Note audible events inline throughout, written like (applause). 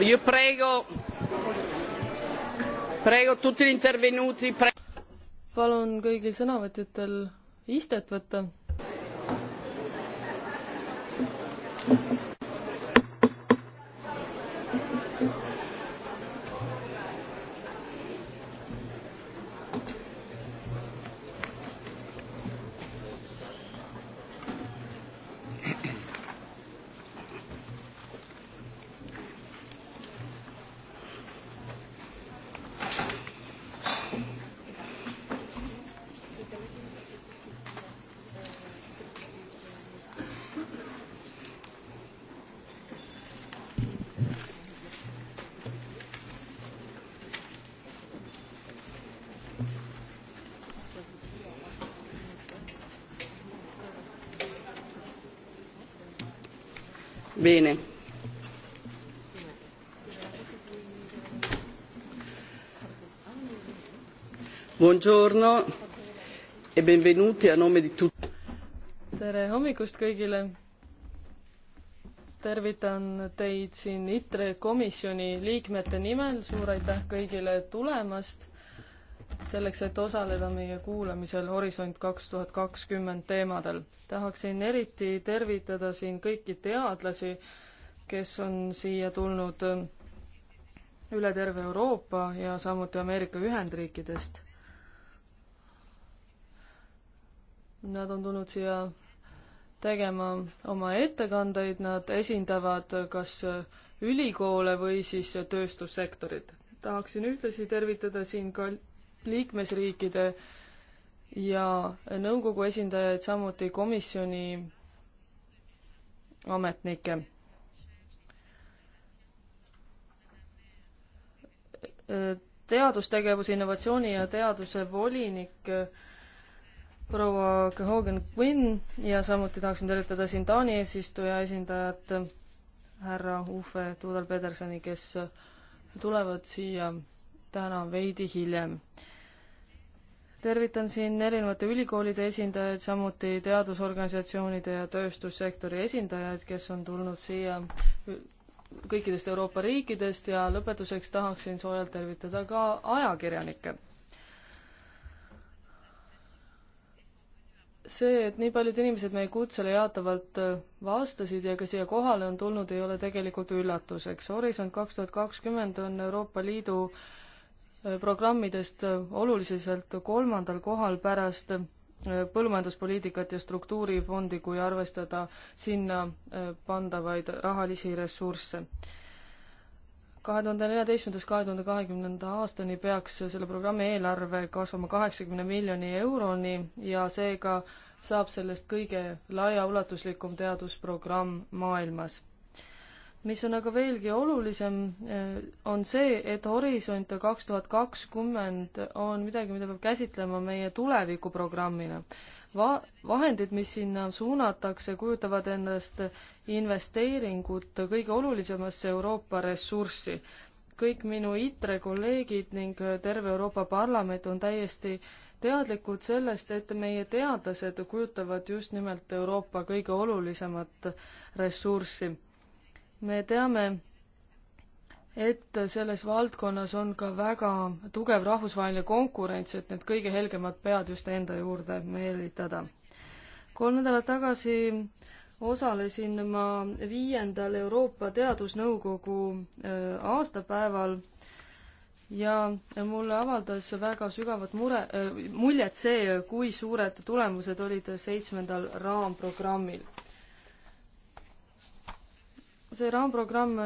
Io prego, prego tutti gli intervenuti pre.... palun kõigil sõnavõtjatel istet võtta. Bene. Buongiorno e benvenuti a nome di tutti. tere hommikust kõigile. tervitan teid siin ITRE komisjoni liikmete nimel, suur aitäh kõigile tulemast selleks, et osaleda meie kuulamisel Horisont kaks tuhat kakskümmend teemadel. tahaksin eriti tervitada siin kõiki teadlasi, kes on siia tulnud üle terve Euroopa ja samuti Ameerika Ühendriikidest. Nad on tulnud siia tegema oma ettekandeid, nad esindavad kas ülikoole või siis tööstussektorit. tahaksin ühtlasi tervitada siin ka liikmesriikide ja nõukogu esindajaid, samuti komisjoni ametnikke. teadustegevuse, innovatsiooni ja teaduse volinik proua Kehogen Quinn ja samuti tahaksin tervitada siin Taani eesistuja esindajat härra Uffe Tudor-Pedersoni, kes tulevad siia täna veidi hiljem tervitan siin erinevate ülikoolide esindajaid, samuti teadusorganisatsioonide ja tööstussektori esindajaid, kes on tulnud siia kõikidest Euroopa riikidest ja lõpetuseks tahaksin soojalt tervitada ka ajakirjanikke. see, et nii paljud inimesed meie kutsele jaatavalt vastasid ja ka siia kohale on tulnud, ei ole tegelikult üllatuseks. Horisont kaks tuhat kakskümmend on Euroopa Liidu äh, programmidest oluliselt kolmandal kohal pärast äh, põllumajanduspoliitikat ja struktuurifondi, kui arvestada sinna äh, pandavaid rahalisi ressursse. kahe tuhande neljateistkümnendast kahe tuhande kahekümnenda aastani peaks selle programmi eelarve kasvama kaheksakümne miljoni euroni ja seega saab sellest kõige laiaulatuslikum teadusprogramm maailmas mis on aga veelgi olulisem, eh, on see, et Horisont kaks tuhat kakskümmend on midagi, mida peab käsitlema meie tulevikuprogrammina. Va-, vahendid, mis sinna suunatakse, kujutavad endast investeeringut kõige olulisemasse Euroopa ressurssi. kõik minu ITRE kolleegid ning terve Euroopa Parlament on täiesti teadlikud sellest, et meie teadlased kujutavad just nimelt Euroopa kõige olulisemat ressurssi me teame, et selles valdkonnas on ka väga tugev rahvusvaheline konkurents, et need kõige helgemad pead just enda juurde meelitada. kolm nädalat tagasi osalesin ma viiendal Euroopa Teadusnõukogu äh, aastapäeval ja mulle avaldas väga sügavat mure äh,, muljet see, kui suured tulemused olid seitsmendal raamprogrammil see raamprogramm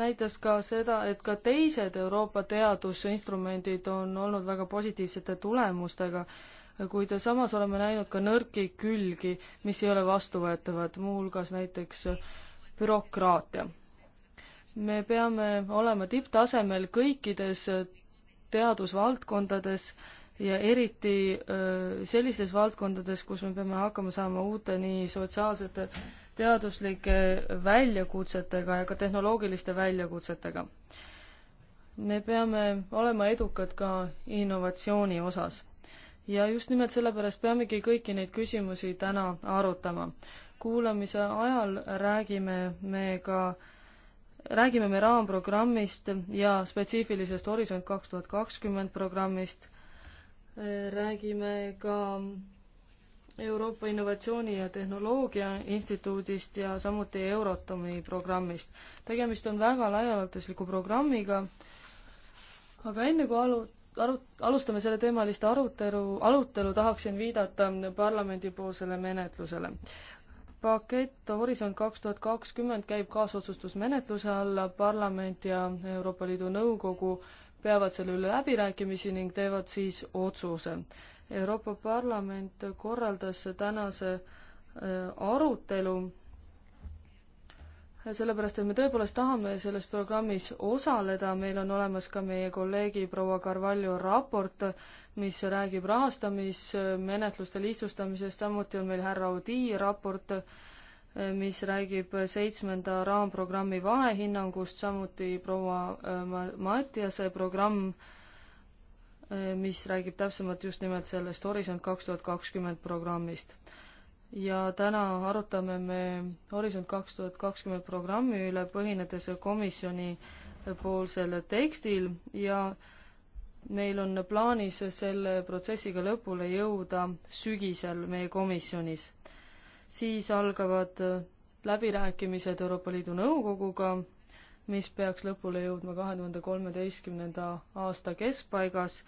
näitas ka seda, et ka teised Euroopa teadusinstrumendid on olnud väga positiivsete tulemustega, kuid samas oleme näinud ka nõrki külgi, mis ei ole vastuvõetavad, muuhulgas näiteks bürokraatia. me peame olema tipptasemel kõikides teadusvaldkondades ja eriti äh, sellistes valdkondades, kus me peame hakkama saama uute nii sotsiaalsete teaduslike väljakutsetega ja ka tehnoloogiliste väljakutsetega. me peame olema edukad ka innovatsiooni osas. ja just nimelt sellepärast peamegi kõiki neid küsimusi täna arutama. kuulamise ajal räägime me ka räägime me raamprogrammist ja spetsiifilisest Horisont kaks tuhat kakskümmend programmist, räägime ka Euroopa Innovatsiooni ja Tehnoloogia Instituudist ja samuti Euratomi programmist. tegemist on väga laiaulatusliku programmiga, aga enne kui alu-, aru-, alustame selleteemalist arutelu, arutelu tahaksin viidata parlamendipoolsele menetlusele. pakett Horisont kaks tuhat kakskümmend käib kaasotsustusmenetluse alla, parlament ja Euroopa Liidu Nõukogu peavad selle üle läbirääkimisi ning teevad siis otsuse Euroopa Parlament korraldas tänase äh, arutelu sellepärast, et me tõepoolest tahame selles programmis osaleda, meil on olemas ka meie kolleegi proua Carvalho raport, mis räägib rahastamismenetluste lihtsustamisest, samuti on meil härra Audi raport, äh, mis räägib seitsmenda raamprogrammi vahehinnangust, samuti proua äh, Mattiase programm, Äh, mis räägib täpsemalt just nimelt sellest Horisont kaks tuhat kakskümmend programmist. ja täna arutame me Horisont kaks tuhat kakskümmend programmi üle, põhinedes komisjoni poolsel tekstil ja meil on plaanis selle protsessiga lõpule jõuda sügisel meie komisjonis. siis algavad läbirääkimised Euroopa Liidu Nõukoguga mis peaks lõpule jõudma kahe tuhande kolmeteistkümnenda aasta keskpaigas,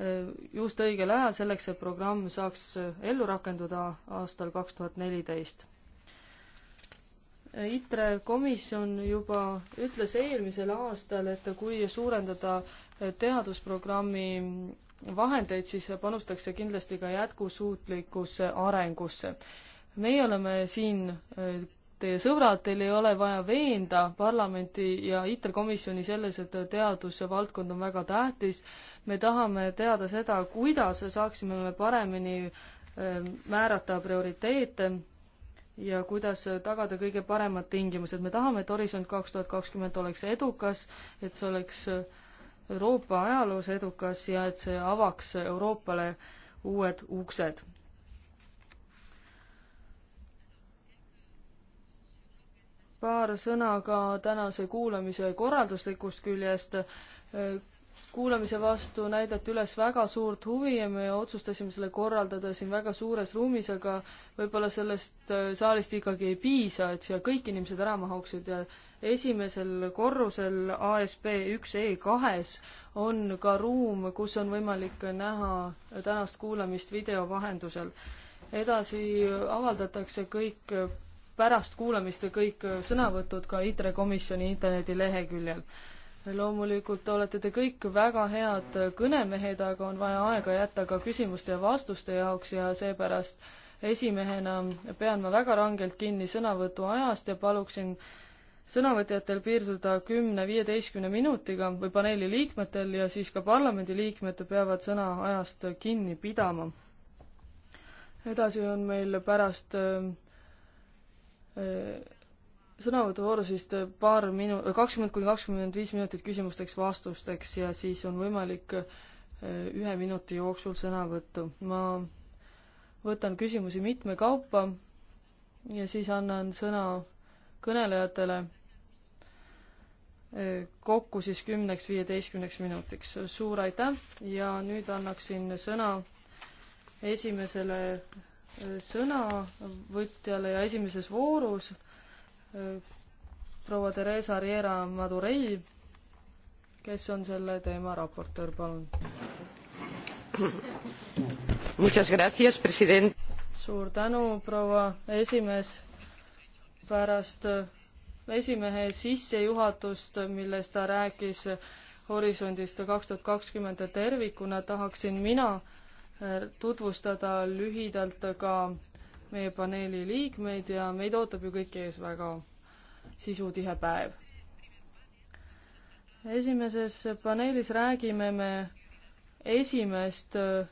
eh, just õigel ajal, selleks et programm saaks ellu rakenduda aastal kaks tuhat neliteist. ITRE komisjon juba ütles eelmisel aastal, et kui suurendada teadusprogrammi vahendeid, siis panustatakse kindlasti ka jätkusuutlikkusse arengusse. meie oleme siin eh, Teie sõbrad, teil ei ole vaja veenda parlamenti ja IT-komisjoni selles, et teadusvaldkond on väga tähtis. me tahame teada seda, kuidas saaksime me paremini ähm, määrata prioriteete ja kuidas tagada kõige paremad tingimused. me tahame, et Horisont kaks tuhat kakskümmend oleks edukas, et see oleks äh, Euroopa ajaloos edukas ja et see avaks Euroopale uued uksed paar sõna ka tänase kuulamise korralduslikust küljest. kuulamise vastu näidati üles väga suurt huvi ja me otsustasime selle korraldada siin väga suures ruumis, aga võib-olla sellest äh, saalist ikkagi ei piisa, et siia kõik inimesed ära mahuksid ja esimesel korrusel ASB üks E kahes on ka ruum, kus on võimalik näha tänast kuulamist video vahendusel edasi avaldatakse kõik pärast kuulamist kõik äh, sõnavõtud ka ITRE komisjoni internetileheküljel. loomulikult olete te kõik väga head äh, kõnemehed, aga on vaja aega jätta ka küsimuste ja vastuste jaoks ja seepärast esimehena pean ma väga rangelt kinni sõnavõtu ajast ja paluksin sõnavõtjatel piirduda kümne-viieteistkümne minutiga või paneeli liikmetel ja siis ka parlamendiliikmed peavad sõna ajast kinni pidama. edasi on meil pärast äh, sõnavõtuvooru siis paar minu-, kakskümmend kuni kakskümmend viis minutit küsimusteks-vastusteks ja siis on võimalik äh, ühe minuti jooksul sõnavõttu. ma võtan küsimusi mitme kaupa ja siis annan sõna kõnelejatele äh, kokku siis kümneks-viieteistkümneks minutiks. suur aitäh ja nüüd annaksin sõna esimesele sõnavõtjale ja esimeses voorus proua Theresa Riera Madurei, kes on selle teema raportöör, palun. suur tänu, proua esimees. pärast esimehe sissejuhatust, milles ta rääkis horisondist kaks tuhat kakskümmend tervikuna, tahaksin mina äh, tutvustada lühidalt ka meie paneeli liikmeid ja meid ootab ju kõik ees väga sisutihe päev. esimeses paneelis räägime me esimest äh,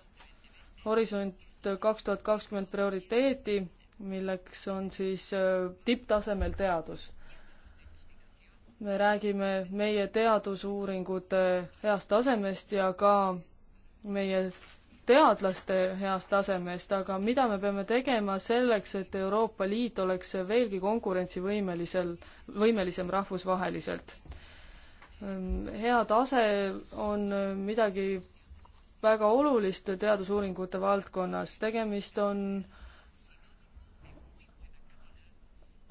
Horisont kaks tuhat kakskümmend prioriteeti, milleks on siis äh, tipptasemel teadus me räägime meie teadusuuringute heast tasemest ja ka meie teadlaste heast tasemest, aga mida me peame tegema selleks, et Euroopa Liit oleks veelgi konkurentsivõimelisel, võimelisem rahvusvaheliselt? Ehm, hea tase on midagi väga olulist teadusuuringute valdkonnas, tegemist on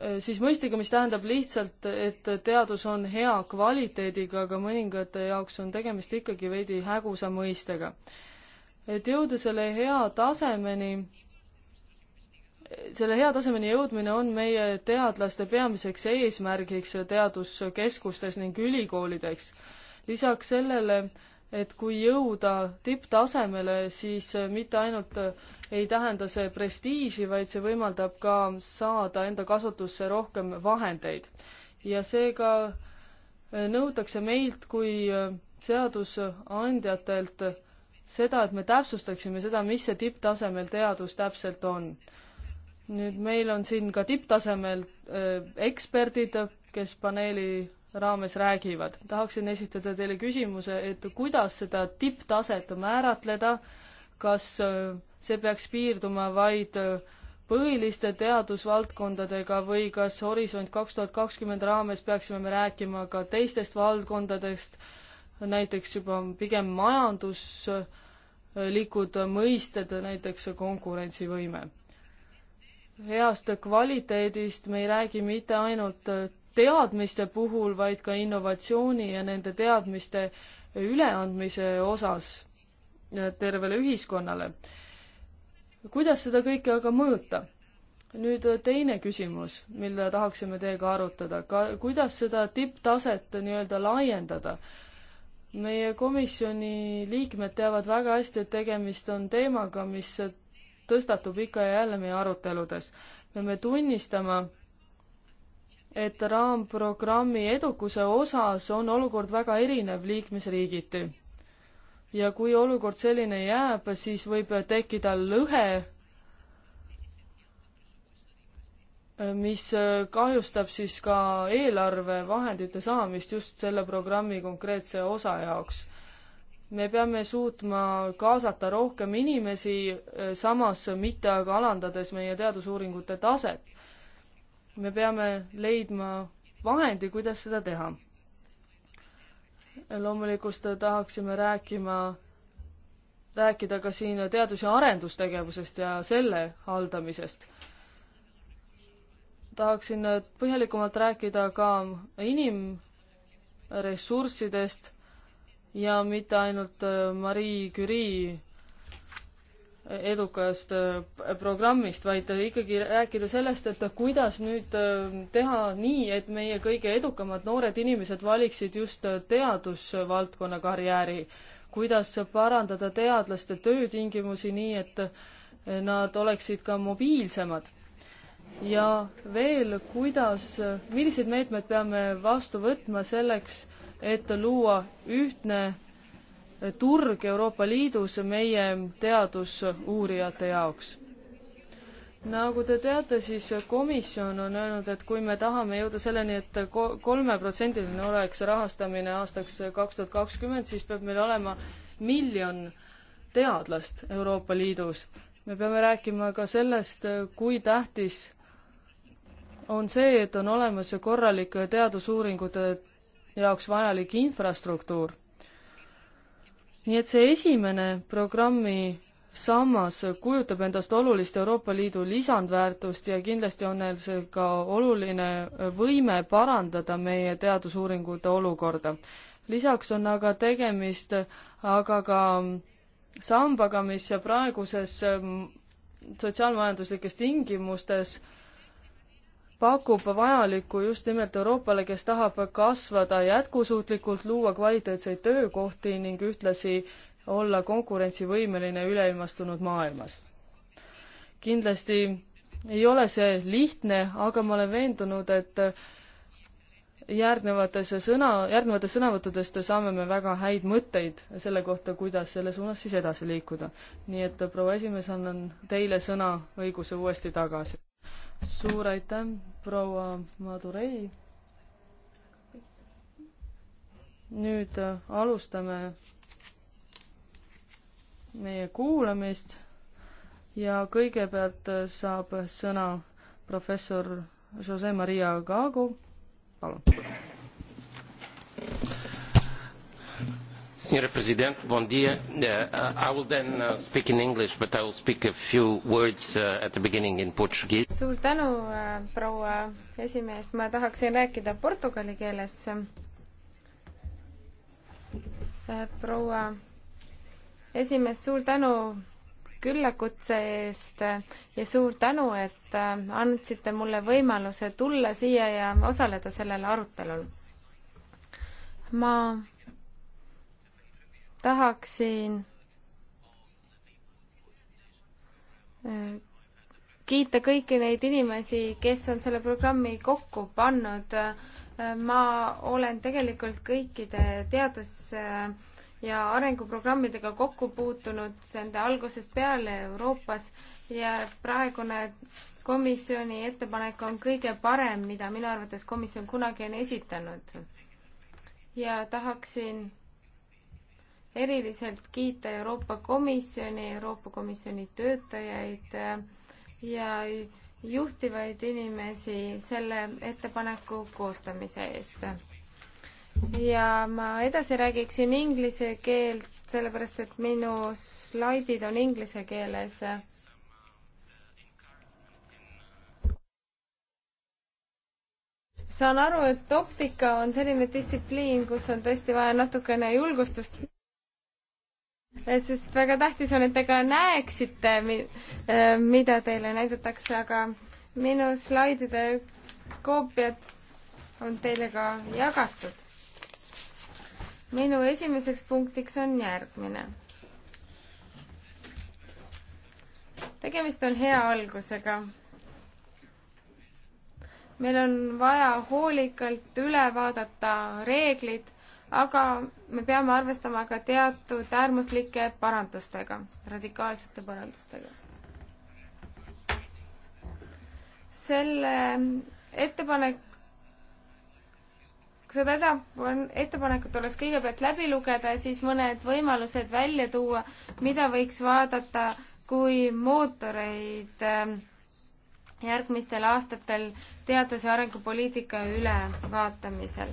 eh, siis mõistega, mis tähendab lihtsalt, et teadus on hea kvaliteediga, aga mõningate jaoks on tegemist ikkagi veidi hägusa mõistega et jõuda selle hea tasemeni, selle hea tasemeni jõudmine on meie teadlaste peamiseks eesmärgiks teaduskeskustes ning ülikoolideks. lisaks sellele, et kui jõuda tipptasemele, siis mitte ainult ei tähenda see prestiiži, vaid see võimaldab ka saada enda kasutusse rohkem vahendeid. ja seega nõutakse meilt kui seadusandjatelt seda, et me täpsustaksime seda, mis see tipptasemel teadus täpselt on. nüüd meil on siin ka tipptasemel äh, eksperdid, kes paneeli raames räägivad. tahaksin esitada teile küsimuse, et kuidas seda tipptaset määratleda, kas äh, see peaks piirduma vaid äh, põhiliste teadusvaldkondadega või kas Horisont kaks tuhat kakskümmend raames peaksime me rääkima ka teistest valdkondadest, näiteks juba pigem majanduslikud mõisted, näiteks konkurentsivõime. heast kvaliteedist me ei räägi mitte ainult teadmiste puhul, vaid ka innovatsiooni ja nende teadmiste üleandmise osas tervele ühiskonnale. kuidas seda kõike aga mõõta? nüüd teine küsimus, mille tahaksime teiega arutada, ka kuidas seda tipptaset nii-öelda laiendada meie komisjoni liikmed teavad väga hästi, et tegemist on teemaga, mis tõstatub ikka ja jälle meie aruteludes. peame tunnistama, et raamprogrammi edukuse osas on olukord väga erinev liikmesriigiti. ja kui olukord selline jääb, siis võib tekkida lõhe mis äh, kahjustab siis ka eelarvevahendite saamist just selle programmi konkreetse osa jaoks. me peame suutma kaasata rohkem inimesi, äh, samas mitte aga alandades meie teadusuuringute taset. me peame leidma vahendi, kuidas seda teha. loomulikult tahaksime rääkima, rääkida ka siin teadus- ja arendustegevusest ja selle haldamisest tahaksin äh, põhjalikumalt rääkida ka inimressurssidest ja mitte ainult äh, Marie Curie äh, edukast programmist, vaid ikkagi rääkida sellest, et kuidas nüüd teha nii, et meie kõige edukamad noored inimesed valiksid just teadusvaldkonna karjääri. kuidas parandada teadlaste töötingimusi nii, et nad oleksid ka mobiilsemad ja veel, kuidas, milliseid meetmeid peame vastu võtma selleks, et luua ühtne turg Euroopa Liidus meie teadusuurijate jaoks? nagu te teate, siis komisjon on öelnud, et kui me tahame jõuda selleni et, et kolmeprotsendiline oleks rahastamine aastaks kaks tuhat kakskümmend, siis peab meil olema miljon teadlast Euroopa Liidus. me peame rääkima ka sellest, kui tähtis on see, et on olemas korralik teadusuuringute jaoks vajalik infrastruktuur. nii et see esimene programmi sammas kujutab endast olulist Euroopa Liidu lisandväärtust ja kindlasti on neil see ka oluline võime parandada meie teadusuuringute olukorda. lisaks on aga tegemist aga ka sambaga, mis praeguses sotsiaalmajanduslikes tingimustes äh, pakub vajalikku just nimelt Euroopale, kes tahab kasvada jätkusuutlikult, luua kvaliteetseid töökohti ning ühtlasi olla konkurentsivõimeline üleilmastunud maailmas. kindlasti ei ole see lihtne, aga ma olen veendunud, et järgnevates sõna, järgnevatest sõnavõttudest saame me väga häid mõtteid selle kohta, kuidas selle suunas siis edasi liikuda. nii et proua esimees, annan teile sõna õiguse uuesti tagasi suur aitäh, proua Madurei. nüüd äh, alustame meie kuulamist ja kõigepealt äh, saab sõna professor Jose Maria Gago, palun. Senhora Presidente, bom dia. Uh, I will then uh, speak in English, but I will speak a few words uh, at the beginning in Portuguese. suur tänu äh,, proua esimees, ma tahaksin rääkida portugali keeles äh,. proua esimees, suur tänu küllakutse eest uh, ja suur tänu, et andsite mulle võimaluse tulla siia ja osaleda sellel arutelul. ma tahaksin äh, kiita kõiki neid inimesi, kes on selle programmi kokku pannud. Äh, ma olen tegelikult kõikide teadus- ja arenguprogrammidega kokku puutunud nende algusest peale Euroopas ja praegune komisjoni ettepanek on kõige parem, mida minu arvates komisjon kunagi on esitanud. ja tahaksin eriliselt kiita Euroopa Komisjoni, Euroopa Komisjoni töötajaid äh, ja juhtivaid inimesi selle ettepaneku koostamise eest. ja ma edasi räägiksin inglise keelt, sellepärast et minu slaidid on inglise keeles saan aru, et optika on selline distsipliin, kus on tõesti vaja natukene julgustust Eh, sest väga tähtis on, et te ka näeksite, eh, mida teile näidatakse, aga minu slaidide koopiad on teile ka jagatud. minu esimeseks punktiks on järgmine. tegemist on hea algusega. meil on vaja hoolikalt üle vaadata reeglid aga me peame arvestama ka teatud äärmuslike parandustega, radikaalsete parandustega. selle ettepanek, seda ettepanekut tuleks kõigepealt läbi lugeda ja siis mõned võimalused välja tuua, mida võiks vaadata kui mootoreid ähm, järgmistel aastatel teadus- ja arengupoliitika ülevaatamisel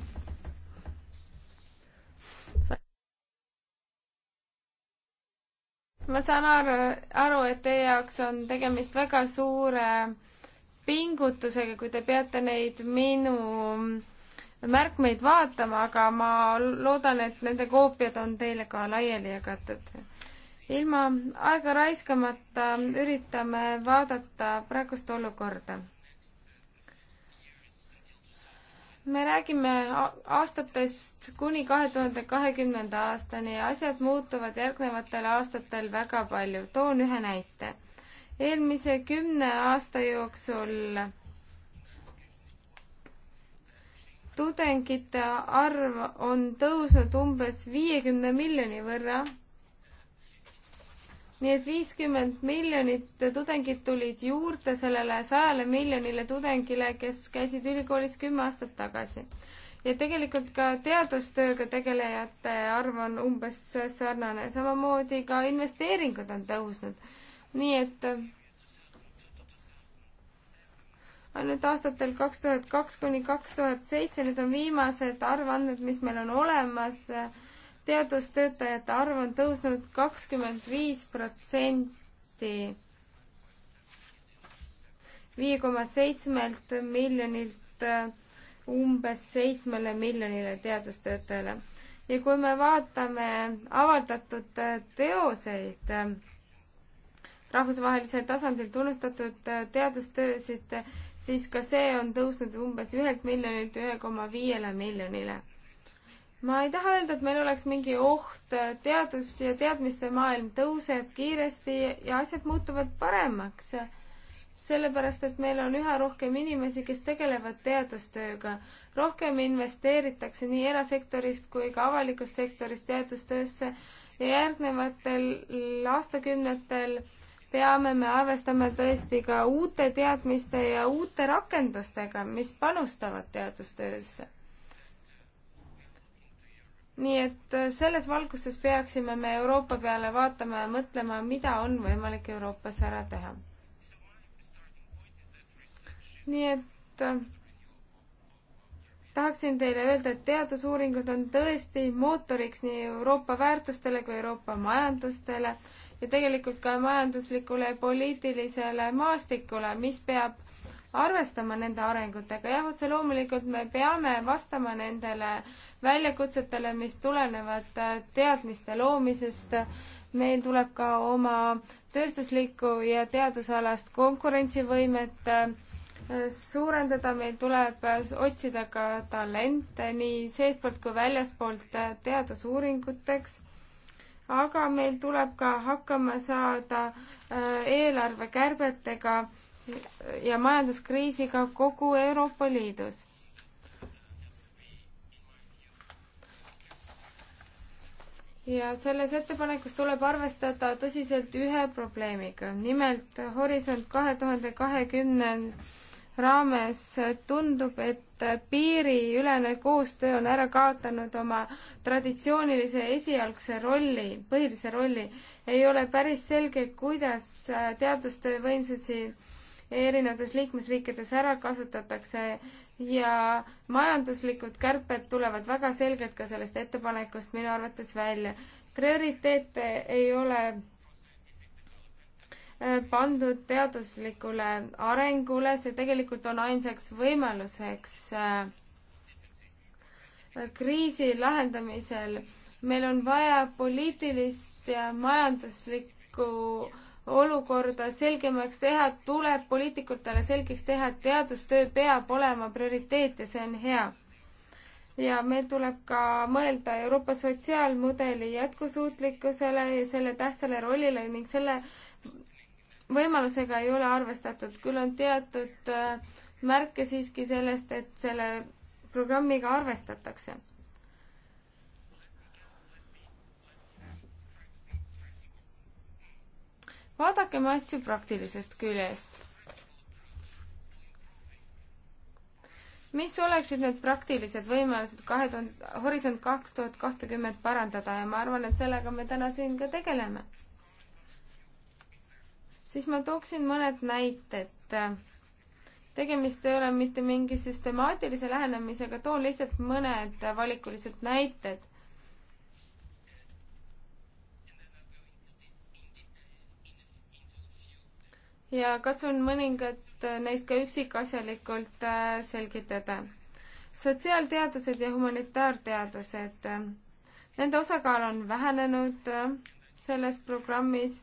ma saan aru, aru, et teie jaoks on tegemist väga suure pingutusega, kui te peate neid minu märkmeid vaatama, aga ma loodan, et nende koopiad on teile ka laiali jagatud. ilma aega raiskamata üritame vaadata praegust olukorda me räägime aastatest kuni kahe tuhande kahekümnenda aastani ja asjad muutuvad järgnevatel aastatel väga palju. toon ühe näite. eelmise kümne aasta jooksul tudengite arv on tõusnud umbes viiekümne miljoni võrra nii et viiskümmend miljonit tudengit tulid juurde sellele sajale miljonile tudengile, kes käisid ülikoolis kümme aastat tagasi. ja tegelikult ka teadustööga tegelejate arv on umbes sarnane, samamoodi ka investeeringud on tõusnud. nii et nüüd aastatel kaks tuhat kaks kuni kaks tuhat seitse, need on viimased arvandmed, mis meil on olemas teadustöötajate arv on tõusnud kakskümmend viis protsenti, viie koma seitsmelt miljonilt äh, umbes seitsmele miljonile teadustöötajale. ja kui me vaatame avaldatud äh, teoseid, äh, rahvusvahelisel tasandil tunnustatud teadustöösid, siis ka see on tõusnud umbes ühelt miljonilt ühe koma viiele miljonile ma ei taha öelda, et meil oleks mingi oht, teadus ja teadmiste maailm tõuseb kiiresti ja asjad muutuvad paremaks. sellepärast, et meil on üha rohkem inimesi, kes tegelevad teadustööga. rohkem investeeritakse nii erasektorist kui ka avalikust sektorist teadustöösse ja järgnevatel aastakümnetel peame me arvestama tõesti ka uute teadmiste ja uute rakendustega, mis panustavad teadustöösse nii et äh, selles valguses peaksime me Euroopa peale vaatama ja mõtlema, mida on võimalik Euroopas ära teha. nii et äh, tahaksin teile öelda, et teadusuuringud on tõesti mootoriks nii Euroopa väärtustele kui Euroopa majandustele ja tegelikult ka majanduslikule ja poliitilisele maastikule, mis peab arvestama nende arengutega, jah, otse loomulikult me peame vastama nendele väljakutsetele, mis tulenevad äh, teadmiste loomisest, meil tuleb ka oma tööstuslikku ja teadusalast konkurentsivõimet äh, suurendada, meil tuleb äh, otsida ka talente nii seestpoolt kui väljaspoolt teadusuuringuteks, aga meil tuleb ka hakkama saada eelarvekärbetega ja majanduskriisiga kogu Euroopa Liidus. ja selles ettepanekus tuleb arvestada tõsiselt ühe probleemiga, nimelt Horisont kahe tuhande kahekümne raames tundub, et piiriülene koostöö on ära kaotanud oma traditsioonilise esialgse rolli, põhilise rolli. ei ole päris selge, kuidas teadustöö võimsusi erinevates liikmesriikides ära kasutatakse ja majanduslikud kärped tulevad väga selgelt ka sellest ettepanekust minu arvates välja. prioriteete ei ole äh, pandud teaduslikule arengule, see tegelikult on ainsaks võimaluseks äh, kriisi lahendamisel. meil on vaja poliitilist ja majanduslikku äh, olukorda selgemaks teha, tuleb poliitikutele selgeks teha, et teadustöö peab olema prioriteet ja see on hea. ja meil tuleb ka mõelda Euroopa sotsiaalmudeli jätkusuutlikkusele ja selle tähtsale rollile ning selle võimalusega ei ole arvestatud, küll on teatud äh, märke siiski sellest, et selle programmiga arvestatakse vaadakem asju praktilisest küljest. mis oleksid need praktilised võimalused kahe tuhande, Horisont kaks tuhat kahtekümmet parandada ja ma arvan, et sellega me täna siin ka tegeleme. siis ma tooksin mõned näited. tegemist ei ole mitte mingi süstemaatilise lähenemisega, toon lihtsalt mõned valikulised näited ja katsun mõningat neist ka üksikasjalikult äh, selgitada. sotsiaalteadused ja humanitaarteadused, äh, nende osakaal on vähenenud äh, selles programmis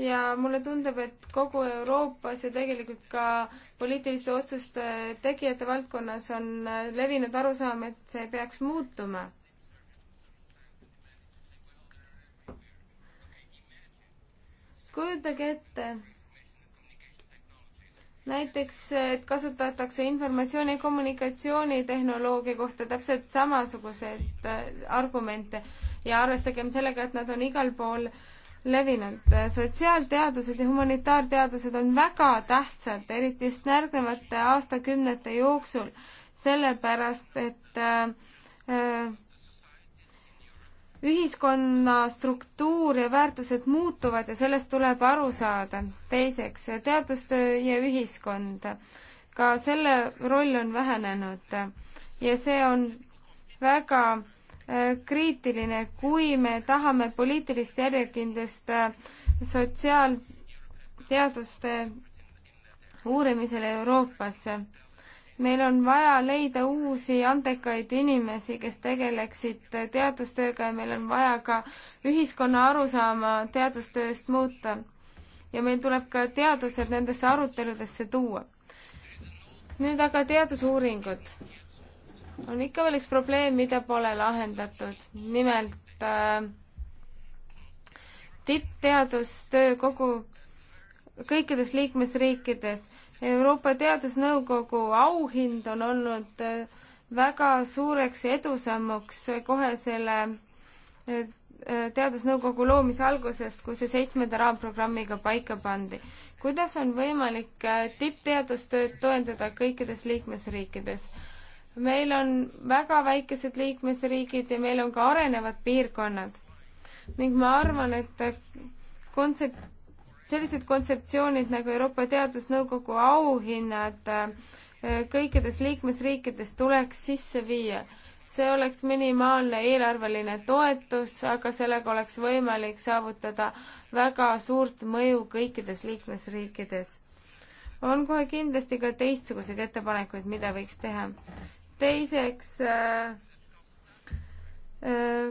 ja mulle tundub, et kogu Euroopas ja tegelikult ka poliitiliste otsuste tegijate valdkonnas on levinud arusaam, et see peaks muutuma. kujutage ette näiteks, et kasutatakse informatsiooni- ja kommunikatsioonitehnoloogia kohta täpselt samasuguseid äh, argumente ja arvestagem sellega, et nad on igal pool levinud. sotsiaalteadused ja humanitaarteadused on väga tähtsad, eriti just järgnevate aastakümnete jooksul, sellepärast et äh, äh, ühiskonna struktuur ja väärtused muutuvad ja sellest tuleb aru saada. teiseks, teadustöö ja ühiskond. ka selle roll on vähenenud ja see on väga äh, kriitiline, kui me tahame poliitilist järjekindlust äh, sotsiaalteaduste uurimisele Euroopasse meil on vaja leida uusi andekaid inimesi, kes tegeleksid teadustööga ja meil on vaja ka ühiskonna arusaama teadustööst muuta. ja meil tuleb ka teadused nendesse aruteludesse tuua. nüüd aga teadusuuringud. on ikka veel üks probleem, mida pole lahendatud, nimelt äh, tippteadustöö kogu kõikides liikmesriikides Euroopa Teadusnõukogu auhind on olnud eh, väga suureks edusammuks kohe selle eh, eh, teadusnõukogu loomise algusest, kui see seitsmenda raamprogrammiga paika pandi. kuidas on võimalik tippteadustööd toendada kõikides liikmesriikides? meil on väga väikesed liikmesriigid ja meil on ka arenevad piirkonnad ning ma arvan, et kontsept sellised kontseptsioonid nagu Euroopa Teadusnõukogu auhinnad äh, kõikides liikmesriikides tuleks sisse viia. see oleks minimaalne eelarveline toetus, aga sellega oleks võimalik saavutada väga suurt mõju kõikides liikmesriikides. on kohe kindlasti ka teistsuguseid ettepanekuid, mida võiks teha. teiseks äh, äh,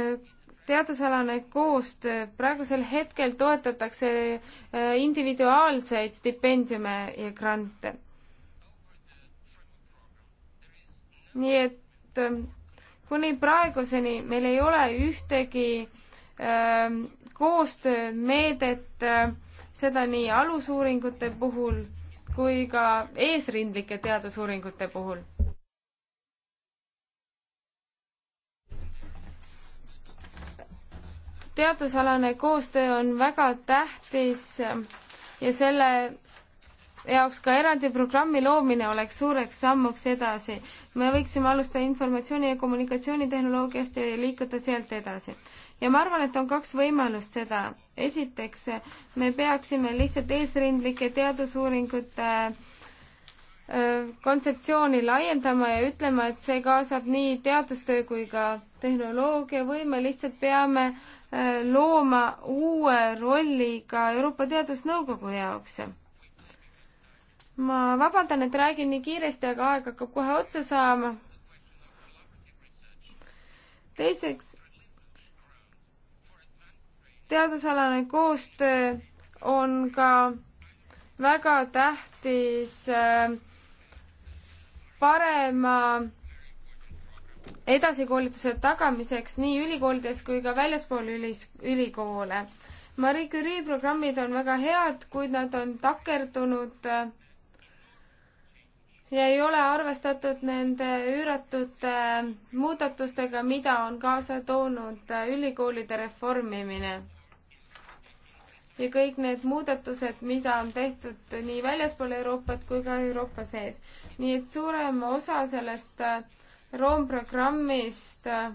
äh teadusalane koostöö, praegusel hetkel toetatakse äh, individuaalseid stipendiume ja grante. nii et äh, kuni praeguseni meil ei ole ühtegi äh, koostöömeedet äh,, seda nii alusuuringute puhul kui ka eesrindlike teadusuuringute puhul teadusalane koostöö on väga tähtis ja selle jaoks ka eraldi programmi loomine oleks suureks sammuks edasi. me võiksime alustada informatsiooni- ja kommunikatsioonitehnoloogiast ja liikuda sealt edasi. ja ma arvan, et on kaks võimalust seda. esiteks, me peaksime lihtsalt eesrindlike teadusuuringute äh, kontseptsiooni laiendama ja ütlema, et see kaasab nii teadustöö kui ka tehnoloogia või me lihtsalt peame looma uue rolli ka Euroopa Teadusnõukogu jaoks. ma vabandan, et räägin nii kiiresti, aga aeg hakkab kohe otsa saama. teiseks, teadusalane koostöö on ka väga tähtis äh, parema edasikoolituse tagamiseks nii ülikoolides kui ka väljaspool ülis, ülikoole. Marie Curie programmid on väga head, kuid nad on takerdunud äh, ja ei ole arvestatud nende üüratud äh, muudatustega, mida on kaasa toonud äh, ülikoolide reformimine. ja kõik need muudatused, mida on tehtud nii väljaspool Euroopat kui ka Euroopa sees. nii et suurem osa sellest äh, roomprogrammist äh,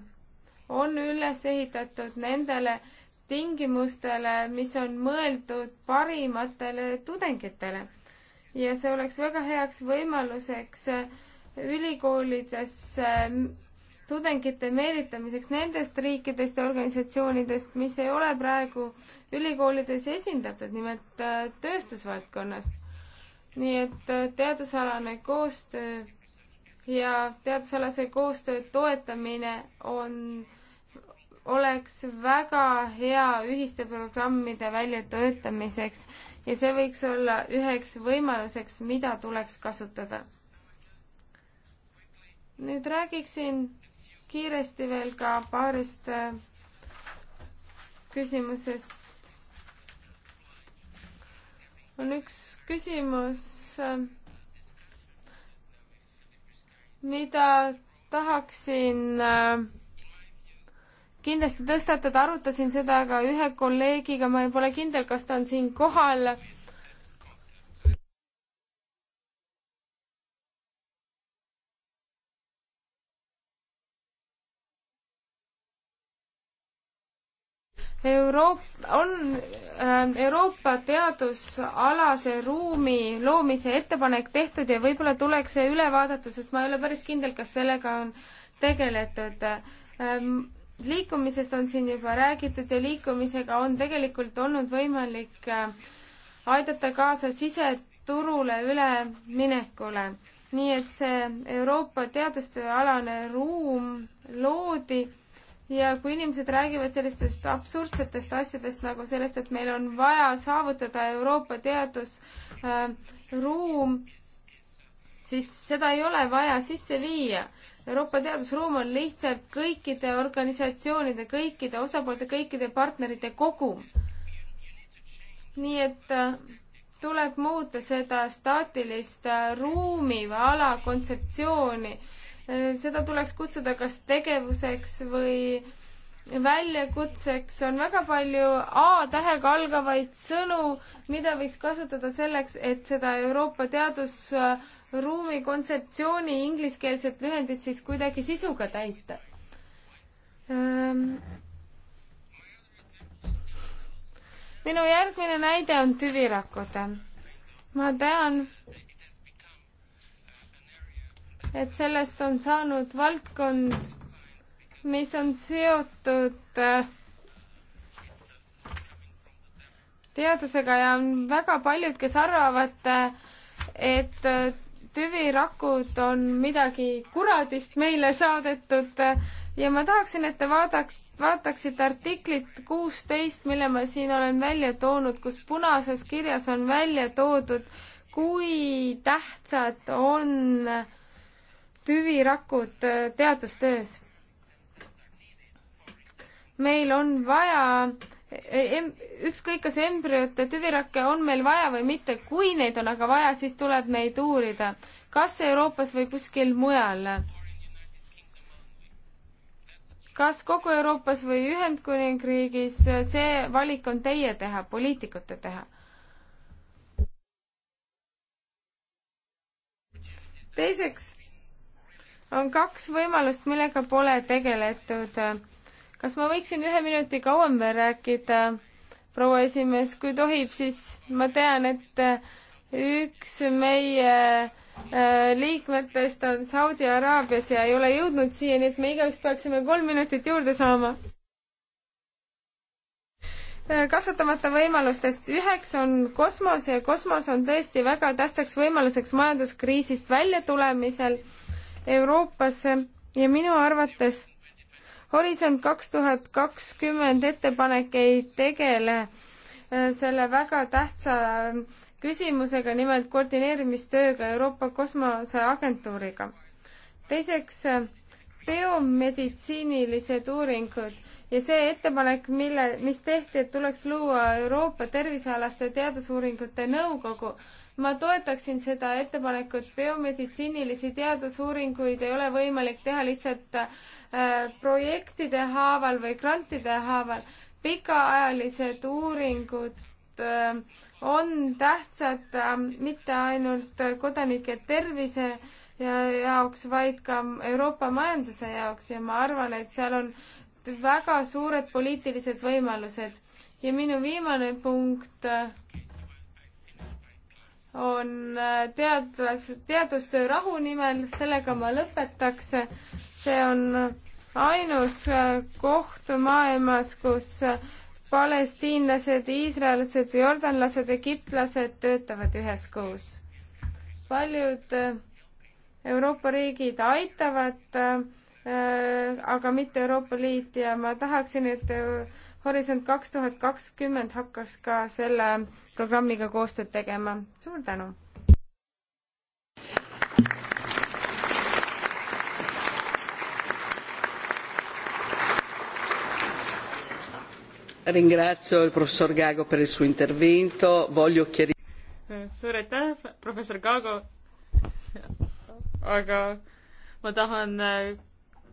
on üles ehitatud nendele tingimustele, mis on mõeldud parimatele tudengitele. ja see oleks väga heaks võimaluseks äh, ülikoolides äh, tudengite meelitamiseks nendest riikidest ja organisatsioonidest, mis ei ole praegu ülikoolides esindatud, nimelt tööstusvaldkonnast. nii et teadusalane koostöö ja teadusalase koostöö toetamine on, oleks väga hea ühiste programmide väljatöötamiseks ja see võiks olla üheks võimaluseks, mida tuleks kasutada. nüüd räägiksin kiiresti veel ka paarist äh, küsimusest. on üks küsimus äh, mida tahaksin äh, kindlasti tõstatada, arutasin seda ka ühe kolleegiga, ma pole kindel, kas ta on siin kohal Euroop-, on ähm, Euroopa teadusalase ruumi loomise ettepanek tehtud ja võib-olla tuleks see üle vaadata, sest ma ei ole päris kindel, kas sellega on tegeletud. Ähm, liikumisest on siin juba räägitud ja liikumisega on tegelikult olnud võimalik äh, aidata kaasa siseturule üleminekule. nii et see Euroopa teadustööalane ruum loodi ja kui inimesed räägivad sellistest absurdsetest asjadest nagu sellest, et meil on vaja saavutada Euroopa teadusruum äh,, siis seda ei ole vaja sisse viia. Euroopa teadusruum on lihtsalt kõikide organisatsioonide, kõikide osapoolte, kõikide partnerite kogum. nii et äh, tuleb muuta seda staatilist äh, ruumi või ala kontseptsiooni seda tuleks kutsuda kas tegevuseks või väljakutseks on väga palju A-tähega algavaid sõnu, mida võiks kasutada selleks, et seda Euroopa teadusruumi kontseptsiooni ingliskeelset lühendit siis kuidagi sisuga täita. Ehm, minu järgmine näide on tüvirakud. ma tean, et sellest on saanud valdkond, mis on seotud äh, teadusega ja on väga paljud, kes arvavad, äh, et äh, tüvirakud on midagi kuradist meile saadetud ja ma tahaksin, et te vaadaks, vaataksite artiklit kuusteist, mille ma siin olen välja toonud, kus punases kirjas on välja toodud, kui tähtsad on äh, tüvirakud äh, teadustöös. meil on vaja e, ükskõik, kas embrüote tüvirakke on meil vaja või mitte, kui neid on aga vaja, siis tuleb neid uurida, kas Euroopas või kuskil mujal. kas kogu Euroopas või Ühendkuningriigis, äh, see valik on teie teha, poliitikute teha teiseks, on kaks võimalust, millega pole tegeletud. kas ma võiksin ühe minuti kauem veel rääkida, proua esimees, kui tohib, siis ma tean, et üks meie äh, liikmetest on Saudi Araabias ja ei ole jõudnud siia, nii et me igaüks peaksime kolm minutit juurde saama. Äh, kasutamata võimalustest üheks on kosmos ja kosmos on tõesti väga tähtsaks võimaluseks majanduskriisist väljatulemisel Euroopasse ja minu arvates Horisont kaks tuhat kakskümmend ettepanek ei tegele äh, selle väga tähtsa küsimusega, nimelt koordineerimistööga Euroopa Kosmoseagentuuriga. teiseks, äh, biomeditsiinilised uuringud ja see ettepanek, mille, mis tehti, et tuleks luua Euroopa tervisealaste teadusuuringute nõukogu, ma toetaksin seda ettepanekut, biomeditsiinilisi teadusuuringuid ei ole võimalik teha lihtsalt äh, projektide haaval või grantide haaval. pikaajalised uuringud äh, on tähtsad äh, mitte ainult kodanike tervise ja jaoks, vaid ka Euroopa majanduse jaoks ja ma arvan, et seal on väga suured poliitilised võimalused. ja minu viimane punkt äh, on äh, teadlas, teadustöö rahu nimel, sellega ma lõpetaks. see on ainus äh, koht maailmas, kus äh, palestiinlased, iisraellased, jordanlased, egiptlased töötavad üheskoos. paljud Euroopa riigid aitavad, aga mitte Euroopa Liit ja ma tahaksin, et Horisont kaks tuhat kakskümmend hakkas ka selle programmiga koostööd tegema. suur tänu! ringrazio il professor Gago per il suo intervento. Voglio chiarire. Suur aitäh, professor Gago. aga ma tahan eh,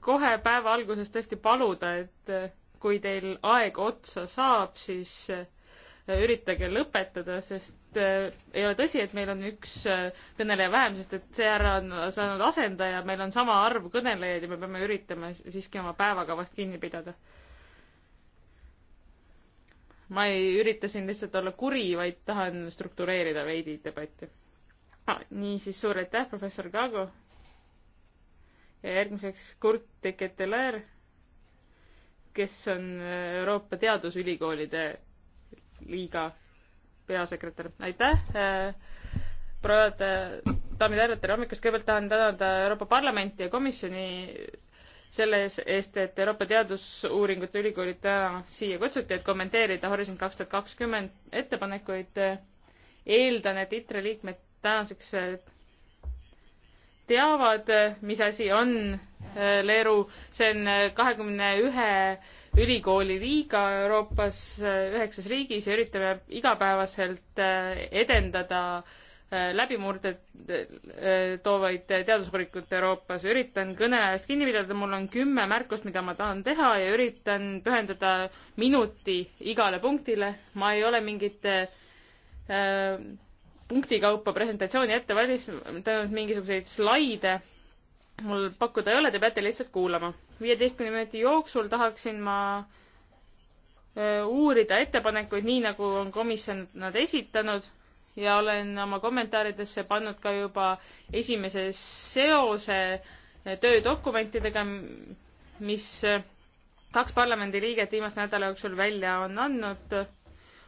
kohe päeva alguses tõesti paluda, et eh, kui teil aeg otsa saab, siis äh, üritage lõpetada, sest äh, ei ole tõsi, et meil on üks äh, kõneleja vähem, sest et see härra on saanud asendaja, meil on sama arv kõnelejaid ja me peame üritama siiski oma päevakavast kinni pidada. ma ei ürita siin lihtsalt olla kuri, vaid tahan struktureerida veidi debatti ah,. niisiis, suur aitäh, professor Kaago. ja järgmiseks Kurt Teketeler kes on äh, Euroopa Teadusülikoolide liiga peasekretär. aitäh, proua äh, juhataja, äh, daamid ja härrad, tere hommikust, kõigepealt tahan tänada Euroopa Parlamenti ja komisjoni selle eest, et Euroopa Teadusuuringute Ülikoolid täna siia kutsuti, et kommenteerida Horisont kaks tuhat kakskümmend ettepanekuid. eeldan, et ITRE liikmed tänaseks teavad, mis asi on äh, Leeru, see on äh, kahekümne ühe ülikooli liiga Euroopas äh, üheksas riigis ja üritame igapäevaselt edendada läbimurde toovaid teadusprojekte Euroopas. üritan kõne ajast kinni pidada, mul on kümme märkust, mida ma tahan teha ja üritan pühendada minuti igale punktile. ma ei ole mingite äh, punkti kaupa presentatsiooni ette valmistanud mingisuguseid slaide mul pakkuda ei ole, te peate lihtsalt kuulama. viieteistkümne minuti jooksul tahaksin ma uurida ettepanekuid, nii nagu on komisjon nad esitanud ja olen oma kommentaaridesse pannud ka juba esimese seose töödokumentidega, mis kaks parlamendiliiget viimase nädala jooksul välja on andnud.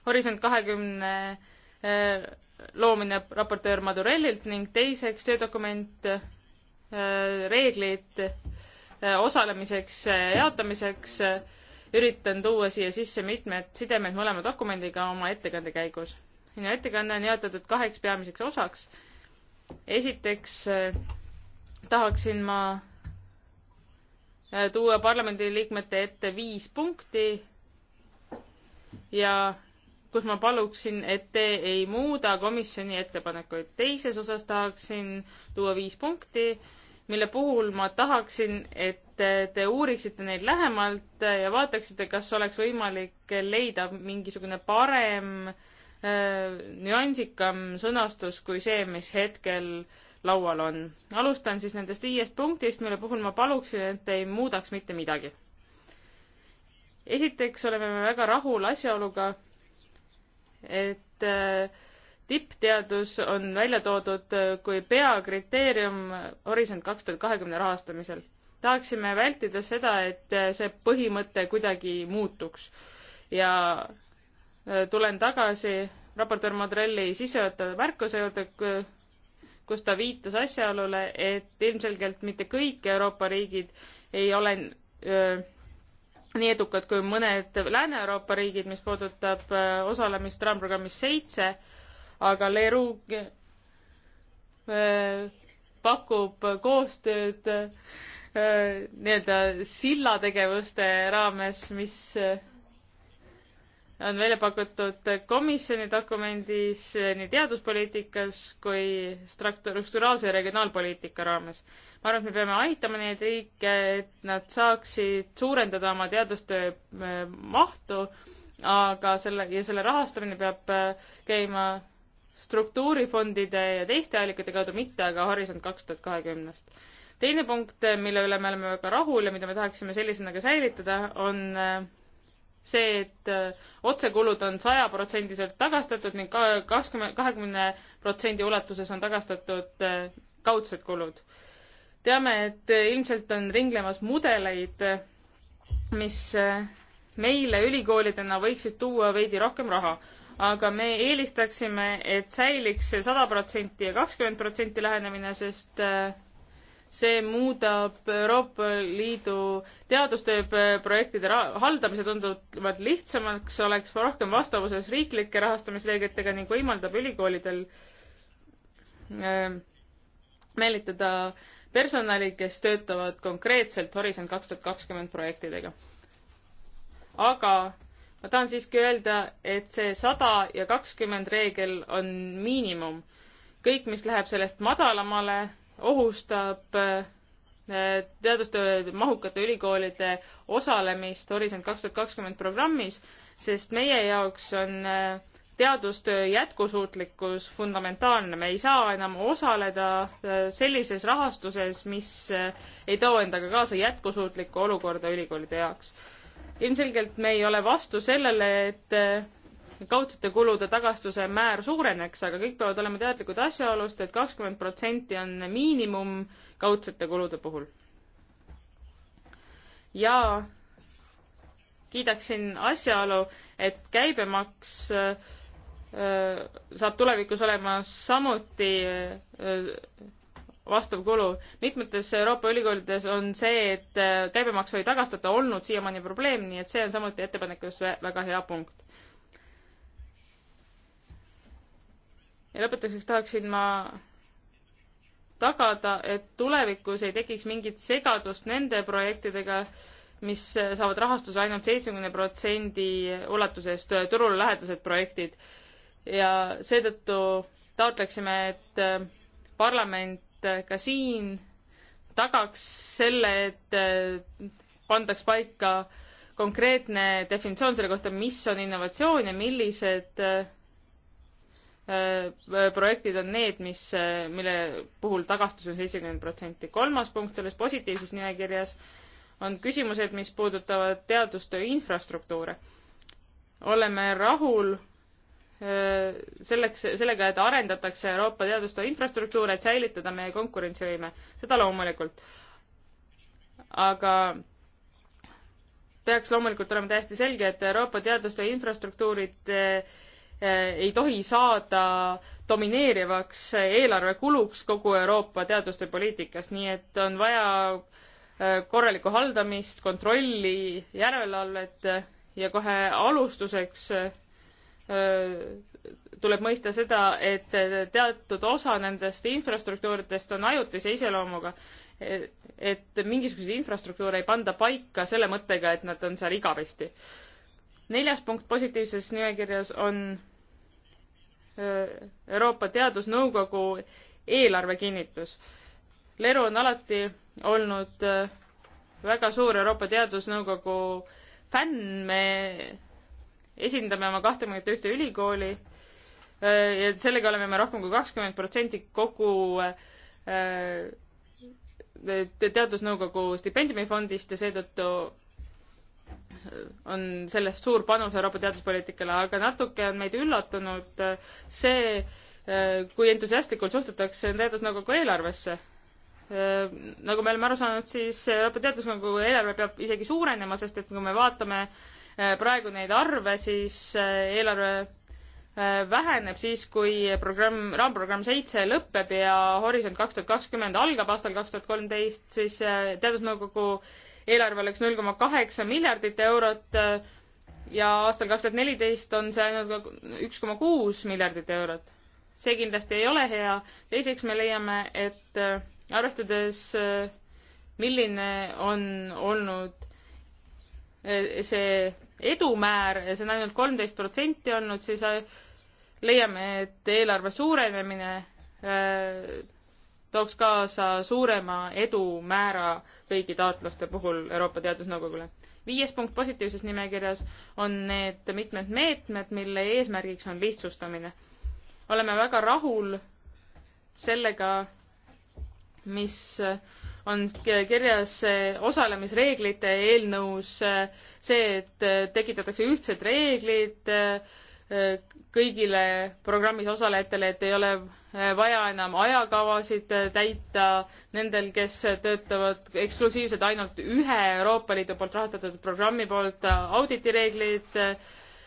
Horisont kahekümne 20 loomine raportöör Madurellilt ning teiseks töödokument äh, reeglid äh, osalemiseks, äh, jaotamiseks. üritan tuua siia sisse mitmed sidemed mõlema dokumendiga oma ettekande käigus. minu ettekanne on jaotatud kaheks peamiseks osaks. esiteks tahaksin ma tuua parlamendiliikmete ette viis punkti ja kus ma paluksin, et te ei muuda komisjoni ettepanekuid. teises osas tahaksin tuua viis punkti, mille puhul ma tahaksin, et te uuriksite neid lähemalt ja vaataksite, kas oleks võimalik leida mingisugune parem äh, nüansikam sõnastus kui see, mis hetkel laual on. alustan siis nendest viiest punktist, mille puhul ma paluksin, et ei muudaks mitte midagi. esiteks oleme me väga rahul asjaoluga, et äh, tippteadus on välja toodud äh, kui peakriteerium Horisont kaks tuhat kahekümne rahastamisel. tahaksime vältida seda, et äh, see põhimõte kuidagi muutuks ja tulen tagasi raportöör Madrelli sissejuhatava märkuse juurde, kus ta viitas asjaolule, et ilmselgelt mitte kõik Euroopa riigid ei ole öö, nii edukad kui mõned Lääne-Euroopa riigid, mis puudutab äh, osalemist raamprogrammis seitse, aga Leru äh, pakub koostööd äh, nii-öelda sillategevuste raames, mis on välja pakutud komisjoni dokumendis nii teaduspoliitikas kui strukturaalse regionaalpoliitika raames ma arvan, et me peame aitama neid riike, et nad saaksid suurendada oma teadustöö äh, mahtu, aga selle ja selle rahastamine peab äh, käima struktuurifondide ja teiste allikate kaudu, mitte aga Horisont kaks tuhat kahekümnest. teine punkt, äh, mille üle me oleme väga rahul ja mida me tahaksime sellisena ka säilitada, on see, et otsekulud on sajaprotsendiliselt tagastatud ning kakskümmend, kahekümne protsendi ulatuses on tagastatud kaudsed kulud teame, et ilmselt on ringlemas mudeleid, mis eh, meile ülikoolidena võiksid tuua veidi rohkem raha, aga me eelistaksime, et säiliks see sada protsenti ja kakskümmend protsenti lähenemine, sest eh, see muudab Euroopa Liidu teadustöö eh, projektide haldamise tunduvalt lihtsamaks, oleks rohkem vastavuses riiklike rahastamisreeglitega ning võimaldab ülikoolidel meelitada äh, personali, kes töötavad konkreetselt Horisont kaks tuhat kakskümmend projektidega. aga ma tahan siiski öelda, et see sada ja kakskümmend reegel on miinimum. kõik, mis läheb sellest madalamale, ohustab äh, teadustöö mahukate ülikoolide osalemist Horisont kaks tuhat kakskümmend programmis, sest meie jaoks on äh, teadustöö jätkusuutlikkus fundamentaalne, me ei saa enam osaleda äh, sellises rahastuses, mis äh, ei too endaga kaasa jätkusuutlikku olukorda ülikoolide jaoks. ilmselgelt me ei ole vastu sellele, et äh, kaudsete kulude tagastuse määr suureneks, aga kõik peavad olema teadlikud asjaolust et, et kakskümmend protsenti on miinimum kaudsete kulude puhul. ja kiidaksin asjaolu, et käibemaks äh, Äh, saab tulevikus olema samuti äh, vastav kulu. mitmetes Euroopa ülikoolides on see, et äh, käibemaksu ei tagastata, olnud siiamaani probleem, nii et see on samuti ettepanekus väga hea punkt. ja lõpetuseks tahaksin ma tagada, et tulevikus ei tekiks mingit segadust nende projektidega, mis saavad rahastuse ainult seitsmekümne protsendi ulatuses turule lähedased projektid ja seetõttu taotleksime, et äh, parlament äh, ka siin tagaks selle, et äh, pandaks paika konkreetne definitsioon selle kohta, mis on innovatsioon ja millised projektid on need, mis, mille puhul tagastus on seitsekümmend protsenti. kolmas punkt selles positiivses nimekirjas on küsimused, mis puudutavad teadustöö infrastruktuure. oleme rahul selleks, sellega, et arendatakse Euroopa teaduste infrastruktuure, et säilitada meie konkurentsivõime, seda loomulikult. aga peaks loomulikult olema täiesti selge, et Euroopa teaduste infrastruktuurid eh, eh, ei tohi saada domineerivaks eelarvekuluks kogu Euroopa teaduste poliitikas, nii et on vaja eh, korralikku haldamist, kontrolli, järelevalvet ja kohe alustuseks tuleb mõista seda, et teatud osa nendest infrastruktuuridest on ajutise iseloomuga. et mingisuguseid infrastruktuure ei panda paika selle mõttega, et nad on seal igavesti. neljas punkt positiivses nimekirjas on Euroopa Teadusnõukogu eelarve kinnitus. Leru on alati olnud väga suur Euroopa Teadusnõukogu fänn, me esindame oma kahtekümmet ühte ülikooli äh, ja sellega oleme me rohkem kui kakskümmend protsenti kogu äh, teadusnõukogu stipendiumifondist ja seetõttu on sellest suur panus Euroopa teaduspoliitikale, aga natuke on meid üllatunud äh, see, kui entusiastlikult suhtutakse teadusnõukogu eelarvesse. nagu me oleme aru saanud, siis Euroopa Teadusnõukogu eelarve peab isegi suurenema, sest et kui me vaatame äh, Äh, praegu neid arve, siis äh, eelarve äh, väheneb siis, kui programm, raamprogramm seitse lõpeb ja Horisont kaks tuhat kakskümmend algab aastal kaks tuhat kolmteist, siis teadusnõukogu eelarve oleks null koma kaheksa miljardit eurot ja aastal kaks tuhat neliteist on see ainult üks koma kuus miljardit eurot. see kindlasti ei ole hea. teiseks me leiame, et arvestades, milline on olnud see edumäär ja see on ainult kolmteist protsenti olnud, siis äh, leiame, et eelarve suurenemine äh, tooks kaasa suurema edumäära kõigi taotluste puhul Euroopa Teadusnõukogule. viies punkt positiivses nimekirjas on need mitmed meetmed, mille eesmärgiks on lihtsustamine. oleme väga rahul sellega, mis äh, on kirjas eh, osalemisreeglite eelnõus eh, see, et eh, tekitatakse ühtsed reeglid kõigile programmis osalejatele, et ei ole vaja enam ajakavasid täita nendel, kes töötavad eksklusiivselt ainult ühe Euroopa Liidu poolt rahastatud programmi poolt, auditireeglid,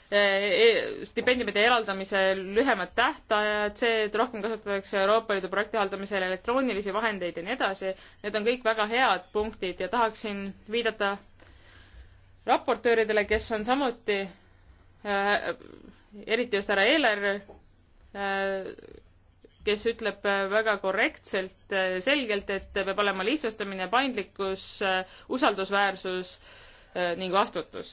Eh, eh, stipendiumide eraldamise lühemad tähtajad, see, et rohkem kasutatakse Euroopa Liidu projekti haldamisel elektroonilisi vahendeid ja nii edasi, need on kõik väga head punktid ja tahaksin viidata raportööridele, kes on samuti äh,, eriti just härra Eeler äh,, kes ütleb väga korrektselt, selgelt, et peab olema lihtsustamine, paindlikkus, usaldusväärsus ning vastutus.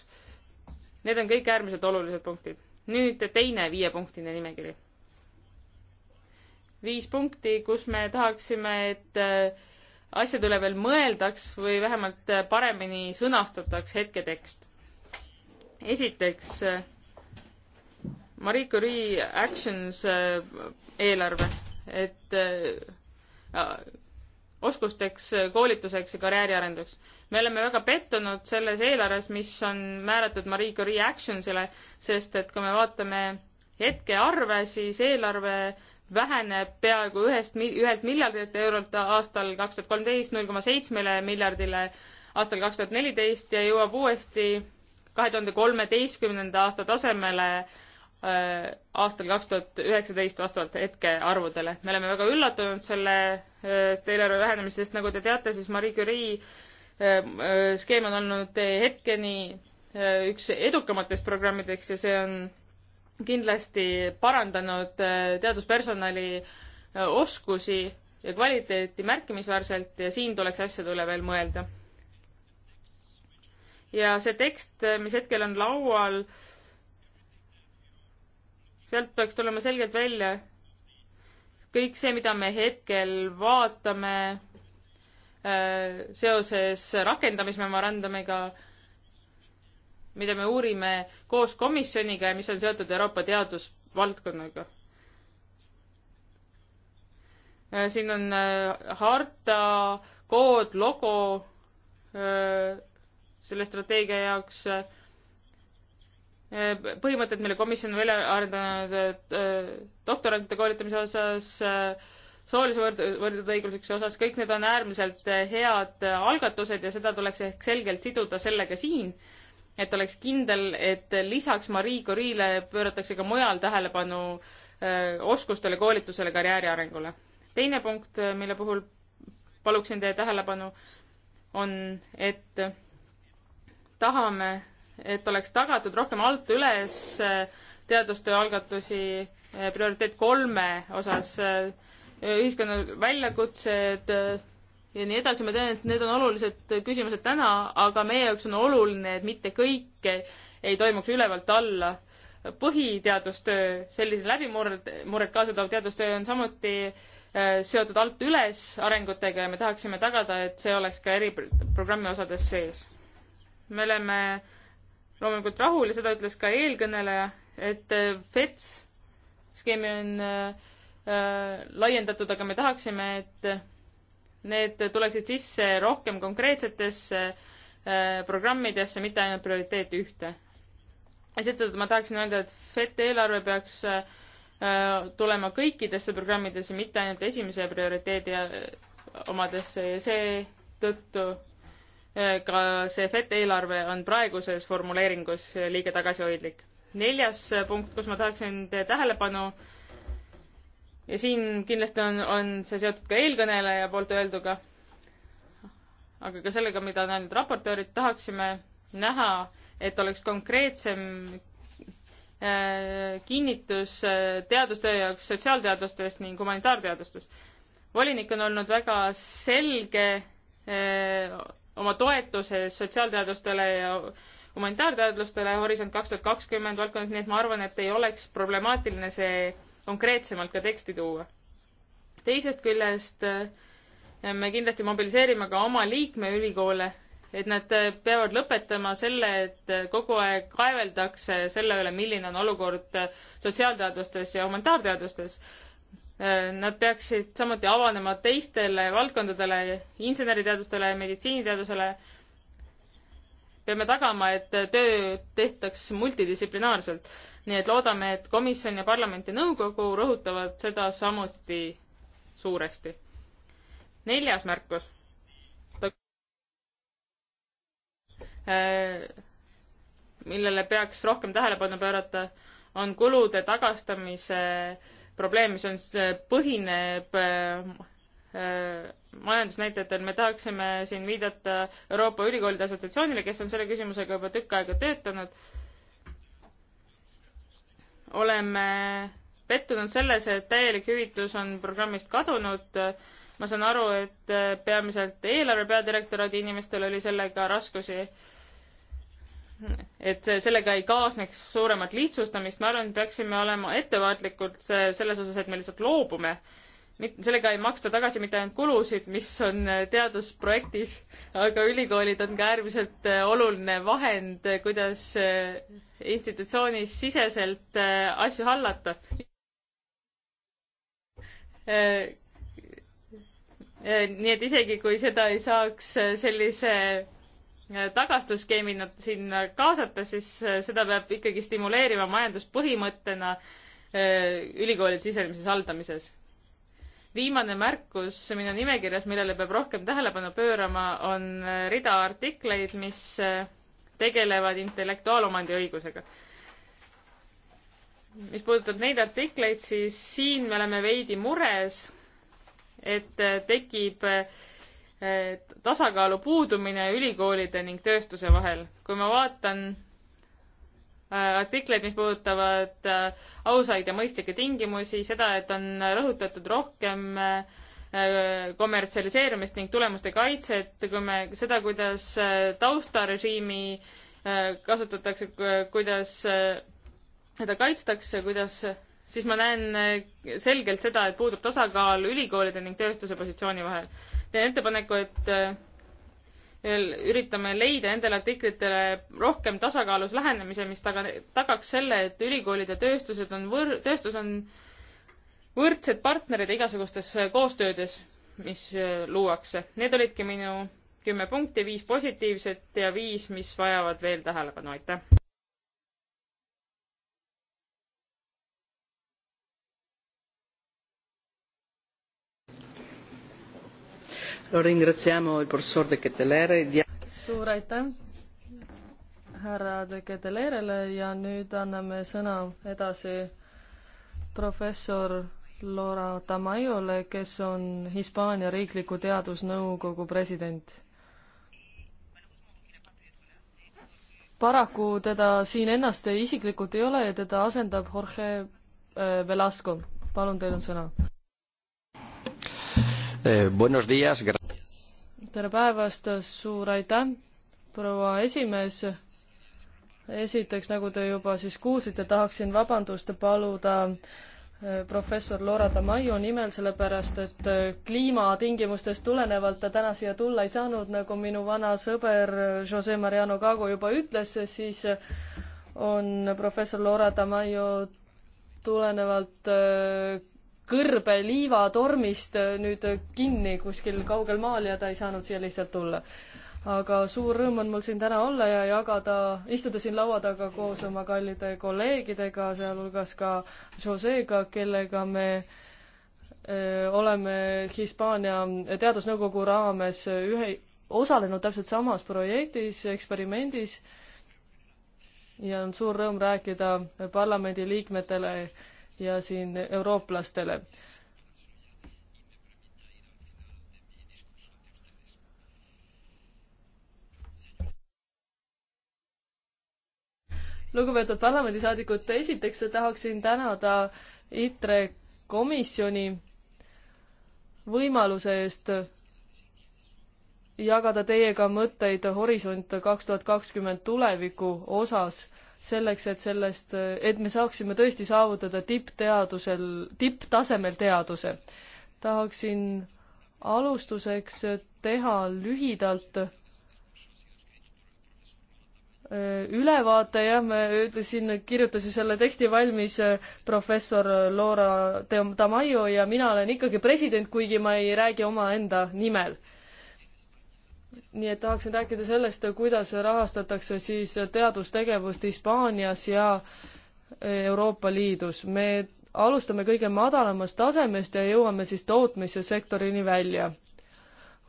Need on kõik äärmiselt olulised punktid. nüüd teine viiepunktine nimekiri. viis punkti, kus me tahaksime, et äh, asjade üle veel mõeldaks või vähemalt äh, paremini sõnastataks hetketekst. esiteks äh, Marie Curie Actions eelarve, et oskusteks, koolituseks ja karjääri arenduseks me oleme väga pettunud selles eelarves, mis on määratud Marie Curie Actionsile, sest et kui me vaatame hetkearve, siis eelarve väheneb peaaegu ühest, ühelt miljardilt eurolt aastal kaks tuhat kolmteist null koma seitsmele miljardile aastal kaks tuhat neliteist ja jõuab uuesti kahe tuhande kolmeteistkümnenda aasta tasemele äh, aastal kaks tuhat üheksateist vastavalt hetkearvudele. me oleme väga üllatunud äh, sellest eelarve vähenemisest, nagu te teate, siis Marie Curie Ehm, eh, skeem on olnud hetkeni eh, üks edukamatest programmidest ja see on kindlasti parandanud eh, teaduspersonali oskusi ja kvaliteeti märkimisväärselt ja siin tuleks asjade üle veel mõelda. ja see tekst, mis hetkel on laual, sealt peaks tulema selgelt välja kõik see, mida me hetkel vaatame seoses rakendamismemorandumiga, mida me uurime koos komisjoniga ja mis on seotud Euroopa teadusvaldkonnaga. Äh, siin on äh, harta, kood, logo äh, selle strateegia jaoks, põhimõtted, mille komisjon on välja arendanud doktorantide koolitamise osas, soolise võrd-, võrdõiguslikkuse osas, kõik need on äärmiselt eh, head eh, algatused ja seda tuleks ehk selgelt siduda sellega siin, et oleks kindel, et lisaks Marie Curie'le pööratakse ka mujal tähelepanu öö, eh, oskustele, koolitusele, karjääri arengule. teine punkt, mille puhul paluksin teie tähelepanu, on, et tahame, et oleks tagatud rohkem alt üles teadustöö algatusi prioriteet kolme osas öö, ühiskonna väljakutsed äh, ja nii edasi, ma tean, et need on olulised küsimused täna, aga meie jaoks on oluline, et mitte kõike ei toimuks ülevalt alla. põhiteadustöö, sellise läbimurred, murret kaasa toov teadustöö on samuti äh, seotud alt üles arengutega ja me tahaksime tagada, et see oleks ka eriprogrammi osades sees. me oleme loomulikult rahul ja seda ütles ka eelkõneleja, et äh, FETS skeemi on äh, Äh, laiendatud, aga me tahaksime, et need tuleksid sisse rohkem konkreetsetesse äh, programmidesse, mitte ainult prioriteet ühte. ja seetõttu ma tahaksin öelda, et FET eelarve peaks äh, tulema kõikidesse programmidesse, mitte ainult esimese prioriteedi omadesse ja seetõttu ka see FET eelarve on praeguses formuleeringus liiga tagasihoidlik. neljas punkt, kus ma tahaksin teie tähelepanu äh, ja siin kindlasti on, on see seotud ka eelkõneleja poolt öelduga, aga ka sellega, mida on öelnud raportöörid, tahaksime näha, et oleks konkreetsem äh, kinnitus äh, teadustöö jaoks sotsiaalteadustes ning humanitaarteadustes. volinik on olnud väga selge äh, oma toetuses sotsiaalteadustele ja humanitaarteadlustele Horisont kaks tuhat kakskümmend valdkonnas, nii et ma arvan, et ei oleks problemaatiline see konkreetsemalt ka teksti tuua. teisest küljest äh, me kindlasti mobiliseerime ka oma liikmeülikoole, et nad äh, peavad lõpetama selle, et äh, kogu aeg kaeveldakse selle üle, milline on olukord sotsiaalteadustes ja humanitaarteadustes. Nad peaksid samuti avanema teistele valdkondadele, inseneriteadustele ja meditsiiniteadusele. peame tagama, et töö tehtaks multidistsiplinaarselt nii et loodame, et komisjon ja parlament ja nõukogu rõhutavad seda samuti suuresti. neljas märkus. Äh, millele peaks rohkem tähelepanu pöörata, on kulude tagastamise probleem, mis on, äh, põhineb äh, majandusnäitajatel, me tahaksime siin viidata Euroopa Ülikoolide Assotsiatsioonile, kes on selle küsimusega juba tükk aega töötanud oleme pettunud selles, et täielik hüvitus on programmist kadunud. ma saan aru, et peamiselt eelarve peadirektoraadi inimestel oli sellega raskusi. et sellega ei kaasneks suuremat lihtsustamist, ma arvan, et peaksime olema ettevaatlikud selles osas, et me lihtsalt loobume äh, sellega ei maksta tagasi mitte ainult kulusid, mis on teadusprojektis, aga ülikoolid on ka äärmiselt äh, oluline vahend, äh, kuidas äh, institutsioonis siseselt asju hallata. nii et isegi, kui seda ei saaks sellise tagastusskeemina sinna kaasata, siis seda peab ikkagi stimuleerima majanduspõhimõttena ülikoolide sisemises haldamises viimane märkus minu nimekirjas, millele peab rohkem tähelepanu pöörama, on äh, rida artikleid, mis äh, tegelevad intellektuaalomandi õigusega. mis puudutab neid artikleid, siis siin me oleme veidi mures, et äh, tekib tasakaalu puudumine ülikoolide ning tööstuse vahel. kui ma vaatan Äh, artikleid, mis puudutavad äh, ausaid ja mõistlikke tingimusi, seda, et on rõhutatud rohkem äh, kommertsialiseerumist ning tulemuste kaitset, kui me seda, kuidas taustarežiimi kasutatakse, kuidas seda kaitstakse, kuidas, siis ma näen selgelt seda, et puudub tasakaal ülikoolide ning tööstuse positsiooni vahel. teen ettepaneku, et üritame leida nendele artiklitele rohkem tasakaalus lähenemise, mis taga, tagaks selle, et ülikoolid ja tööstused on võr-, tööstus on võrdsed partnerid igasugustes äh, koostöödes, mis äh, luuakse. Need olidki minu kümme punkti, viis positiivset ja viis, mis vajavad veel tähelepanu, aitäh! suur aitäh härra De Kedelerele ja nüüd anname sõna edasi professor Laura Tamayole, kes on Hispaania Riikliku Teadusnõukogu president paraku teda siin ennast isiklikult ei ole ja teda asendab Jorge äh, Velasco. palun, teil on sõna eh,. Buenos dias. tere päevast, suur aitäh, proua esimees. esiteks, nagu te juba siis kuulsite, tahaksin vabandust paluda eh, professor Laura Tamayo nimel, sellepärast et eh, kliimatingimustest tulenevalt ta täna siia tulla ei saanud, nagu minu vana sõber Jose Mariano Cago juba ütles, siis on professor Laura Tamayo tulenevalt eh, kõrbe liivatormist äh, nüüd äh, kinni kuskil kaugel maal ja ta ei saanud siia lihtsalt tulla. aga suur rõõm on mul siin täna olla ja jagada, istuda siin laua taga koos oma kallide kolleegidega, sealhulgas ka Joseega, kellega me öö, äh, oleme Hispaania teadusnõukogu raames ühe, osalenud täpselt samas projektis, eksperimendis ja on suur rõõm rääkida parlamendi liikmetele ja siin eurooplastele. lugupeetud parlamendisaadikud, esiteks tahaksin tänada ITRE komisjoni võimaluse eest jagada teiega mõtteid Horisont kaks tuhat kakskümmend tuleviku osas selleks, et sellest, et me saaksime tõesti saavutada tippteadusel, tipptasemel teaduse. tahaksin alustuseks teha lühidalt äh, ülevaate, jah, ma ütlesin, kirjutasin selle teksti valmis äh, professor Laura Tamayo ja mina olen ikkagi president, kuigi ma ei räägi omaenda nimel nii et tahaksin rääkida sellest, kuidas rahastatakse siis teadustegevust Hispaanias ja e, Euroopa Liidus. me alustame kõige madalamast tasemest ja jõuame siis tootmise sektorini välja.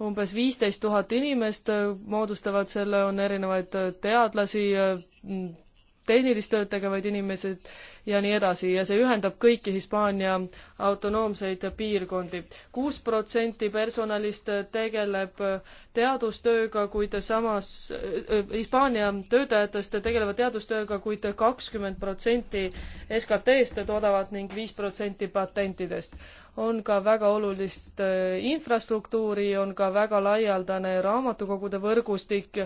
umbes viisteist tuhat inimest moodustavad selle, on erinevaid teadlasi, tehnilist tööd tegevad inimesed ja nii edasi ja see ühendab kõiki Hispaania autonoomseid piirkondi. kuus protsenti personalist tegeleb teadustööga, kuid samas Hispaania töötajatest tegelevad teadustööga kuid, kuid kakskümmend protsenti SKT-st toodavad ning viis protsenti patentidest. on ka väga olulist äh, infrastruktuuri, on ka väga laialdane raamatukogude võrgustik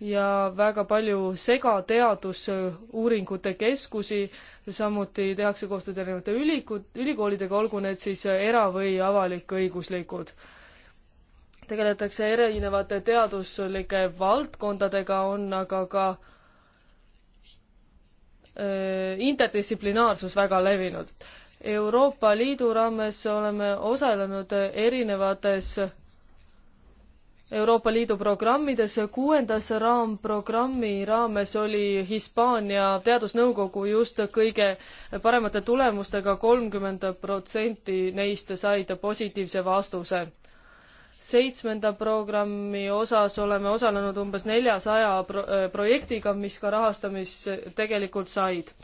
ja väga palju segateadusuuringute keskusi, samuti tehakse koostööd erinevate üliku-, ülikoolidega, olgu need siis era- või avalik-õiguslikud. tegeletakse erinevate teaduslike valdkondadega, on aga ka äh, interdistsiplinaarsus väga levinud. Euroopa Liidu raames oleme osalenud erinevates äh, Euroopa Liidu programmides, kuuendas raamprogrammi raames oli Hispaania teadusnõukogu just kõige paremate tulemustega, kolmkümmend protsenti neist said positiivse vastuse. seitsmenda programmi osas oleme osalenud umbes neljasaja pro äh, projektiga, mis ka rahastamist tegelikult said.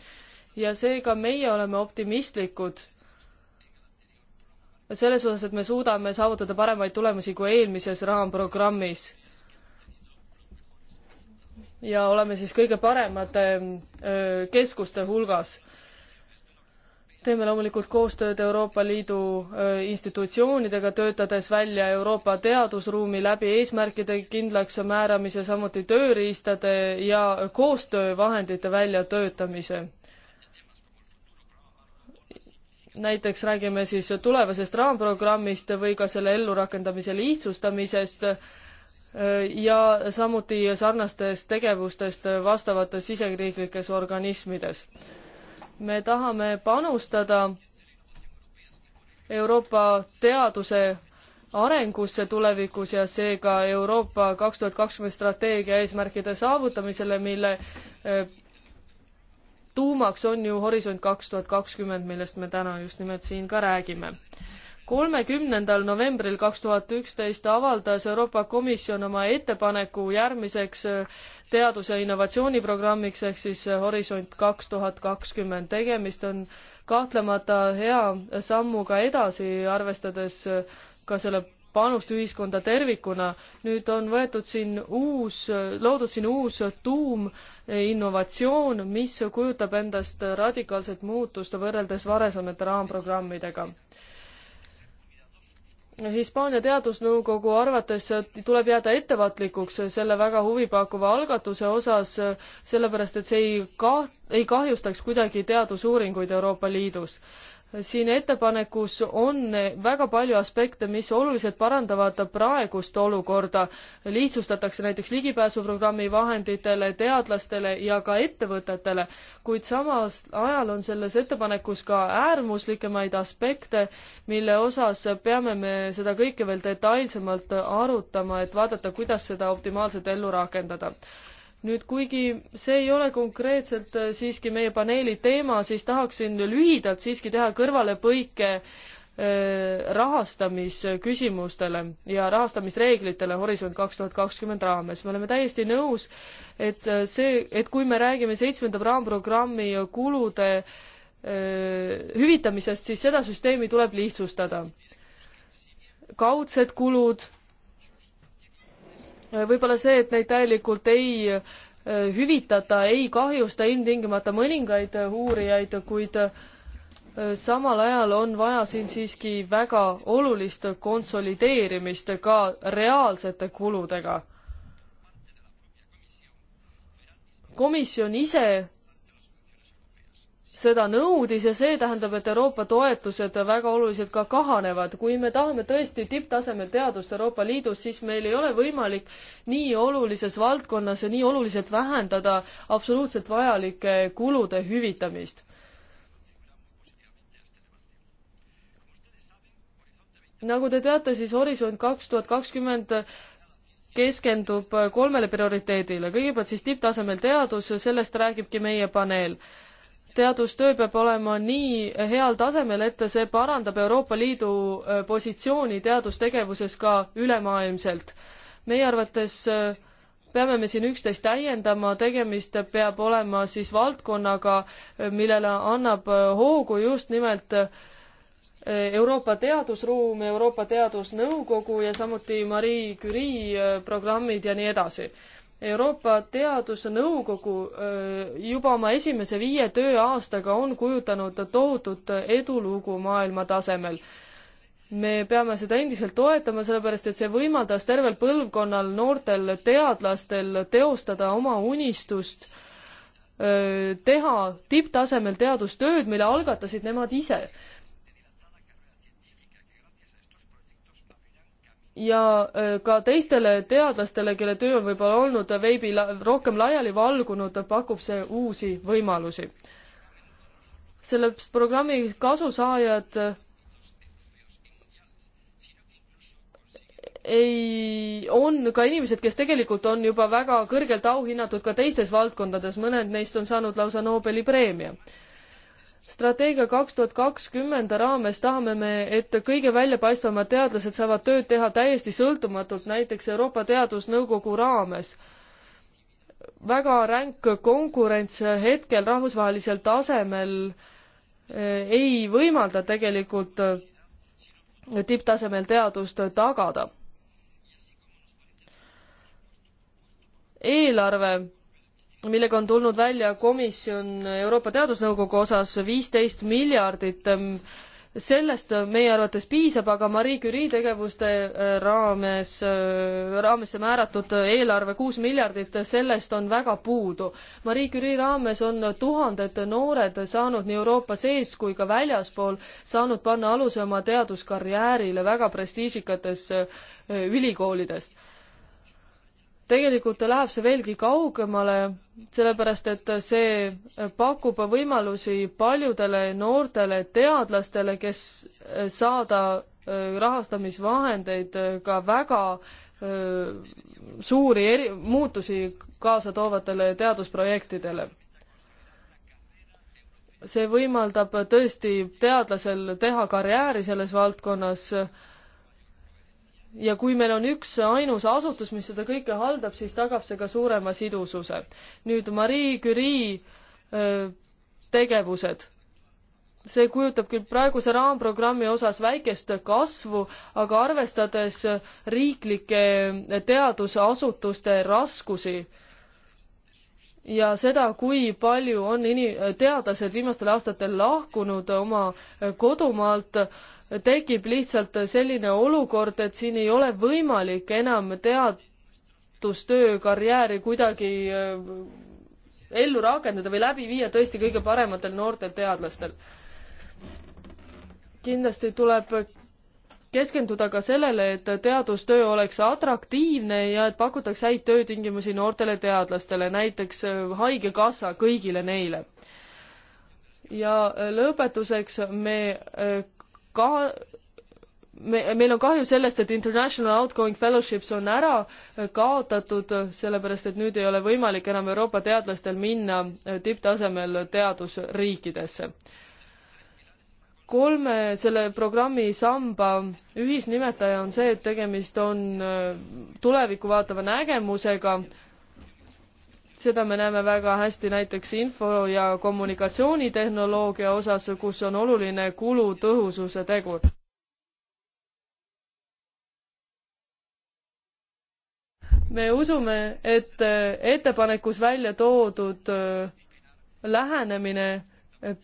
ja seega meie oleme optimistlikud selles osas, et me suudame saavutada paremaid tulemusi kui eelmises raamprogrammis. ja oleme siis kõige paremate keskuste hulgas. teeme loomulikult koostööd Euroopa Liidu institutsioonidega, töötades välja Euroopa teadusruumi läbi eesmärkide kindlaks määramise, samuti tööriistade ja koostöövahendite väljatöötamise näiteks räägime siis tulevasest raamprogrammist või ka selle ellurakendamise lihtsustamisest äh, ja samuti sarnastest tegevustest vastavates siseriiklikes organismides. me tahame panustada Euroopa teaduse arengusse tulevikus ja seega Euroopa kaks tuhat kakskümmend strateegia eesmärkide saavutamisele, mille äh, tuumaks on ju Horisont kaks tuhat kakskümmend, millest me täna just nimelt siin ka räägime. kolmekümnendal novembril kaks tuhat üksteist avaldas Euroopa Komisjon oma ettepaneku järgmiseks äh, teadus- ja innovatsiooniprogrammiks ehk siis äh, Horisont kaks tuhat kakskümmend. tegemist on kahtlemata hea sammuga edasi, arvestades äh, ka selle panust ühiskonda tervikuna. nüüd on võetud siin uus, loodud siin uus tuum, eh, innovatsioon, mis kujutab endast radikaalset muutust võrreldes varasemate raamprogrammidega. Hispaania Teadusnõukogu arvates tuleb jääda ettevaatlikuks selle väga huvipakkuva algatuse osas, sellepärast et see ei kah-, ei kahjustaks kuidagi teadusuuringuid Euroopa Liidus siin ettepanekus on väga palju aspekte, mis oluliselt parandavad praegust olukorda. lihtsustatakse näiteks ligipääsu programmi vahenditele, teadlastele ja ka ettevõtetele, kuid samas ajal on selles ettepanekus ka äärmuslikemaid aspekte, mille osas peame me seda kõike veel detailsemalt arutama, et vaadata, kuidas seda optimaalselt ellu rakendada nüüd, kuigi see ei ole konkreetselt äh, siiski meie paneeli teema, siis tahaksin lühidalt siiski teha kõrvalepõike äh, rahastamisküsimustele ja rahastamisreeglitele Horisont kaks tuhat kakskümmend raames. me oleme täiesti nõus, et äh, see, et kui me räägime seitsmenda raamprogrammi kulude hüvitamisest, siis seda süsteemi tuleb lihtsustada. kaudsed kulud võib-olla see, et neid täielikult ei eh, hüvitada, ei kahjusta ilmtingimata mõningaid eh, uurijaid, kuid eh, samal ajal on vaja siin siiski väga olulist konsolideerimist ka reaalsete kuludega. komisjon ise seda nõudis ja see tähendab, et Euroopa toetused väga oluliselt ka kahanevad. kui me tahame tõesti tipptasemel teadust Euroopa Liidus, siis meil ei ole võimalik nii olulises valdkonnas ja nii oluliselt vähendada absoluutselt vajalike kulude hüvitamist. nagu te teate, siis Horisont kaks tuhat kakskümmend keskendub kolmele prioriteedile. kõigepealt siis tipptasemel teadus, sellest räägibki meie paneel teadustöö peab olema nii heal tasemel, et see parandab Euroopa Liidu äh, positsiooni teadustegevuses ka ülemaailmselt. meie arvates äh, peame me siin üksteist täiendama, tegemist peab olema siis valdkonnaga, äh, millele annab hoogu just nimelt Euroopa teadusruum, Euroopa Teadusnõukogu ja samuti Marie Curie programmid ja nii edasi Euroopa Teadusnõukogu juba oma esimese viie tööaastaga on kujutanud tohutut edulugu maailma tasemel. me peame seda endiselt toetama, sellepärast et see võimaldas tervel põlvkonnal noortel teadlastel teostada oma unistust, teha tipptasemel teadustööd, mille algatasid nemad ise ja äh, ka teistele teadlastele, kelle töö on võib-olla olnud veebi rohkem laiali valgunud, pakub see uusi võimalusi. selles programmi kasusaajad äh, ei, on ka inimesed, kes tegelikult on juba väga kõrgelt auhinnatud ka teistes valdkondades, mõned neist on saanud lausa Nobeli preemia strateegia kaks tuhat kakskümmend raames tahame me, et kõige väljapaistvamad teadlased saavad tööd teha täiesti sõltumatult, näiteks Euroopa Teadusnõukogu raames. väga ränk konkurents hetkel rahvusvahelisel tasemel eh, ei võimalda tegelikult eh, tipptasemel teadust tagada. eelarve millega on tulnud välja komisjon Euroopa Teadusnõukogu osas viisteist miljardit. Ähm, sellest äh, meie arvates piisab, aga Marie Curie tegevuste äh, raames, äh, raamesse määratud eelarve kuus miljardit, sellest on väga puudu. Marie Curie raames on tuhanded noored saanud nii Euroopa sees kui ka väljaspool, saanud panna aluse oma teaduskarjäärile väga prestiižikates ülikoolidest tegelikult läheb see veelgi kaugemale, sellepärast et see pakub võimalusi paljudele noortele teadlastele, kes eh, saada eh, rahastamisvahendeid eh, ka väga suuri eri, muutusi kaasa toovatele teadusprojektidele. see võimaldab tõesti teadlasel teha karjääri selles valdkonnas ja kui meil on üks ainus asutus, mis seda kõike haldab, siis tagab see ka suurema sidususe. nüüd Marie Curie tegevused. see kujutab küll praeguse raamprogrammi osas väikest kasvu, aga arvestades riiklike teadusasutuste raskusi ja seda, kui palju on ini-, teadlased viimastel aastatel lahkunud oma kodumaalt, tekib lihtsalt selline olukord, et siin ei ole võimalik enam teadustöö karjääri kuidagi äh, ellu rakendada või läbi viia tõesti kõige parematel noortel teadlastel. kindlasti tuleb keskenduda ka sellele, et teadustöö oleks atraktiivne ja et pakutaks häid töötingimusi noortele teadlastele, näiteks äh, Haigekassa kõigile neile. ja äh, lõpetuseks me ka me, meil on kahju sellest, et International Outgoing Fellowships on ära kaotatud, sellepärast et nüüd ei ole võimalik enam Euroopa teadlastel minna äh, tipptasemel teadusriikidesse. kolme selle programmi samba ühisnimetaja on see, et tegemist on äh, tulevikku vaatava nägemusega seda me näeme väga hästi näiteks info- ja kommunikatsioonitehnoloogia osas, kus on oluline kulutõhususe tegur. me usume, et ettepanekus välja toodud äh, lähenemine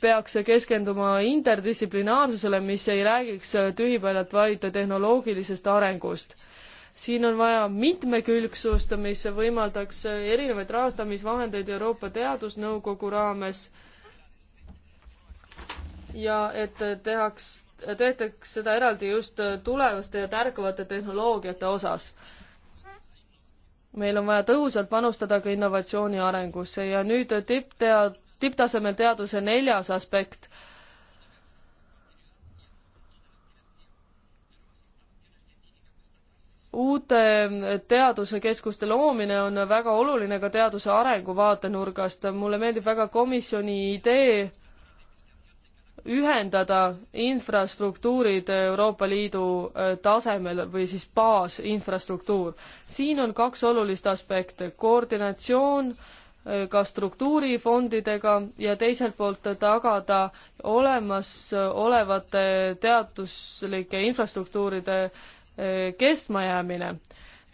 peaks keskenduma interdistsiplinaarsusele, mis ei räägiks äh, tühipaljalt vaid tehnoloogilisest arengust siin on vaja mitmekülgsust, mis võimaldaks erinevaid rahastamisvahendeid Euroopa Teadusnõukogu raames ja et tehaks, tehtaks seda eraldi just tulevaste ja tärkavate tehnoloogiate osas meil on vaja tõhusalt panustada ka innovatsiooni arengusse ja nüüd tipptea-, tipptasemel teaduse neljas aspekt. uute teadusekeskuste loomine on väga oluline ka teaduse arengu vaatenurgast. mulle meeldib väga komisjoni idee ühendada infrastruktuurid Euroopa Liidu äh, tasemel või siis baasinfrastruktuur. siin on kaks olulist aspekti, koordinatsioon äh, ka struktuurifondidega ja teiselt poolt tagada olemasolevate äh, teaduslike infrastruktuuride äh, Äh, kestmajäämine.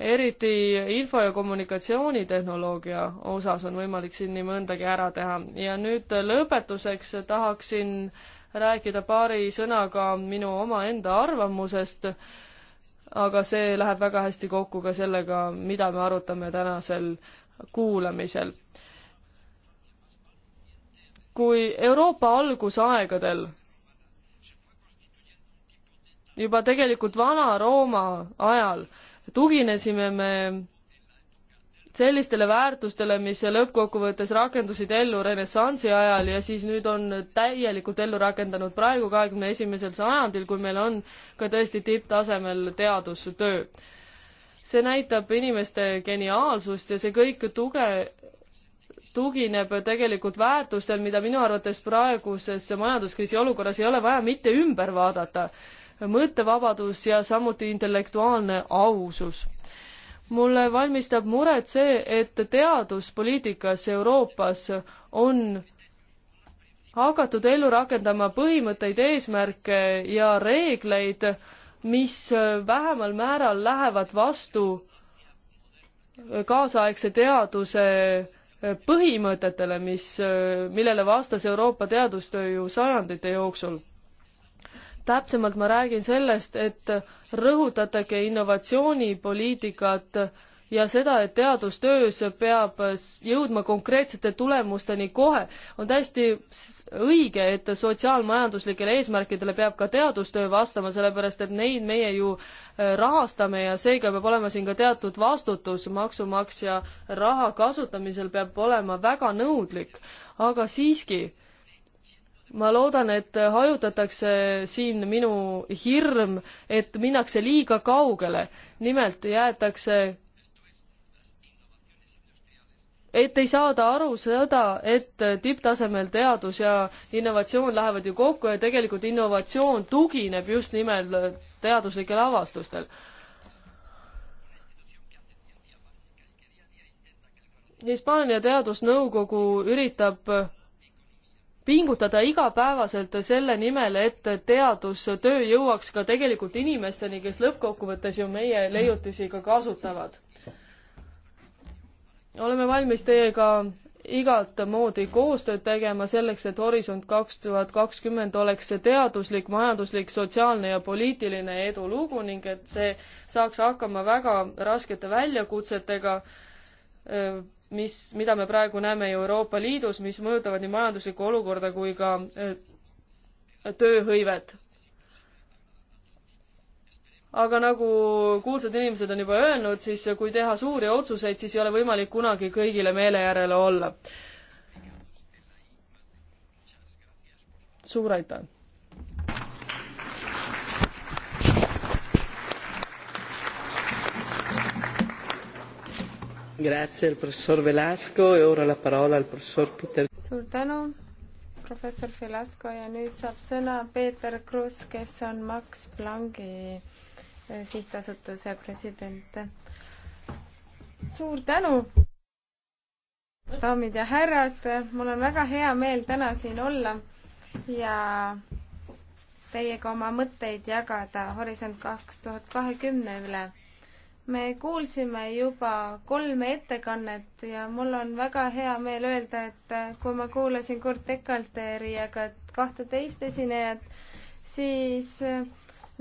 eriti info- ja kommunikatsioonitehnoloogia osas on võimalik siin nii mõndagi ära teha ja nüüd lõpetuseks tahaksin rääkida paari sõnaga minu omaenda arvamusest, aga see läheb väga hästi kokku ka sellega, mida me arutame tänasel kuulamisel. kui Euroopa algusaegadel juba tegelikult Vana-Rooma ajal tuginesime me sellistele väärtustele, mis lõppkokkuvõttes rakendusid ellu renessansi ajal ja siis nüüd on täielikult ellu rakendanud praegu, kahekümne esimesel sajandil, kui meil on ka tõesti tipptasemel teadustöö. see näitab inimeste geniaalsust ja see kõik tuge, tugineb tegelikult väärtustel, mida minu arvates praeguses majanduskriisi olukorras ei ole vaja mitte ümber vaadata mõttevabadus ja samuti intellektuaalne ausus. mulle valmistab muret see, et teaduspoliitikas Euroopas on hakatud ellu rakendama põhimõtteid, eesmärke ja reegleid, mis vähemal määral lähevad vastu kaasaegse teaduse põhimõtetele, mis, millele vastas Euroopa teadustöö ju sajandite jooksul täpsemalt ma räägin sellest, et rõhutatagi innovatsioonipoliitikat ja seda, et teadustöös peab jõudma konkreetsete tulemusteni kohe. on täiesti õige, et sotsiaalmajanduslikele eesmärkidele peab ka teadustöö vastama, sellepärast et neid meie ju äh, rahastame ja seega peab olema siin ka teatud vastutus, maksumaksja raha kasutamisel peab olema väga nõudlik, aga siiski ma loodan, et hajutatakse siin minu hirm, et minnakse liiga kaugele. nimelt jäetakse, et ei saada aru seda, et tipptasemel teadus ja innovatsioon lähevad ju kokku ja tegelikult innovatsioon tugineb just nimelt teaduslikel avastustel Hispaania teadusnõukogu üritab pingutada igapäevaselt selle nimel, et teadustöö jõuaks ka tegelikult inimesteni, kes lõppkokkuvõttes ju meie leiutisi ka kasutavad. oleme valmis teiega igat moodi koostööd tegema selleks, et Horisont kaks tuhat kakskümmend oleks teaduslik, majanduslik, sotsiaalne ja poliitiline edulugu ning et see saaks hakkama väga raskete väljakutsetega mis, mida me praegu näeme Euroopa Liidus, mis mõjutavad nii majanduslikku olukorda kui ka äh, tööhõivet. aga nagu kuulsad inimesed on juba öelnud, siis kui teha suuri otsuseid, siis ei ole võimalik kunagi kõigile meele järele olla. suur aitäh! Grazie al professor Velasco ja e ora la parola al professor Peter. suur tänu, professor Velasco ja nüüd saab sõna Peeter Kruus, kes on Max Plancki eh, sihtasutuse president. suur tänu, daamid ja härrad, mul on väga hea meel täna siin olla ja teiega oma mõtteid jagada Horisont kaks tuhat kahekümne üle me kuulsime juba kolme ettekannet ja mul on väga hea meel öelda, et kui ma kuulasin Kurt Dekalteri ja ka kahte teist esinejat, siis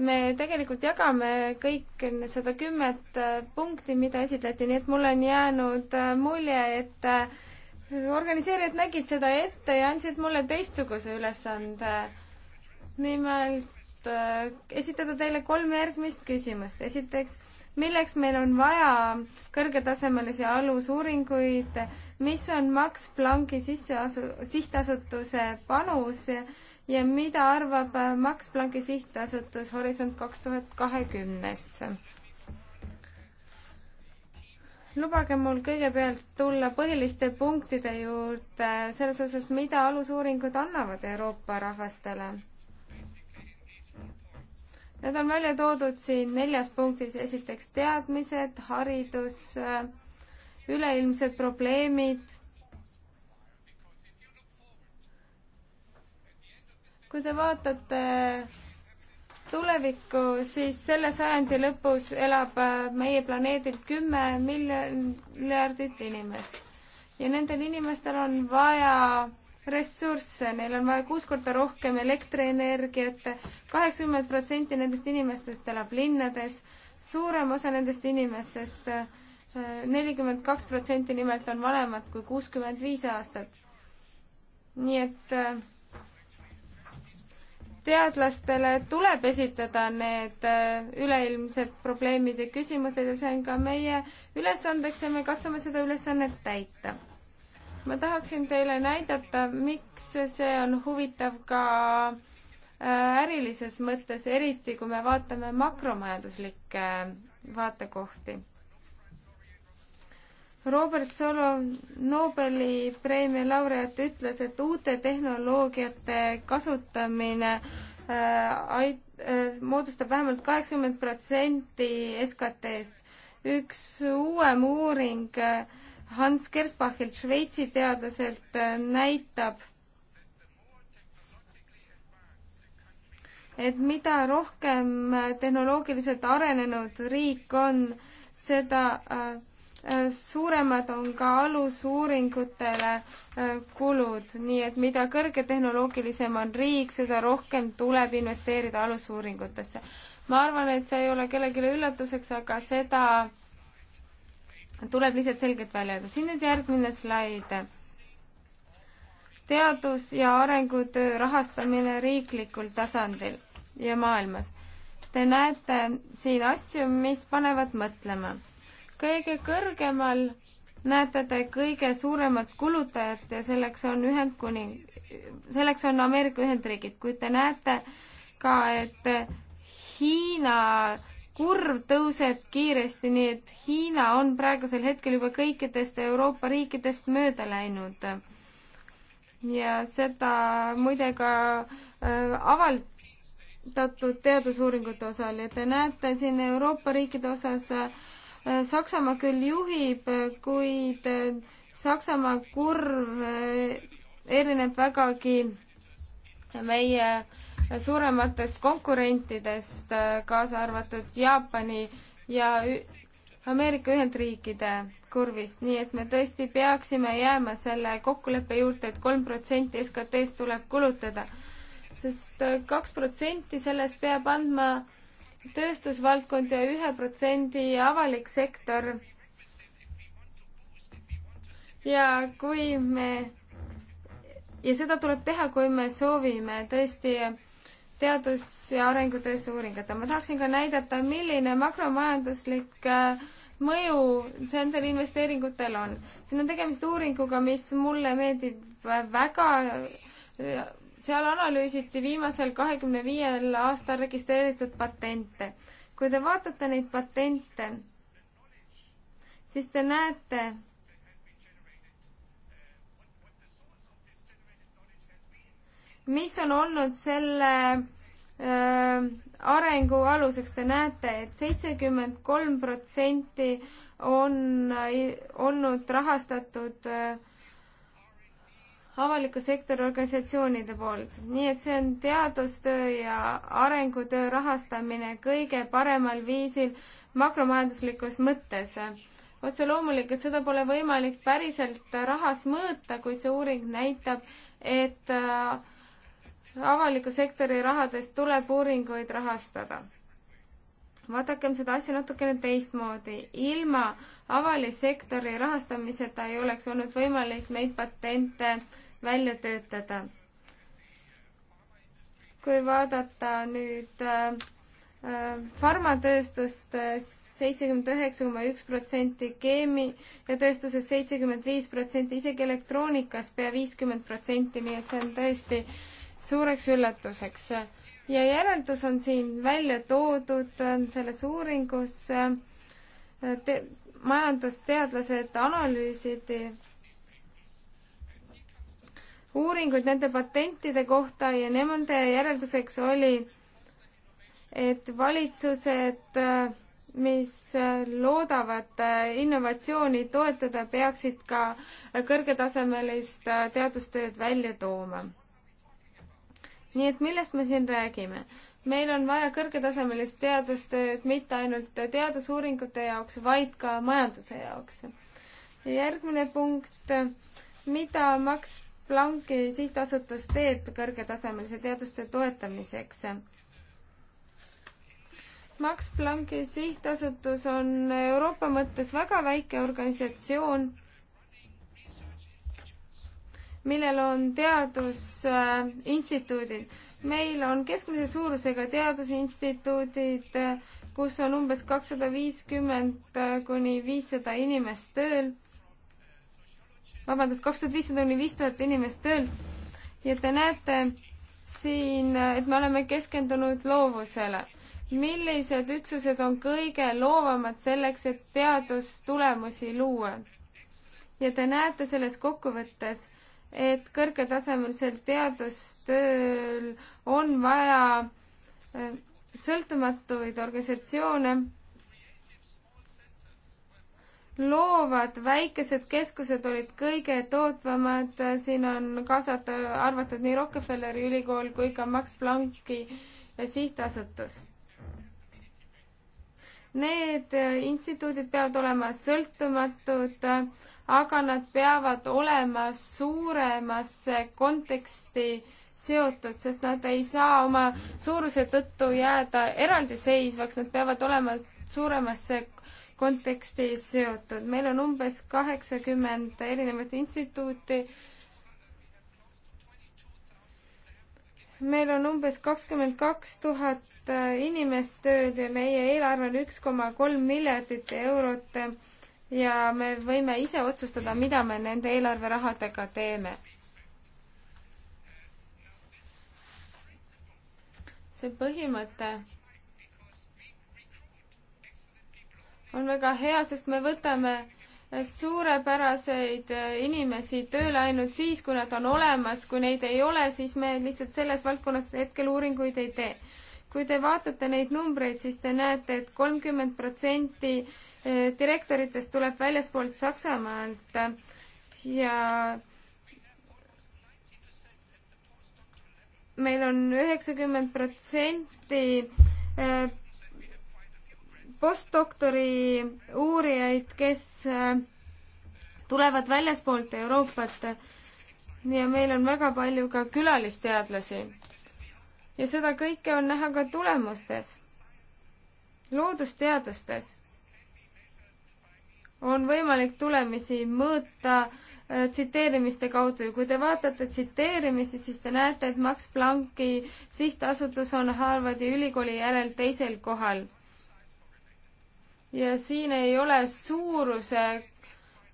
me tegelikult jagame kõik seda kümmet punkti, mida esitleti, nii et mul on jäänud mulje, et organiseerijad nägid seda ette ja andsid mulle teistsuguse ülesande. nimelt esitada teile kolm järgmist küsimust. esiteks milleks meil on vaja kõrgetasemelisi alusuuringuid, mis on Max Plancki sisseasu-, sihtasutuse panus ja mida arvab Max Plancki sihtasutus Horisont kaks tuhat kahekümnest? lubage mul kõigepealt tulla põhiliste punktide juurde selles osas, mida alusuuringud annavad Euroopa rahvastele Need on välja toodud siin neljas punktis, esiteks teadmised, haridus, üleilmsed probleemid. kui te vaatate tulevikku, siis selle sajandi lõpus elab meie planeedil kümme miljardit inimest ja nendel inimestel on vaja ressursse, neil on vaja kuus korda rohkem elektrienergiat, kaheksakümmend protsenti nendest inimestest elab linnades, suurem osa nendest inimestest, nelikümmend kaks protsenti nimelt on vanemad kui kuuskümmend viis aastat. nii et äh, teadlastele tuleb esitada need äh, üleilmsed probleemid ja küsimused ja see on ka meie ülesandeks ja me katsume seda ülesannet täita ma tahaksin teile näidata, miks see on huvitav ka äh, ärilises mõttes, eriti kui me vaatame makromajanduslikke äh, vaatekohti. Robert Solo, Nobeli preemia laureaat, ütles, et uute tehnoloogiate kasutamine äh, ait- äh,, moodustab vähemalt kaheksakümmend protsenti SKT-st. üks uuem uuring äh, Hans Gersbachilt, Šveitsi teadlaselt, äh, näitab, et mida rohkem äh, tehnoloogiliselt arenenud riik on, seda äh, suuremad on ka alusuuringutele kulud, nii et mida kõrgetehnoloogilisem on riik, seda rohkem tuleb investeerida alusuuringutesse. ma arvan, et see ei ole kellelegi üllatuseks, aga seda tuleb lihtsalt selgelt välja öelda. siin nüüd järgmine slaid. teadus- ja arengutöö rahastamine riiklikul tasandil ja maailmas. Te näete siin asju, mis panevad mõtlema. kõige kõrgemal näete te kõige suuremat kulutajat ja selleks on Ühendkuning, selleks on Ameerika Ühendriigid, kuid te näete ka, et Hiina kurv tõuseb kiiresti, nii et Hiina on praegusel hetkel juba kõikidest Euroopa riikidest mööda läinud. ja seda muide ka äh, avaldatud teadusuuringute osal ja te näete siin Euroopa riikide osas äh, Saksamaa küll juhib, kuid äh, Saksamaa kurv erineb vägagi meie äh, suurematest konkurentidest, äh, kaasa arvatud Jaapani ja Ameerika Ühendriikide kurvist, nii et me tõesti peaksime jääma selle kokkuleppe juurde et, et kolm protsenti SKT-st tuleb kulutada sest, sest äh, kaks protsenti sellest peab andma tööstusvaldkond ja ühe protsendi avalik sektor. ja kui me, ja seda tuleb teha, kui me soovime tõesti teadus- ja arengutöösse uuringute. ma tahaksin ka näidata, milline makromajanduslik äh, mõju nendel investeeringutel on. siin on tegemist uuringuga, mis mulle meeldib väga. seal analüüsiti viimasel kahekümne viiel aastal registreeritud patente. kui te vaatate neid patente, siis te näete, mis on olnud selle äh, arengu aluseks, te näete et, et seitsekümmend kolm protsenti on äh, olnud rahastatud äh, avaliku sektori organisatsioonide poolt. nii et see on teadustöö ja arengutöö rahastamine kõige paremal viisil makromajanduslikus mõttes otse loomulikult seda pole võimalik päriselt rahas mõõta, kuid see uuring näitab, et äh, avaliku sektori rahadest tuleb uuringuid rahastada. vaadakem seda asja natukene teistmoodi. ilma avalisektori rahastamiseta ei oleks olnud võimalik neid patente välja töötada. kui vaadata nüüd äh, farmatööstust, äh, seitsekümmend üheksa koma üks protsenti, keemi- ja tööstuses seitsekümmend viis protsenti, isegi elektroonikas pea viiskümmend protsenti, nii et see on tõesti äh, suureks üllatuseks. ja järeldus on siin välja toodud äh, selles uuringus, äh, majandusteadlased analüüsid äh, uuringuid nende patentide kohta ja nende järelduseks oli, et valitsused, mis loodavad innovatsiooni toetada, peaksid ka kõrgetasemelist teadustööd välja tooma nii et millest me siin räägime? meil on vaja kõrgetasemelist teadustööd mitte ainult teadusuuringute jaoks, vaid ka majanduse jaoks. järgmine punkt, mida Max Plancki sihtasutus teeb kõrgetasemelise teadustöö toetamiseks? Max Plancki sihtasutus on Euroopa mõttes väga väike organisatsioon millel on teadusinstituudid. meil on keskmise suurusega teadusinstituudid, kus on umbes kakssada viiskümmend äh, kuni viissada inimest tööl. vabandust, kaks tuhat viissada kuni viis tuhat inimest tööl. ja te näete siin, äh, et me oleme keskendunud loovusele. millised üksused on kõige loovamad selleks, et teadustulemusi luua? ja te näete selles kokkuvõttes, et kõrgetasemelisel teadustööl on vaja eh, sõltumatuid organisatsioone, loovad väikesed keskused olid kõige tootvamad, siin on kaasata, arvatud nii Rockefelleri ülikool kui ka Max Plancki sihtasutus. Need instituudid peavad olema sõltumatud, aga nad peavad olema suuremasse konteksti seotud, sest nad ei saa oma suuruse tõttu jääda eraldiseisvaks, nad peavad olema suuremasse konteksti seotud. meil on umbes kaheksakümmend erinevat instituuti. meil on umbes kakskümmend kaks tuhat äh, inimest tööl ja meie eelarve on üks koma kolm miljardit eurot ja me võime ise otsustada, mida me nende eelarverahadega teeme. see põhimõte on väga hea, sest me võtame suurepäraseid inimesi tööle ainult siis, kui nad on olemas, kui neid ei ole, siis me lihtsalt selles valdkonnas hetkel uuringuid ei tee. kui te vaatate neid numbreid, siis te näete et, et kolmkümmend protsenti direktoritest tuleb väljaspoolt Saksamaalt ja meil on üheksakümmend protsenti eh, postdoktori uurijaid, kes eh, tulevad väljaspoolt Euroopat ja meil on väga palju ka külalisteadlasi. ja seda kõike on näha ka tulemustes, loodusteadustes on võimalik tulemisi mõõta äh, tsiteerimiste kaudu ja kui te vaatate tsiteerimisi, siis te näete, et Max Plancki sihtasutus on Harvardi ülikooli järel teisel kohal. ja siin ei ole suuruse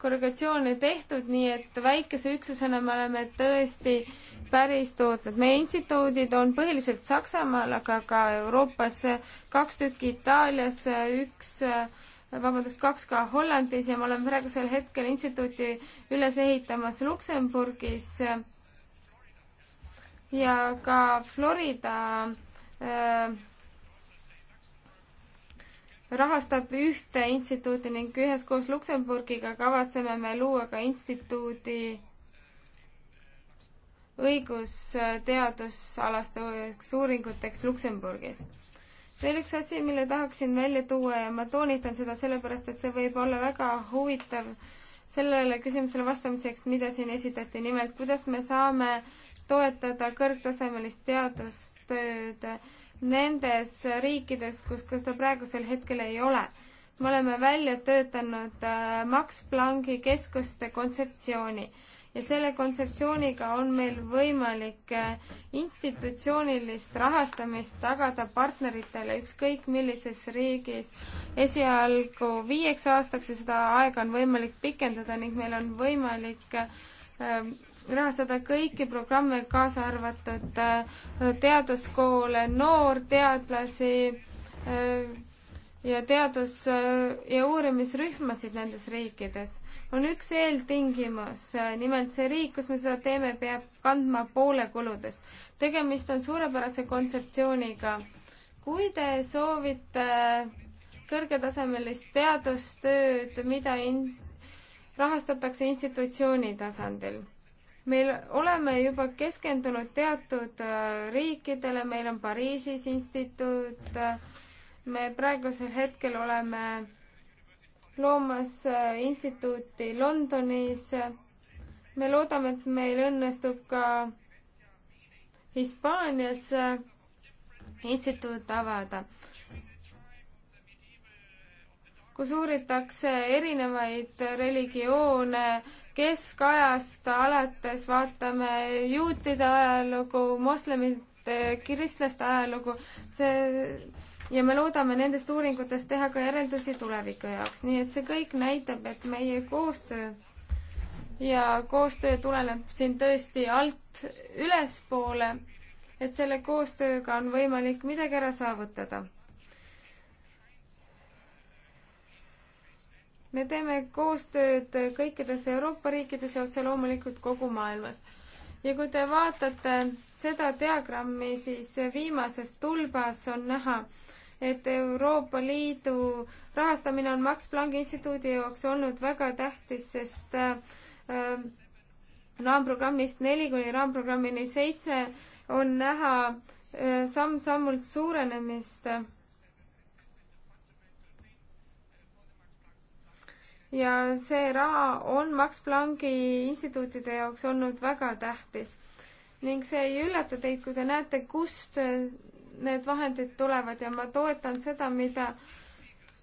korrigatsioone tehtud, nii et väikese üksusena me oleme tõesti päris tootnud. meie instituudid on põhiliselt Saksamaal, aga ka Euroopas kaks tükki Itaalias, üks vabandust, kaks ka Hollandis ja ma olen praegusel hetkel instituuti üles ehitamas Luksemburgis ja ka Florida äh, rahastab ühte instituuti ning üheskoos Luksemburgiga kavatseme me luua ka instituudi õigusteadusalaste uuringuteks Luksemburgis veel üks asi, mille tahaksin välja tuua ja ma toonitan seda sellepärast, et see võib olla väga huvitav sellele küsimusele vastamiseks, mida siin esitati, nimelt kuidas me saame toetada kõrgtasemelist teadustööd nendes riikides, kus, kus ta praegusel hetkel ei ole. me oleme välja töötanud äh, Max Plancki keskuste kontseptsiooni ja selle kontseptsiooniga on meil võimalik äh, institutsioonilist rahastamist tagada partneritele ükskõik millises riigis esialgu viieks aastaks ja seda aega on võimalik pikendada ning meil on võimalik äh, rahastada kõiki programme, kaasa arvatud äh, teaduskoole, noorteadlasi, ja teadus- ja uurimisrühmasid nendes riikides, on üks eeltingimus. nimelt see riik, kus me seda teeme, peab kandma poole kuludest. tegemist on suurepärase kontseptsiooniga. kui te soovite kõrgetasemelist teadustööd, mida in-, rahastatakse institutsiooni tasandil, meil oleme juba keskendunud teatud äh, riikidele, meil on Pariisis instituut, äh, me praegusel hetkel oleme loomas äh, instituuti Londonis. me loodame, et meil õnnestub ka Hispaanias äh, instituut avada, kus uuritakse erinevaid religioone keskajast alates, vaatame juutide ajalugu, moslemite, kristlaste ajalugu, see ja me loodame nendest uuringutest teha ka järeldusi tuleviku jaoks, nii et see kõik näitab, et meie koostöö ja koostöö tuleneb siin tõesti alt ülespoole, et selle koostööga on võimalik midagi ära saavutada. me teeme koostööd kõikides Euroopa riikides ja otse loomulikult kogu maailmas ja kui te vaatate seda diagrammi, siis viimases tulbas on näha, et Euroopa Liidu rahastamine on Max Plancki instituudi jaoks olnud väga tähtis, sest äh, raamprogrammist neli kuni raamprogrammini seitse on näha äh, samm-sammult suurenemist ja see raha on Max Plancki instituutide jaoks olnud väga tähtis. ning see ei üllata teid, kui te näete, kust äh, need vahendid tulevad ja ma toetan seda, mida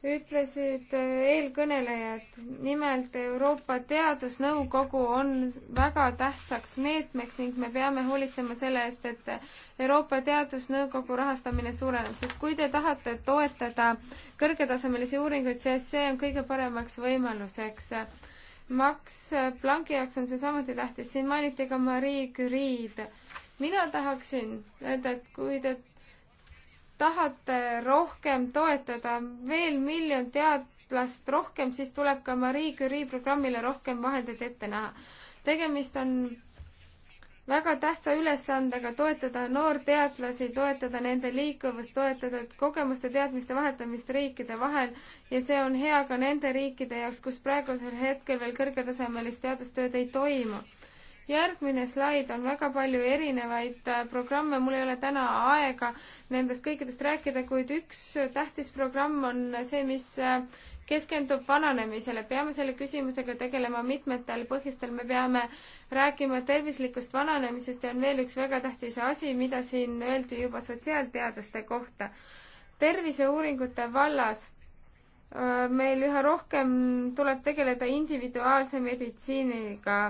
ütlesid eelkõnelejad. nimelt Euroopa Teadusnõukogu on väga tähtsaks meetmeks ning me peame hoolitsema selle eest, et Euroopa Teadusnõukogu rahastamine suureneb, sest kui te tahate toetada kõrgetasemelisi uuringuid, siis see on kõige paremaks võimaluseks. Max Plancki jaoks on see samuti tähtis, siin mainiti ka Marie Curie'd mina tahaksin öelda, et kui te tahate rohkem toetada veel miljon teadlast rohkem, siis tuleb ka Marie Curie programmile rohkem vahendeid ette näha. tegemist on väga tähtsa ülesandega toetada noorteadlasi, toetada nende liikuvust, toetada kogemuste, teadmiste vahetamist riikide vahel ja see on hea ka nende riikide jaoks, kus praegusel hetkel veel kõrgetasemelist teadustööd ei toimu järgmine slaid on väga palju erinevaid äh, programme, mul ei ole täna aega nendest kõikidest rääkida, kuid üks tähtis programm on see, mis äh, keskendub vananemisele, peame selle küsimusega tegelema mitmetel põhjustel, me peame rääkima tervislikust vananemisest ja on veel üks väga tähtis asi, mida siin öeldi juba sotsiaalteaduste kohta. terviseuuringute vallas äh, meil üha rohkem tuleb tegeleda individuaalse meditsiiniga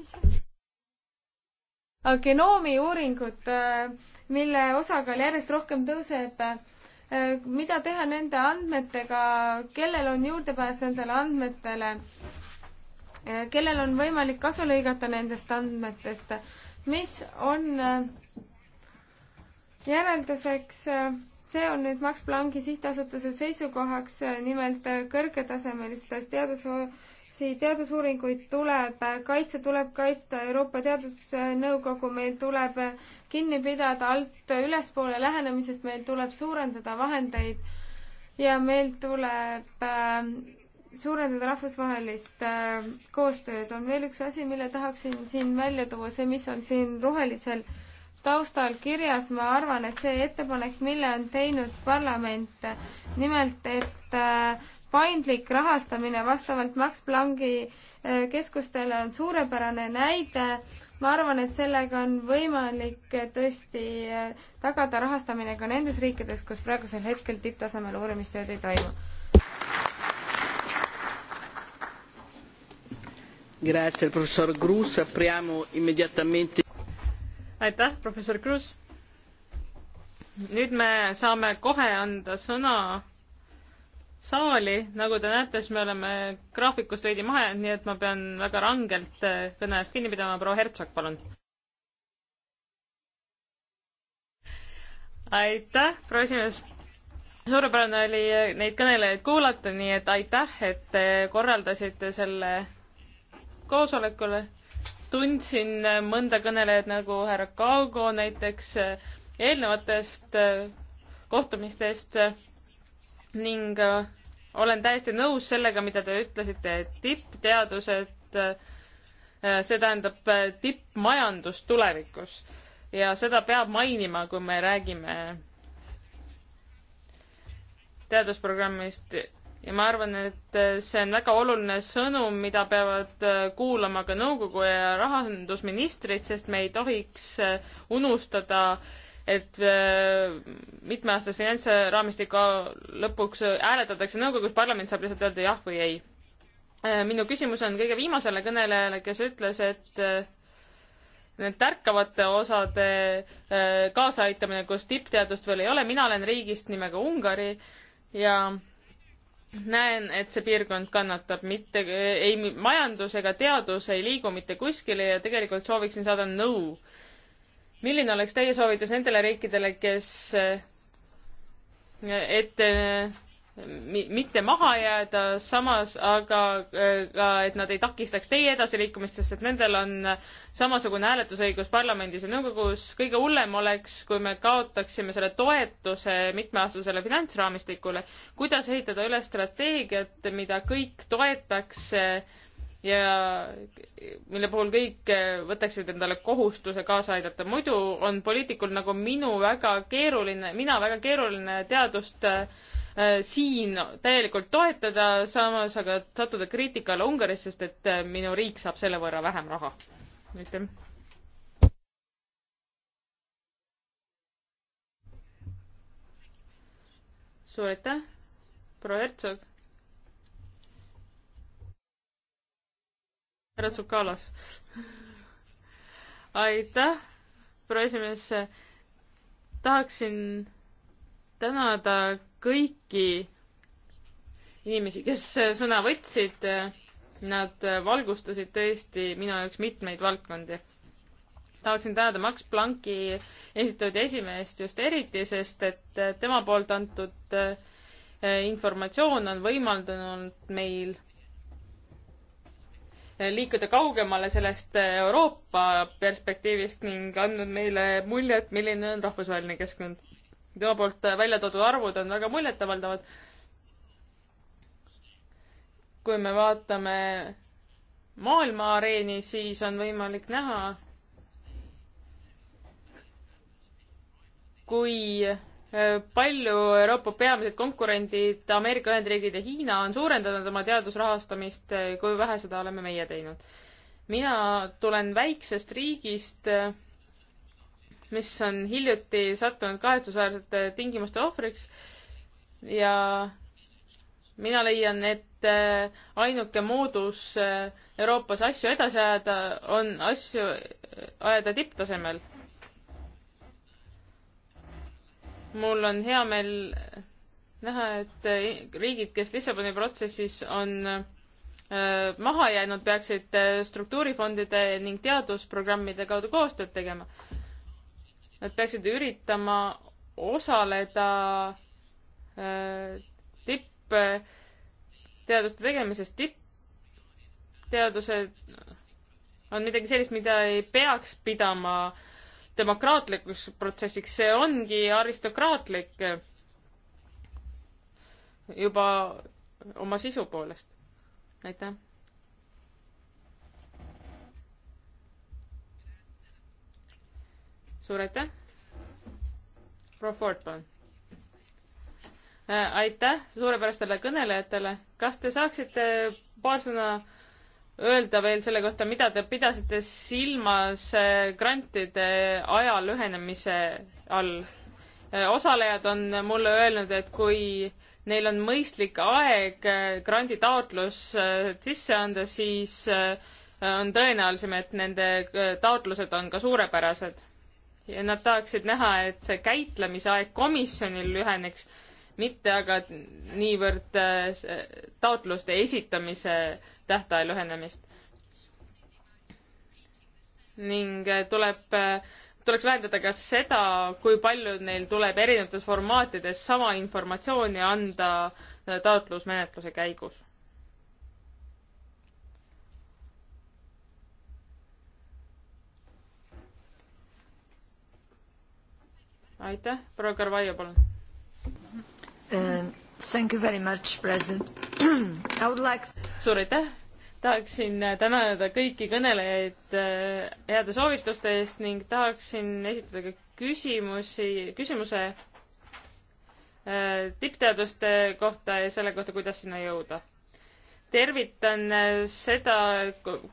mis asi? genoomi uuringut, äh, mille osakaal järjest rohkem tõuseb. Äh, mida teha nende andmetega, kellel on juurdepääs nendele andmetele? Äh, kellel on võimalik kasu lõigata nendest andmetest? mis on järelduseks, see on nüüd Max Plancki sihtasutuse seisukohaks, nimelt kõrgetasemelistes teadus- edasi, teadusuuringuid tuleb, kaitse tuleb kaitsta, Euroopa Teadusnõukogu, meil tuleb kinni pidada alt ülespoole lähenemisest, meil tuleb suurendada vahendeid ja meil tuleb äh, suurendada rahvusvahelist äh, koostööd. on veel üks asi, mille tahaksin siin välja tuua, see, mis on siin rohelisel taustal kirjas, ma arvan, et see ettepanek, mille on teinud parlament, nimelt et äh, paindlik rahastamine vastavalt Max Plancki eh, keskustele on suurepärane näide. ma arvan, et sellega on võimalik eh, tõesti eh, tagada rahastamine ka nendes riikides, kus praegusel hetkel tipptasemel uurimistööd ei toimu. Grazie al professor Cruz, apriamo immediatamente. aitäh, professor Cruz. nüüd me saame kohe anda sõna saali, nagu te näete, siis me oleme graafikust veidi maha jäänud, nii et ma pean väga rangelt äh, kõne eest kinni pidama, proua Hertsog, palun. aitäh, proua esimees. suurepärane oli äh, neid kõnelejaid kuulata, nii et aitäh, et te korraldasite selle koosolekule. tundsin äh, mõnda kõnelejat nagu härra Kaugo näiteks eelnevatest kohtumistest ning äh, olen täiesti nõus sellega, mida te ütlesite, et tippteadused, äh, see tähendab äh, tippmajandus tulevikus ja seda peab mainima, kui me räägime teadusprogrammist ja ma arvan, et see on väga oluline sõnum, mida peavad kuulama ka nõukogu ja rahandusministrid, sest me ei tohiks unustada äh, et äh, mitmeaastase finantsraamistiku lõpuks hääletatakse nõukogus, parlament saab lihtsalt öelda jah või ei. Äh, minu küsimus on kõige viimasele kõnelejale, kes ütles, et äh, need tärkavate osade kaasaaitamine, kus tippteadust veel ei ole, mina olen riigist nimega Ungari ja näen, et see piirkond kannatab, mitte ei majandus ega teadus ei liigu mitte kuskile ja tegelikult sooviksin saada nõu no milline oleks teie soovitus nendele riikidele, kes, eh, et eh, mitte maha jääda, samas aga eh, ka, et nad ei takistaks teie edasiliikumist, sest et nendel on samasugune hääletusõigus parlamendis ja nõukogus. kõige hullem oleks, kui me kaotaksime selle toetuse mitmeaastasele finantsraamistikule. kuidas ehitada üles strateegiat, mida kõik toetaks ja mille puhul kõik eh, võtaksid endale kohustuse kaasa aidata. muidu on poliitikul nagu minu väga keeruline, mina väga keeruline teadust äh, siin täielikult toetada, samas aga sattuda kriitikale Ungaris, sest et eh, minu riik saab selle võrra vähem raha. aitäh. suur aitäh, proua Hertsog härra Tsukalos. aitäh, proua esimees. tahaksin tänada kõiki inimesi, kes sõna võtsid. Nad valgustasid tõesti minu jaoks mitmeid valdkondi. tahaksin tänada Max Plancki esitatud esimeest just eriti, sest et tema poolt antud informatsioon on võimaldanud meil liikuda kaugemale sellest Euroopa perspektiivist ning andnud meile mulje, et milline on rahvusvaheline keskkond. tema poolt välja toodud arvud on väga muljetavaldavad. kui me vaatame maailma areeni, siis on võimalik näha, kui palju Euroopa peamised konkurendid, Ameerika Ühendriigid ja Hiina, on suurendanud oma teadusrahastamist, kui vähe seda oleme meie teinud. mina tulen väiksest riigist, mis on hiljuti sattunud kahetsusväärsete tingimuste ohvriks ja mina leian, et äh, ainuke moodus äh, Euroopas asju edasi ajada, on asju äh, ajada tipptasemel mul on hea meel näha, et riigid, kes Lissaboni protsessis on äh, maha jäänud, peaksid äh, struktuurifondide ning teadusprogrammide kaudu koostööd tegema. Nad peaksid üritama osaleda äh, tippteaduste tegemises. tippteadused on midagi sellist, mida ei peaks pidama äh, demokraatlikuks protsessiks, see ongi aristokraatlik juba oma sisu poolest. aitäh. suur aitäh. proua Ford, palun. Äh, aitäh suurepärastele kõnelejatele. kas te saaksite paar sõna öelda veel selle kohta, mida te pidasite silmas eh, grantide aja lühenemise all? Eh, osalejad on mulle öelnud, et kui neil on mõistlik aeg eh, granditaotlus sisse anda, siis on tõenäolisem, et nende taotlused on ka suurepärased. ja nad tahaksid näha, et see käitlemisaeg komisjonil lüheneks mitte aga niivõrd äh, taotluste esitamise tähtaja lühenemist. ning äh, tuleb, äh, tuleks vähendada ka seda, kui palju neil tuleb erinevates formaatides sama informatsiooni anda taotlusmenetluse käigus aitäh, proua Carvalho, palun. Um, thank you very much, president. (clears throat) I would like. suur aitäh, tahaksin äh, tänada kõiki kõnelejaid äh, heade soovituste eest ning tahaksin esitada ka küsimusi, küsimuse äh, tippteaduste kohta ja selle kohta, kuidas sinna jõuda tervitan äh, seda,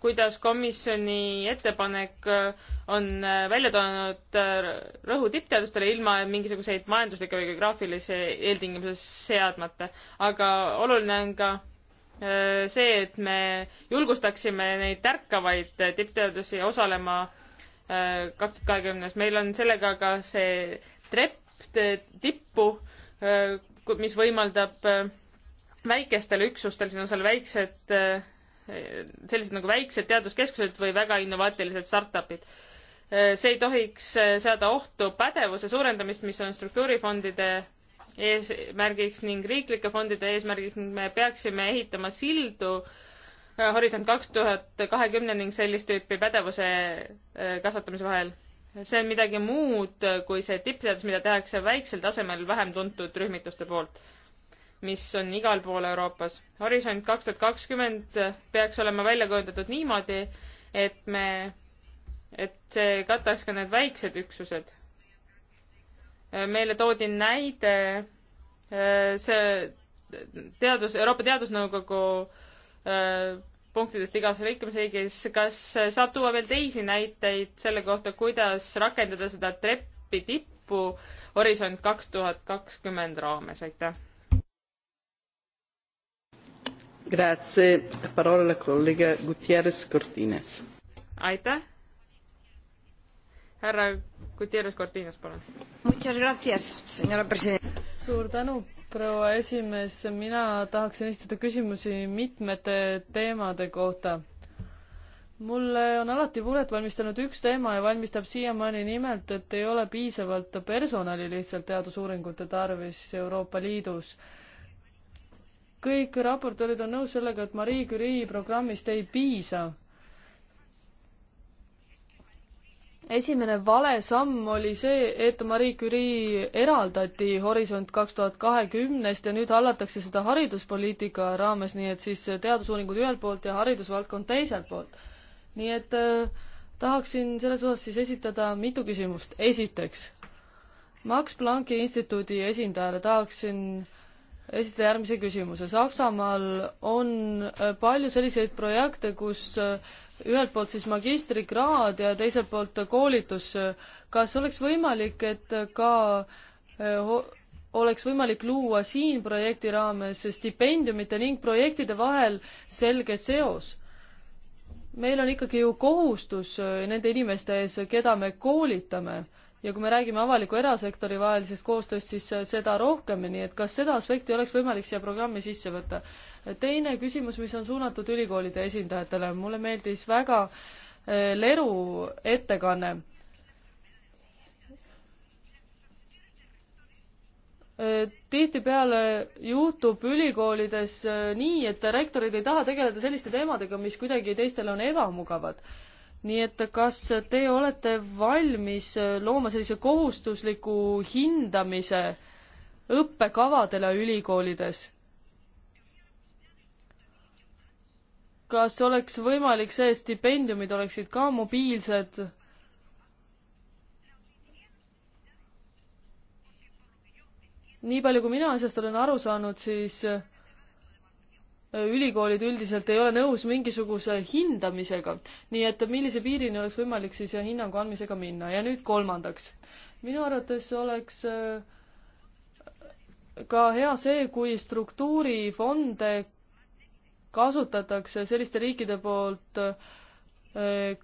kuidas komisjoni ettepanek äh, on äh, välja toonud rõhu tippteadustele ilma mingisuguseid majanduslikke või geograafilisi eeltingimusi seadmata. aga oluline on ka see, et me julgustaksime neid tärkavaid tippteadusi osalema kaks tuhat kahekümnes. meil on sellega ka see trepp tippu, mis võimaldab väikestel üksustel, siis on seal väiksed, eh, sellised nagu väiksed teaduskeskused või väga innovaatilised startup'id. Eh, see ei tohiks eh, seada ohtu pädevuse suurendamist, mis on struktuurifondide eesmärgiks ning riiklike fondide eesmärgiks ning me peaksime ehitama sildu Horisont kaks tuhat kahekümne ning sellist tüüpi pädevuse kasvatamise vahel. see on midagi muud kui see tippteadus, mida tehakse väiksel tasemel vähem tuntud rühmituste poolt mis on igal pool Euroopas. Horisont kaks tuhat kakskümmend peaks olema välja kujundatud niimoodi, et me, et see kataks ka need väiksed üksused. meile toodi näide see teadus, Euroopa Teadusnõukogu äh, punktidest igas liikmesriigis, kas saab tuua veel teisi näiteid selle kohta, kuidas rakendada seda treppi tippu Horisont kaks tuhat kakskümmend raames, aitäh! Grazie, parola kolleeg Gutierrez Cortines. aitäh. härra Gutierrez Cortines, palun. Muchas gracias, senora president. suur tänu, proua esimees, mina tahaksin esitada küsimusi mitmete teemade kohta mulle on alati muret valmistanud üks teema ja valmistab siiamaani nimelt, et ei ole piisavalt personali lihtsalt teadusuuringute tarvis Euroopa Liidus kõik raportöörid on nõus sellega, et Marie Curie programmist ei piisa. esimene vale samm oli see, et Marie Curie eraldati Horisont kaks tuhat kahekümnest ja nüüd hallatakse seda hariduspoliitika raames, nii et siis teadusuuringud ühelt poolt ja haridusvaldkond teiselt poolt. nii et äh, tahaksin selles osas siis esitada mitu küsimust. esiteks, Max Plancki instituudi esindajale tahaksin esitada järgmise küsimuse. Saksamaal on äh, palju selliseid projekte, kus äh, ühelt poolt siis magistrikraad ja teiselt poolt koolitus. kas oleks võimalik, et ka äh, oleks võimalik luua siin projekti raames stipendiumite ning projektide vahel selge seos? meil on ikkagi ju kohustus nende inimeste ees, keda me koolitame ja kui me räägime avaliku erasektori vahelisest koostööst, siis äh, seda rohkem, nii et kas seda aspekti oleks võimalik siia programmi sisse võtta? teine küsimus, mis on suunatud ülikoolide esindajatele, mulle meeldis väga äh, Leru ettekanne. Äh, tihtipeale juhtub ülikoolides nii, et rektorid ei taha tegeleda selliste teemadega, mis kuidagi teistele on ebamugavad nii et kas te olete valmis äh, looma sellise kohustusliku hindamise õppekavadele ülikoolides? kas oleks võimalik see, et stipendiumid oleksid ka mobiilsed? nii palju, kui mina asjast olen aru saanud, siis äh, ülikoolid üldiselt ei ole nõus mingisuguse hindamisega. nii et millise piirini oleks võimalik siis hinnangu andmisega minna ja nüüd kolmandaks. minu arvates oleks äh, ka hea see, kui struktuurifonde kasutatakse selliste riikide poolt, äh,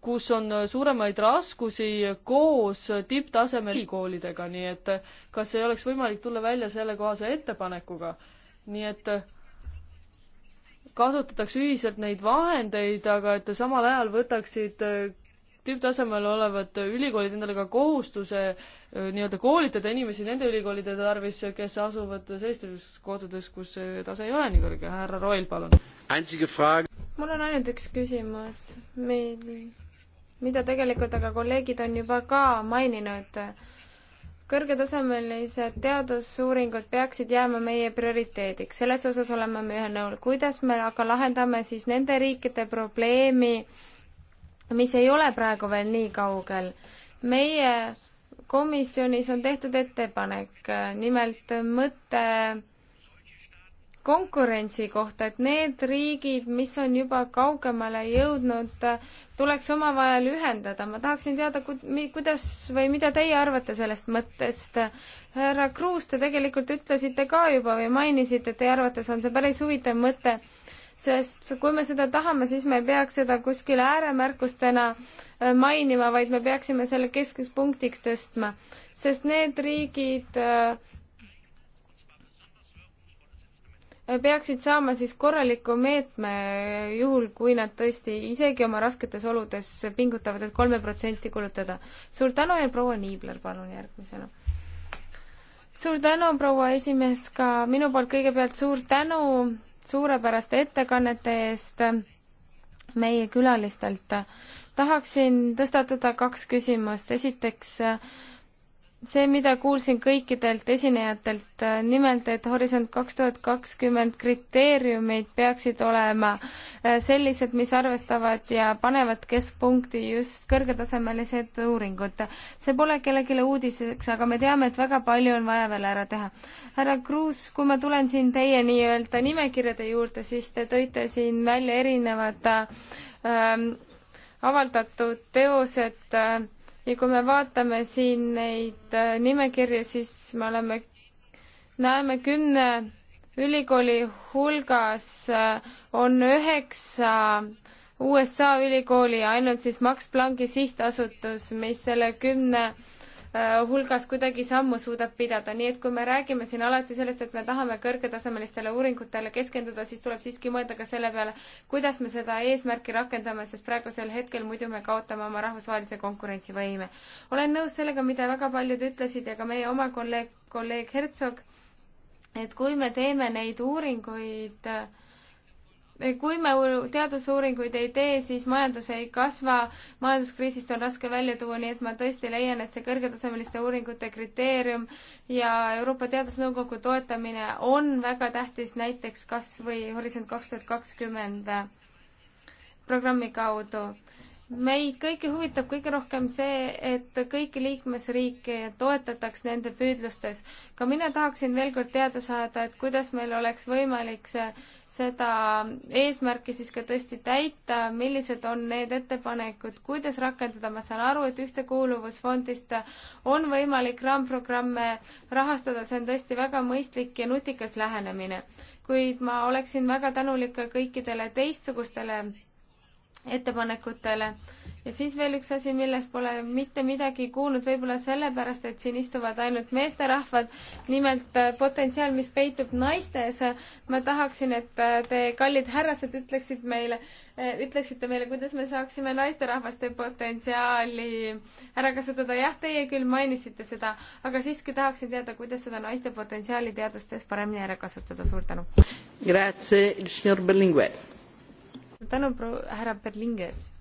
kus on suuremaid raskusi koos tipptasemel ülikoolidega, nii et kas ei oleks võimalik tulla välja sellekohase ettepanekuga nii et äh, kasutatakse ühiselt neid vahendeid, aga et samal ajal võtaksid äh, tipptasemel olevad äh, ülikoolid endale ka kohustuse nii-öelda koolitada inimesi nende ülikoolide tarvis, kes asuvad sellistes kohtades, kus see tase ei ole nii kõrge. härra Roil, palun. mul on ainult üks küsimus, mida tegelikult aga kolleegid on juba ka maininud kõrgetasemelised teadusuuringud peaksid jääma meie prioriteediks, selles osas oleme me ühel nõul. kuidas me aga lahendame siis nende riikide probleemi, mis ei ole praegu veel nii kaugel? meie komisjonis on tehtud ettepanek, nimelt mõte konkurentsi kohta, et need riigid, mis on juba kaugemale jõudnud, tuleks omavahel ühendada. ma tahaksin teada, kuidas või mida teie arvate sellest mõttest. härra Kruus, te tegelikult ütlesite ka juba või mainisite, et teie arvates on see päris huvitav mõte, sest kui me seda tahame, siis me ei peaks seda kuskile ääremärkustena äh, mainima, vaid me peaksime selle keskseks punktiks tõstma, sest need riigid äh, peaksid saama siis korraliku meetme, juhul kui nad tõesti isegi oma rasketes oludes pingutavad et, et kolme protsenti kulutada. suur tänu ja proua Niibler, palun järgmisena. suur tänu, proua esimees, ka minu poolt kõigepealt suur tänu suurepäraste ettekannete eest meie külalistelt. tahaksin tõstatada kaks küsimust, esiteks äh, see, mida kuulsin kõikidelt esinejatelt, äh, nimelt, et Horisont kaks tuhat kakskümmend kriteeriumid peaksid olema äh, sellised, mis arvestavad ja panevad keskpunkti just kõrgetasemelised uuringud. see pole kellelegi uudiseks, aga me teame, et väga palju on vaja veel ära teha. härra Kruus, kui ma tulen siin teie nii-öelda nimekirjade juurde, siis te tõite siin välja erinevad äh, ähm, avaldatud teosed äh, ja kui me vaatame siin neid äh, nimekirju, siis me oleme, näeme kümne ülikooli hulgas äh, on üheksa USA ülikooli, ainult siis Max Plancki sihtasutus, mis selle kümne 10 Äh, hulgas kuidagi sammu suudab pidada, nii et kui me räägime siin alati sellest, et me tahame kõrgetasemelistele uuringutele keskenduda, siis tuleb siiski mõelda ka selle peale, kuidas me seda eesmärki rakendame, sest praegusel hetkel muidu me kaotame oma rahvusvahelise konkurentsivõime. olen nõus sellega, mida väga paljud ütlesid ja ka meie oma kolleeg, kolleeg Herzog, et kui me teeme neid uuringuid äh, kui me teadusuuringuid ei tee, siis majandus ei kasva, majanduskriisist on raske välja tuua, nii et ma tõesti leian, et see kõrgetasemeliste uuringute kriteerium ja Euroopa Teadusnõukogu toetamine on väga tähtis, näiteks kas või Horisont kaks tuhat kakskümmend programmi kaudu meid kõiki huvitab kõige rohkem see, et kõiki liikmesriike toetataks nende püüdlustes. ka mina tahaksin veel kord teada saada, et kuidas meil oleks võimalik see, seda eesmärki siis ka tõesti täita, millised on need ettepanekud, kuidas rakendada, ma saan aru, et Ühtekuuluvusfondist on võimalik raamprogramme rahastada, see on tõesti väga mõistlik ja nutikas lähenemine. kuid ma oleksin väga tänulik ka kõikidele teistsugustele ettepanekutele. ja siis veel üks asi, millest pole mitte midagi kuulnud, võib-olla sellepärast, et siin istuvad ainult meesterahvad, nimelt äh, potentsiaal, mis peitub naistes. ma tahaksin, et äh, te, kallid härrased, ütleksid meile, äh, ütleksite meile, kuidas me saaksime naisterahvaste potentsiaali ära kasutada. jah, teie küll mainisite seda, aga siiski tahaksin teada, kuidas seda naiste potentsiaali teadustes paremini ära kasutada. suur tänu. Grazie, signor Berlinguer tänu, härra Berlinges.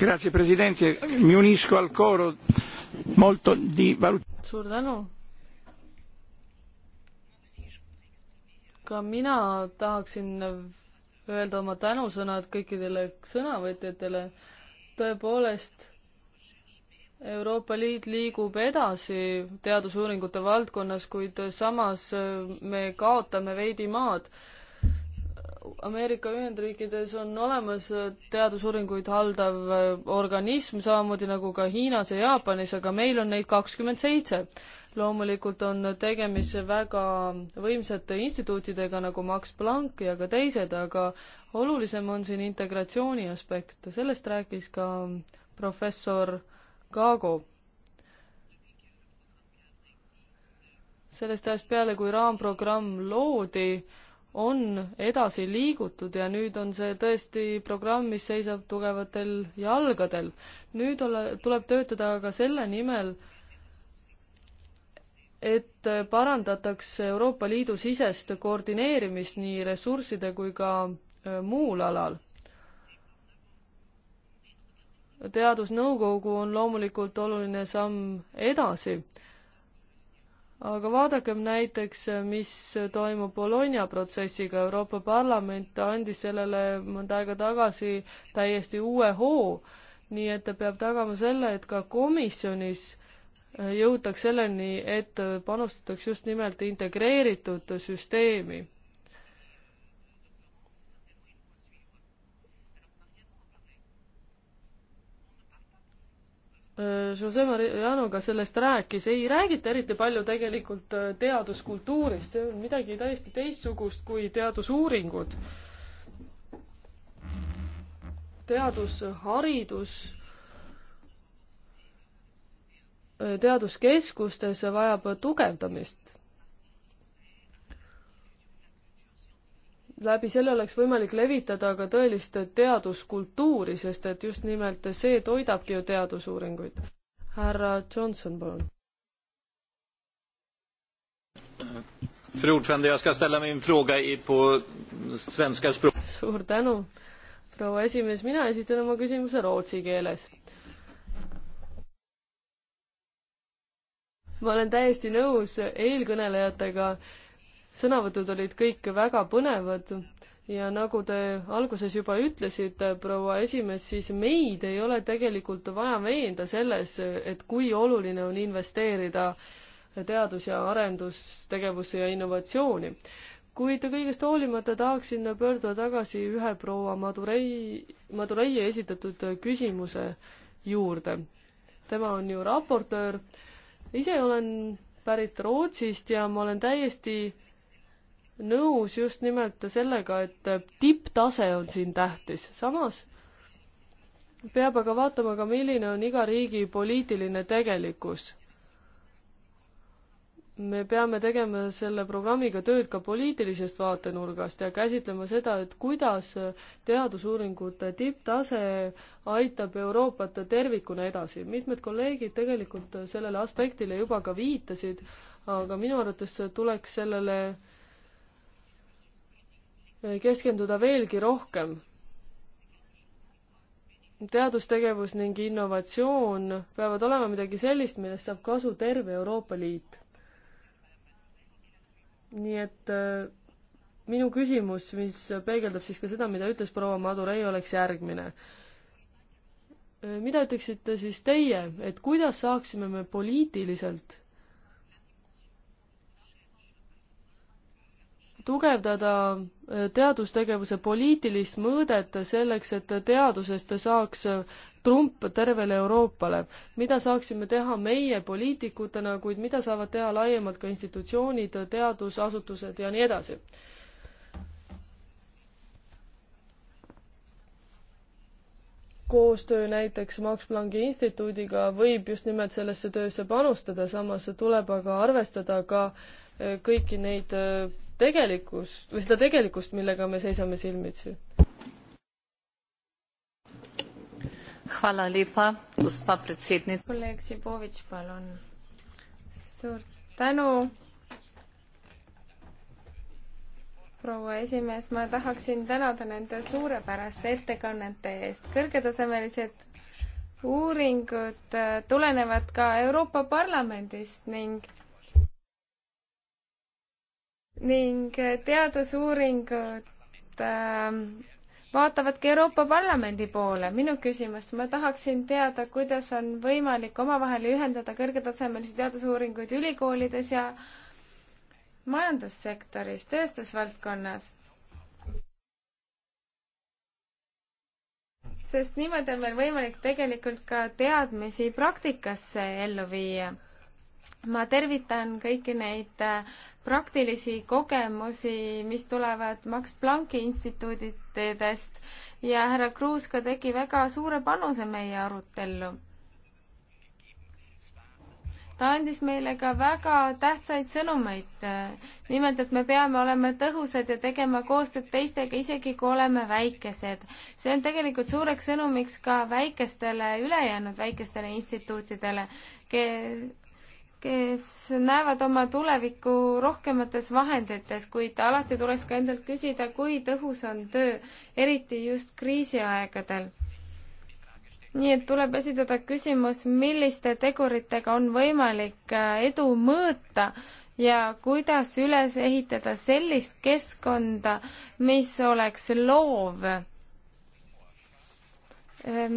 Grazie, president, mi unisco al coro molto di valut-. suur tänu. ka mina tahaksin öelda oma tänusõnad kõikidele sõnavõtjatele. tõepoolest, Euroopa Liit liigub edasi teadusuuringute valdkonnas, kuid samas me kaotame veidi maad Ameerika Ühendriikides on olemas teadusuuringuid haldav organism, samamoodi nagu ka Hiinas ja Jaapanis, aga meil on neid kakskümmend seitse. loomulikult on tegemist väga võimsate instituutidega nagu Max Planck ja ka teised, aga olulisem on siin integratsiooni aspekt, sellest rääkis ka professor Kaago sellest ajast peale, kui raamprogramm loodi, on edasi liigutud ja nüüd on see tõesti programm, mis seisab tugevatel jalgadel. nüüd ole, tuleb töötada ka selle nimel, et parandatakse Euroopa Liidu sisest koordineerimist nii ressursside kui ka äh, muul alal. teadusnõukogu on loomulikult oluline samm edasi aga vaadakem näiteks, mis toimub Bologna protsessiga, Euroopa Parlament andis sellele mõnda aega tagasi täiesti uue hoo, nii et ta peab tagama selle, et ka komisjonis jõutaks selleni, et panustataks just nimelt integreeritud süsteemi. Jose Marianoga sellest rääkis, ei räägita eriti palju tegelikult äh, teaduskultuurist, see on midagi täiesti teistsugust kui teadusuuringud. teadusharidus äh, teaduskeskustes vajab tugevdamist läbi selle oleks võimalik levitada ka tõelist teaduskultuuri, sest et just nimelt see toidabki ju teadusuuringuid. härra Johnson, palun. suur tänu, proua esimees, mina esitan oma küsimuse rootsi keeles. ma olen täiesti nõus eelkõnelejatega sõnavõtud olid kõik väga põnevad ja nagu te alguses juba ütlesite, proua esimees, siis meid ei ole tegelikult vaja veenda selles, et kui oluline on investeerida teadus- ja arendustegevusse ja innovatsiooni. kuid kõigest hoolimata tahaksin pöörduda tagasi ühe proua Madurei, Madureie esitatud küsimuse juurde. tema on ju raportöör, ise olen pärit Rootsist ja ma olen täiesti nõus just nimelt sellega, et tipptase on siin tähtis, samas peab aga vaatama ka, milline on iga riigi poliitiline tegelikkus. me peame tegema selle programmiga tööd ka poliitilisest vaatenurgast ja käsitlema seda, et kuidas teadusuuringute tipptase aitab Euroopat tervikuna edasi. mitmed kolleegid tegelikult sellele aspektile juba ka viitasid, aga minu arvates tuleks sellele äh, keskenduda veelgi rohkem. teadustegevus ning innovatsioon peavad olema midagi sellist, millest saab kasu terve Euroopa Liit. nii et äh, minu küsimus, mis peegeldab siis ka seda, mida ütles proua Madurei, oleks järgmine. Äh, mida ütleksite siis teie, et kuidas saaksime me poliitiliselt tugevdada äh, teadustegevuse poliitilist mõõdet selleks, et teadusest saaks äh, trump tervele Euroopale. mida saaksime teha meie poliitikutena, kuid mida saavad teha laiemalt ka institutsioonid, teadusasutused ja nii edasi? koostöö näiteks Max Plancki instituudiga võib just nimelt sellesse töösse panustada, samas tuleb aga arvestada ka äh, kõiki neid tegelikkust või seda tegelikkust, millega me seisame silmitsi. Hvala lepa, gospa predsednik. kolleeg Sibovitš, palun. suur tänu. proua esimees, ma tahaksin tänada nende suurepäraste ettekannete eest. kõrgetasemelised uuringud äh, tulenevad ka Euroopa Parlamendist ning ning teadusuuringud ähm, vaatavadki Euroopa Parlamendi poole. minu küsimus, ma tahaksin teada, kuidas on võimalik omavahel ühendada kõrgetasemelisi teadusuuringuid ülikoolides ja majandussektoris, tööstusvaldkonnas. sest niimoodi on meil võimalik tegelikult ka teadmisi praktikasse ellu viia. ma tervitan kõiki neid äh, praktilisi kogemusi, mis tulevad Max Plancki instituutidest ja härra Kruus ka tegi väga suure panuse meie arutellu. ta andis meile ka väga tähtsaid sõnumeid. nimelt, et me peame olema tõhusad ja tegema koostööd teistega, isegi kui oleme väikesed. see on tegelikult suureks sõnumiks ka väikestele, ülejäänud väikestele instituutidele, kes kes näevad oma tulevikku rohkemates vahendites, kuid alati tuleks ka endalt küsida, kui tõhus on töö, eriti just kriisiaegadel. nii et tuleb esitada küsimus, milliste teguritega on võimalik äh, edu mõõta ja kuidas üles ehitada sellist keskkonda, mis oleks loov, äh,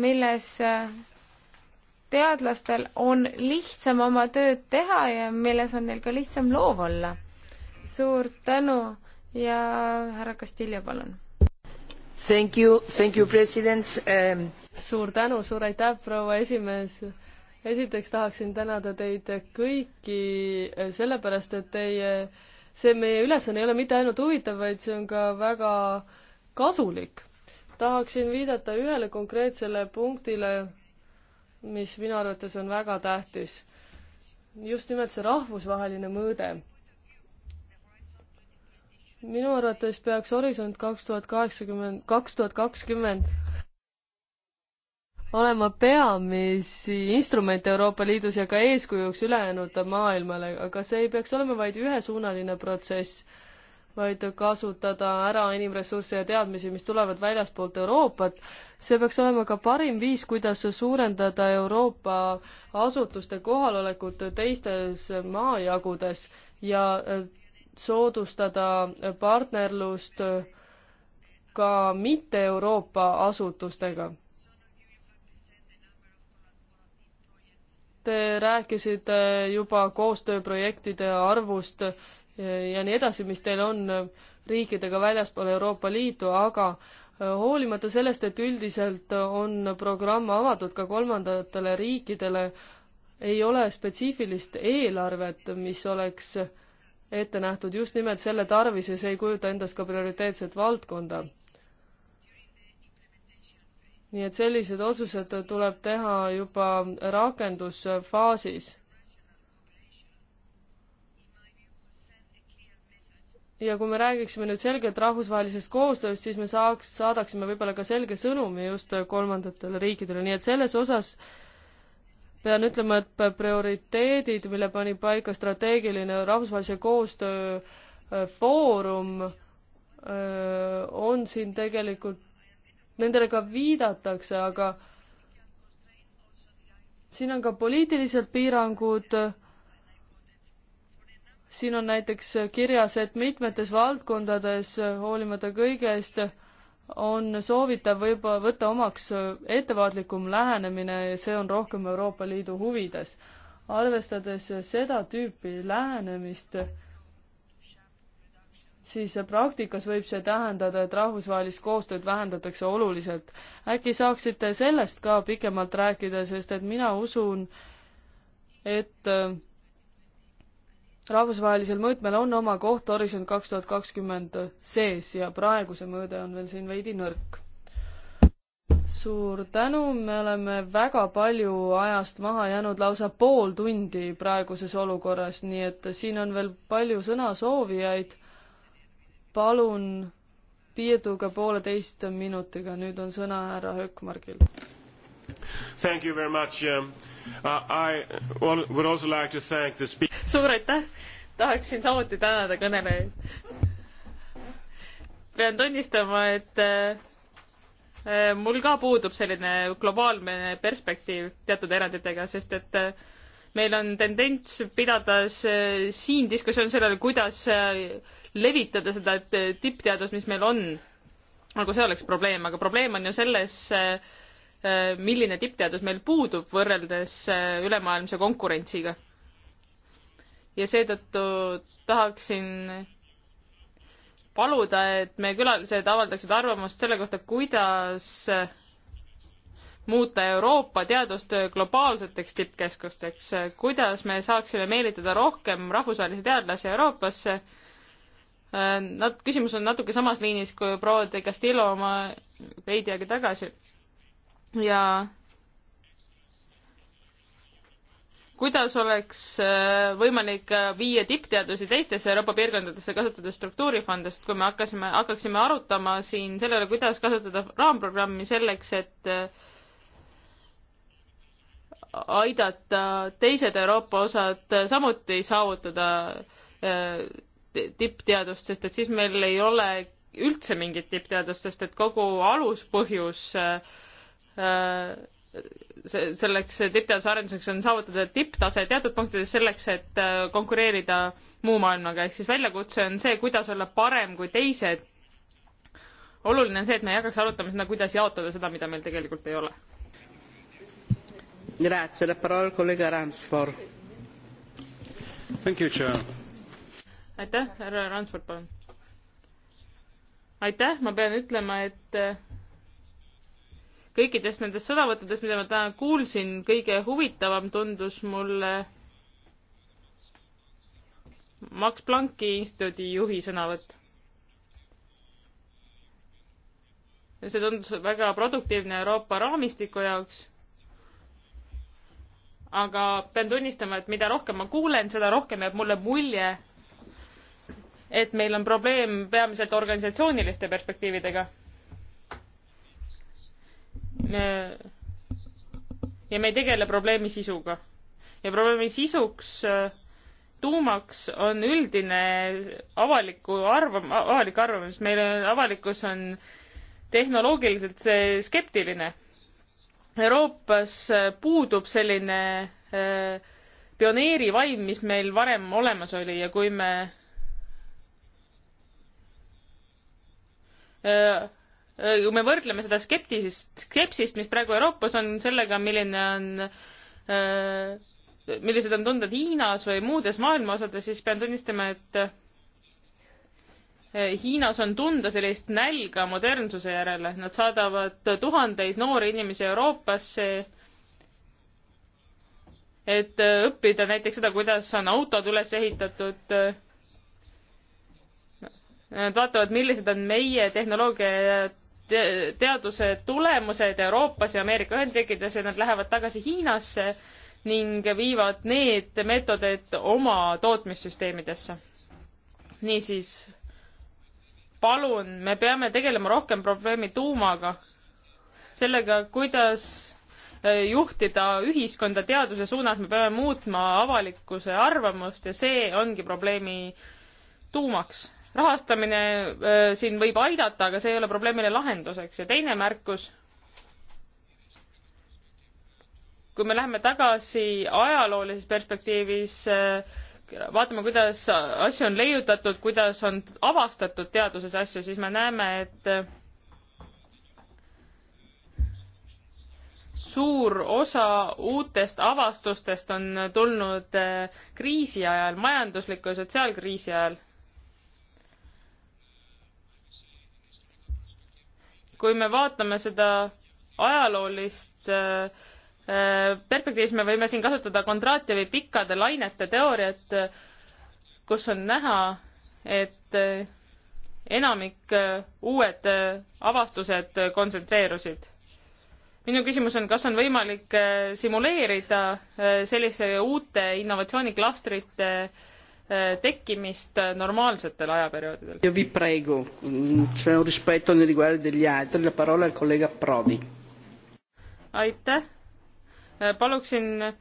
milles äh, teadlastel on lihtsam oma tööd teha ja milles on neil ka lihtsam loov olla. suur tänu ja härra Castillo, palun. Thank you, thank you, president um.... suur tänu, suur aitäh, proua esimees. esiteks tahaksin tänada teid kõiki eh, sellepärast, et teie, see meie ülesanne ei ole mitte ainult huvitav, vaid see on ka väga kasulik. tahaksin viidata ühele konkreetsele punktile mis minu arvates on väga tähtis. just nimelt see rahvusvaheline mõõde. minu arvates peaks Horisont kaks tuhat kaheksakümmend, kaks tuhat kakskümmend olema peamisi instrumente Euroopa Liidus ja ka eeskujuks ülejäänud maailmale, aga see ei peaks olema vaid ühesuunaline protsess vaid kasutada ära inimressursse ja teadmisi, mis tulevad väljaspoolt Euroopat. see peaks olema ka parim viis, kuidas suurendada Euroopa asutuste kohalolekut teistes maajagudes ja äh, soodustada partnerlust äh, ka mitte Euroopa asutustega Te rääkisite juba koostööprojektide arvust ja nii edasi, mis teil on äh, riikidega väljaspool Euroopa Liitu, aga äh, hoolimata sellest, et üldiselt äh, on programm avatud ka kolmandatele riikidele, ei ole spetsiifilist eelarvet, mis oleks ette nähtud just nimelt selle tarvis ja see ei kujuta endast ka prioriteetset valdkonda. nii et sellised otsused tuleb teha juba rakendusfaasis ja kui me räägiksime nüüd selgelt rahvusvahelisest koostööst, siis me saaks, saadaksime võib-olla ka selge sõnumi just kolmandatele riikidele, nii et selles osas pean ütlema, et prioriteedid, mille pani paika strateegiline rahvusvahelise koostöö äh, foorum, äh, on siin tegelikult, nendele ka viidatakse, aga siin on ka poliitilised piirangud siin on näiteks kirjas, et mitmetes valdkondades hoolimata kõigest on soovitav võib-olla võtta omaks ettevaatlikum lähenemine ja see on rohkem Euroopa Liidu huvides. arvestades seda tüüpi lähenemist, siis praktikas võib see tähendada, et rahvusvahelist koostööd vähendatakse oluliselt. äkki saaksite sellest ka pikemalt rääkida, sest et mina usun, et äh, rahvusvahelisel mõõtmel on oma koht Horisont kaks tuhat kakskümmend sees ja praegu see mõõde on veel siin veidi nõrk. suur tänu, me oleme väga palju ajast maha jäänud, lausa pool tundi praeguses olukorras, nii et siin on veel palju sõnasoovijaid. palun piirduge pooleteist minutiga, nüüd on sõna härra Höökmargil Thank you very much um,. Uh, I would also like to thank the speaker. suur aitäh, tahaksin samuti tänada kõnelejaid. pean tunnistama, et äh, äh, mul ka puudub selline globaalne perspektiiv teatud eranditega, sest et äh, meil on tendents pidada äh, siin diskussioon sellele, kuidas äh, levitada seda äh, tippteadust, mis meil on. nagu see oleks probleem, aga probleem on ju selles äh, Äh, milline tippteadus meil puudub võrreldes äh, ülemaailmse konkurentsiga. ja seetõttu tahaksin paluda, et meie külalised avaldaksid arvamust selle kohta, kuidas äh, muuta Euroopa teadustöö globaalseteks tippkeskusteks, kuidas me saaksime meelitada rohkem rahvusvahelisi teadlasi Euroopasse. Nad, küsimus on natuke samas liinis kui proua de Castillo oma veidi aega tagasi ja kuidas oleks äh, võimalik äh, viia tippteadusi teistesse Euroopa piirkondadesse, kasutades struktuurifondist, kui me hakkasime, hakkaksime arutama siin selle üle, kuidas kasutada raamprogrammi selleks, et äh, aidata teised Euroopa osad samuti saavutada tippteadust, sest et siis meil ei ole üldse mingit tippteadust, sest et kogu aluspõhjus äh, Äh, selleks tippteaduse arenduseks on saavutada tipptase teatud punktides selleks, et äh, konkureerida muu maailmaga, ehk siis väljakutse on see, kuidas olla parem kui teised. oluline on see, et me ei hakkaks arutama seda, kuidas jaotada seda, mida meil tegelikult ei ole. aitäh, härra Ransford, palun. aitäh, ma pean ütlema, et äh, kõikidest nendest sõnavõttudest, mida ma täna kuulsin, kõige huvitavam tundus mulle Max Plancki instituudi juhi sõnavõtt. see tundus väga produktiivne Euroopa raamistiku jaoks. aga pean tunnistama, et mida rohkem ma kuulen, seda rohkem jääb mulle mulje, et meil on probleem peamiselt organisatsiooniliste perspektiividega ja me ei tegele probleemi sisuga. ja probleemi sisuks, äh, tuumaks on üldine avaliku arvam-, avalik arvamus, meil on, avalikkus on tehnoloogiliselt see skeptiline. Euroopas äh, puudub selline äh, pioneerivaim, mis meil varem olemas oli ja kui me äh, Äh, kui me võrdleme seda skeptisist, skepsist, mis praegu Euroopas on, sellega, milline on äh, millised on tunded Hiinas või muudes maailma osades, siis pean tunnistama, et äh, Hiinas on tunda sellist nälga modernsuse järele, nad saadavad tuhandeid noori inimesi Euroopasse, et õppida näiteks seda, kuidas on autod üles ehitatud. Nad vaatavad, millised on meie tehnoloogiad te teaduse tulemused Euroopas ja Ameerika Ühendriikides ja nad lähevad tagasi Hiinasse ning viivad need meetodid oma tootmissüsteemidesse. niisiis, palun, me peame tegelema rohkem probleemi tuumaga, sellega, kuidas äh, juhtida ühiskonda teaduse suunas, me peame muutma avalikkuse arvamust ja see ongi probleemi tuumaks rahastamine äh, siin võib aidata, aga see ei ole probleemile lahenduseks ja teine märkus. kui me läheme tagasi ajaloolises perspektiivis äh, vaatame, kuidas asju on leiutatud, kuidas on avastatud teaduses asju, siis me näeme, et suur osa uutest avastustest on tulnud kriisi ajal, majandusliku ja sotsiaalkriisi ajal kui me vaatame seda ajaloolist äh, äh, perspektiivis, me võime siin kasutada Kondratjevi pikkade lainete teooriat, kus on näha, et äh, enamik uued avastused kontsentreerusid. minu küsimus on, kas on võimalik simuleerida sellise uute innovatsiooniklastrite äh, Eh, tekkimist normaalsetel ajaperioodidel. Io vi prego, mm, c'è un rispetto nei riguardi degli altri, la parola al collega Prodi. aitäh, eh, paluksin,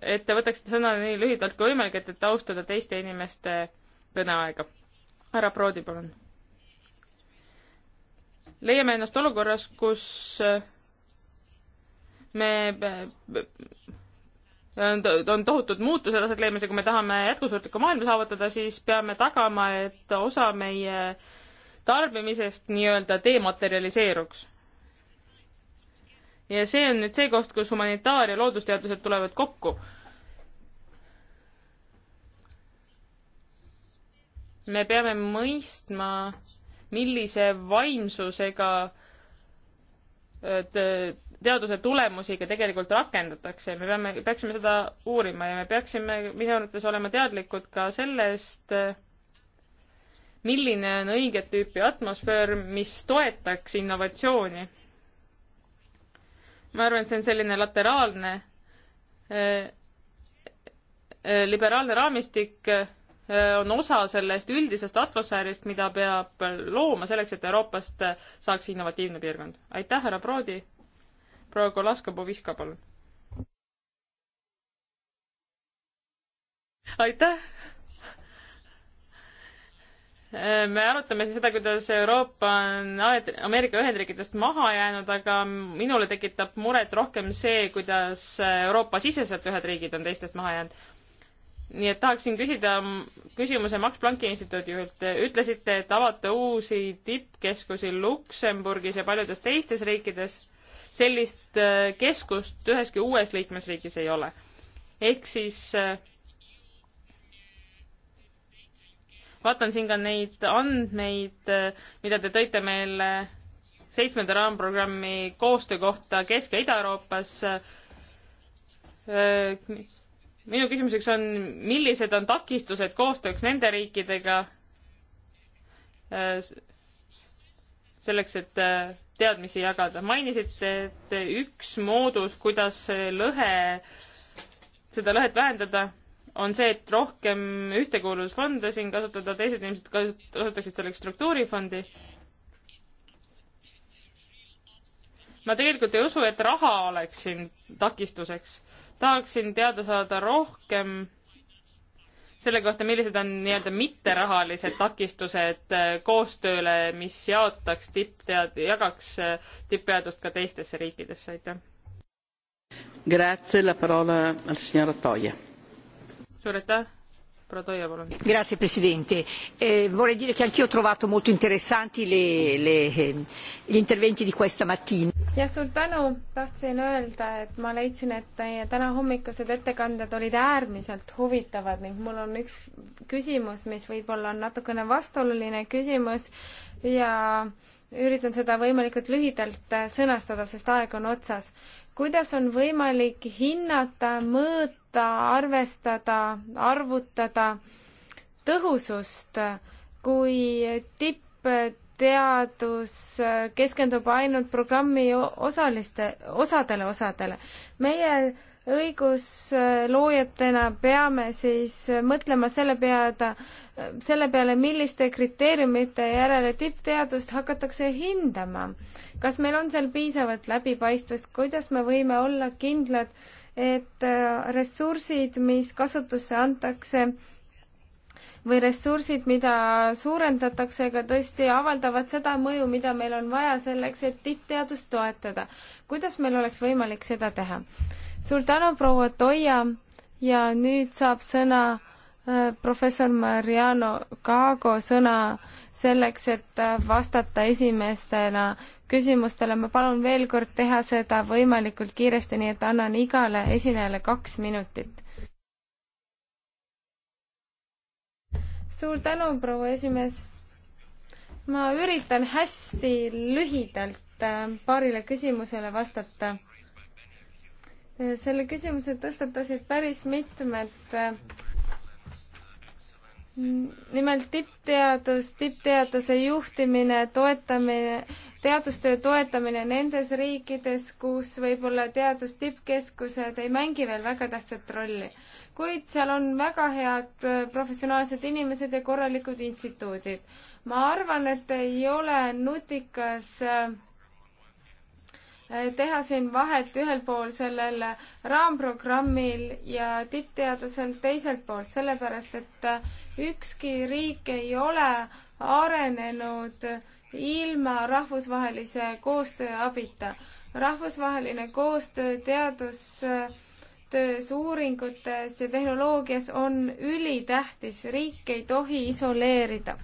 et te võtaksite sõna nii lühidalt kui võimalik, et, et austada teiste inimeste kõneaega. härra Prodi, palun. leiame ennast olukorras, kus eh, me on, on tohutud muutused aset leidmas ja kui me tahame jätkusuutlikku maailma saavutada, siis peame tagama, et osa meie tarbimisest nii-öelda dematerialiseeruks. ja see on nüüd see koht, kus humanitaar- ja loodusteadused tulevad kokku. me peame mõistma, millise vaimsusega teaduse tulemusi ka tegelikult rakendatakse. me peame, peaksime seda uurima ja me peaksime minu arvates olema teadlikud ka sellest, milline on õiget tüüpi atmosfäär, mis toetaks innovatsiooni. ma arvan, et see on selline lateraalne eh, eh, liberaalne raamistik Äh, on osa sellest üldisest atmosfäärist, mida peab looma selleks, et Euroopast saaks innovatiivne piirkond. aitäh, härra Proodi! proua Kolaskova-Viska, palun! aitäh! Äh, me arutame siis seda, kuidas Euroopa on Ameerika Ühendriikidest maha jäänud, aga minule tekitab muret rohkem see, kuidas Euroopa siseselt ühed riigid on teistest maha jäänud nii et tahaksin küsida küsimuse Max Plancki instituudilt. ütlesite, et avate uusi tippkeskusi Luksemburgis ja paljudes teistes riikides. sellist äh, keskust üheski uues liikmesriigis ei ole. ehk siis äh, vaatan siin ka neid andmeid, äh, mida te tõite meile seitsmenda raamprogrammi koostöö kohta Kesk- ja Ida-Euroopas minu küsimuseks on, millised on takistused koostööks nende riikidega äh, selleks, et äh, teadmisi jagada. mainisite, et üks moodus, kuidas lõhe, seda lõhet vähendada, on see, et rohkem ühtekuuluvusfonde siin kasutada, teised inimesed kasutaksid selleks struktuurifondi. ma tegelikult ei usu, et raha oleks siin takistuseks tahaksin teada saada rohkem selle kohta, millised on nii-öelda mitterahalised takistused äh, koostööle, mis jaotaks tipptead-, jagaks äh, tippteadust ka teistesse riikidesse, aitäh. Grazie, la parola al signor Toia. suur aitäh, signor presidente eh, vorrei dire che anch'io ho trovato molto interessanti le, le, gli interventi di questa mattina. jah suur tänu tahtsin öelda et ma leidsin et teie tänahommikused ettekanded olid äärmiselt huvitavad ning mul on üks küsimus mis võibolla on natukene vastuoluline küsimus ja üritan seda võimalikult lühidalt äh, sõnastada sest aeg on otsas kuidas on võimalik hinnata mõõta mõõta, arvestada, arvutada tõhusust, kui tippteadus keskendub ainult programmi osaliste, osadele osadele. meie õigusloojatena peame siis mõtlema selle peale, selle peale, milliste kriteeriumite järele tippteadust hakatakse hindama. kas meil on seal piisavalt läbipaistvust, kuidas me võime olla kindlad, et äh, ressursid, mis kasutusse antakse, või ressursid, mida suurendatakse, ka tõesti avaldavad seda mõju, mida meil on vaja selleks, et tippteadust toetada. kuidas meil oleks võimalik seda teha? suur tänu, proua Toia ja nüüd saab sõna Äh, professor Mariano Kaago sõna selleks, et äh, vastata esimestena küsimustele. ma palun veel kord teha seda võimalikult kiiresti, nii et annan igale esinejale kaks minutit. suur tänu, proua esimees. ma üritan hästi lühidalt äh, paarile küsimusele vastata. selle küsimuse tõstatasid päris mitmed nimelt tippteadus, tippteaduse juhtimine, toetamine, teadustöö toetamine nendes riikides, kus võib-olla teadustippkeskused ei mängi veel väga tähtsat rolli. kuid seal on väga head äh, professionaalsed inimesed ja korralikud instituudid. ma arvan, et ei ole nutikas äh, Äh, teha siin vahet ühel pool sellel raamprogrammil ja tippteadlasel teiselt poolt, sellepärast et äh, ükski riik ei ole arenenud ilma rahvusvahelise koostöö abita. rahvusvaheline koostöö teadustöös, uuringutes ja tehnoloogias on ülitähtis, riik ei tohi isoleerida.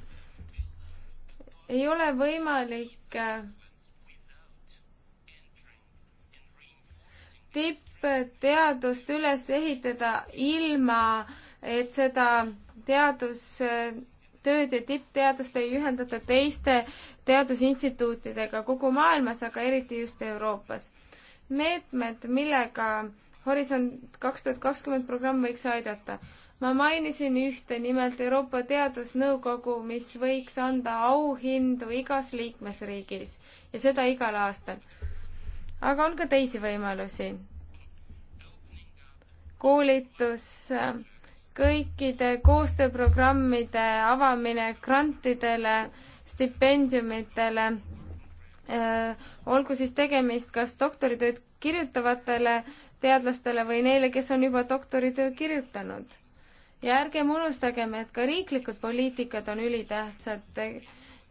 ei ole võimalik äh, tippteadust üles ehitada ilma, et seda teadustööd ja tippteadust ei ühendata teiste teadusinstituutidega kogu maailmas, aga eriti just Euroopas. meetmed, millega Horisont kaks tuhat kakskümmend programm võiks aidata. ma mainisin ühte, nimelt Euroopa Teadusnõukogu, mis võiks anda auhindu igas liikmesriigis ja seda igal aastal aga on ka teisi võimalusi. koolitus, kõikide koostööprogrammide avamine grantidele, stipendiumitele, äh, olgu siis tegemist kas doktoritööd kirjutavatele teadlastele või neile, kes on juba doktoritöö kirjutanud. ja ärgem unustagem, et ka riiklikud poliitikad on ülitähtsad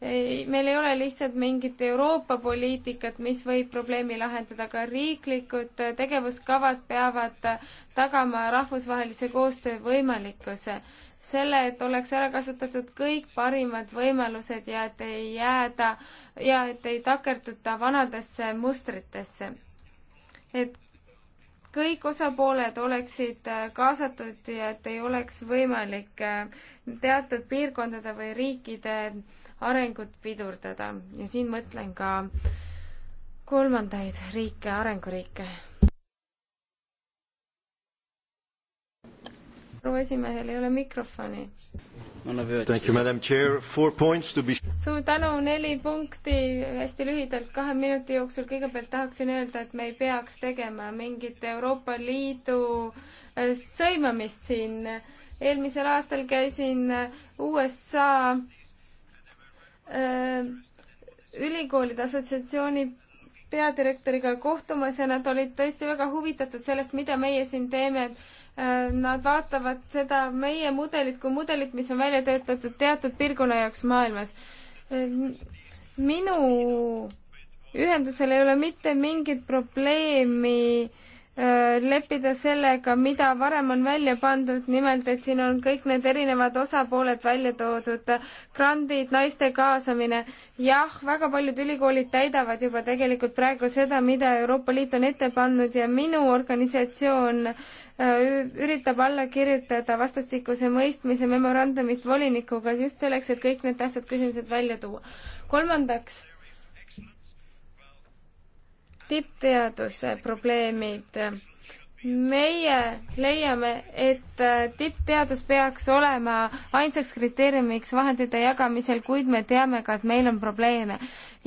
ei, meil ei ole lihtsalt mingit Euroopa poliitikat, mis võib probleemi lahendada, ka riiklikud tegevuskavad peavad tagama rahvusvahelise koostöö võimalikkuse. selle, et oleks ära kasutatud kõik parimad võimalused ja et ei jääda ja et ei takerduta vanadesse mustritesse. et kõik osapooled oleksid kaasatud ja et ei oleks võimalik teatud piirkondade või riikide äh, arengut pidurdada ja siin mõtlen ka kolmandaid riike, arenguriike. proua esimehel ei ole mikrofoni. suur tänu, neli punkti hästi lühidalt kahe minuti jooksul. kõigepealt tahaksin öelda, et me ei peaks tegema mingit Euroopa Liidu äh, sõimamist siin. eelmisel aastal käisin USA Äh, ülikoolide assotsiatsiooni peadirektoriga kohtumas ja nad olid tõesti väga huvitatud sellest, mida meie siin teeme. Äh, nad vaatavad seda meie mudelit kui mudelit, mis on välja töötatud teatud piirkonna jaoks maailmas. Äh, minu ühendusel ei ole mitte mingit probleemi äh, Äh, leppida sellega, mida varem on välja pandud, nimelt et siin on kõik need erinevad osapooled välja toodud, grandid, naiste kaasamine. jah, väga paljud ülikoolid täidavad juba tegelikult praegu seda, mida Euroopa Liit on ette pannud ja minu organisatsioon äh, üritab alla kirjutada vastastikuse mõistmise memorandumit volinikuga just selleks, et kõik need tähtsad küsimused välja tuua. kolmandaks tippteaduse probleemid. meie leiame, et tippteadus peaks olema ainsaks kriteeriumiks vahendite jagamisel, kuid me teame ka, et meil on probleeme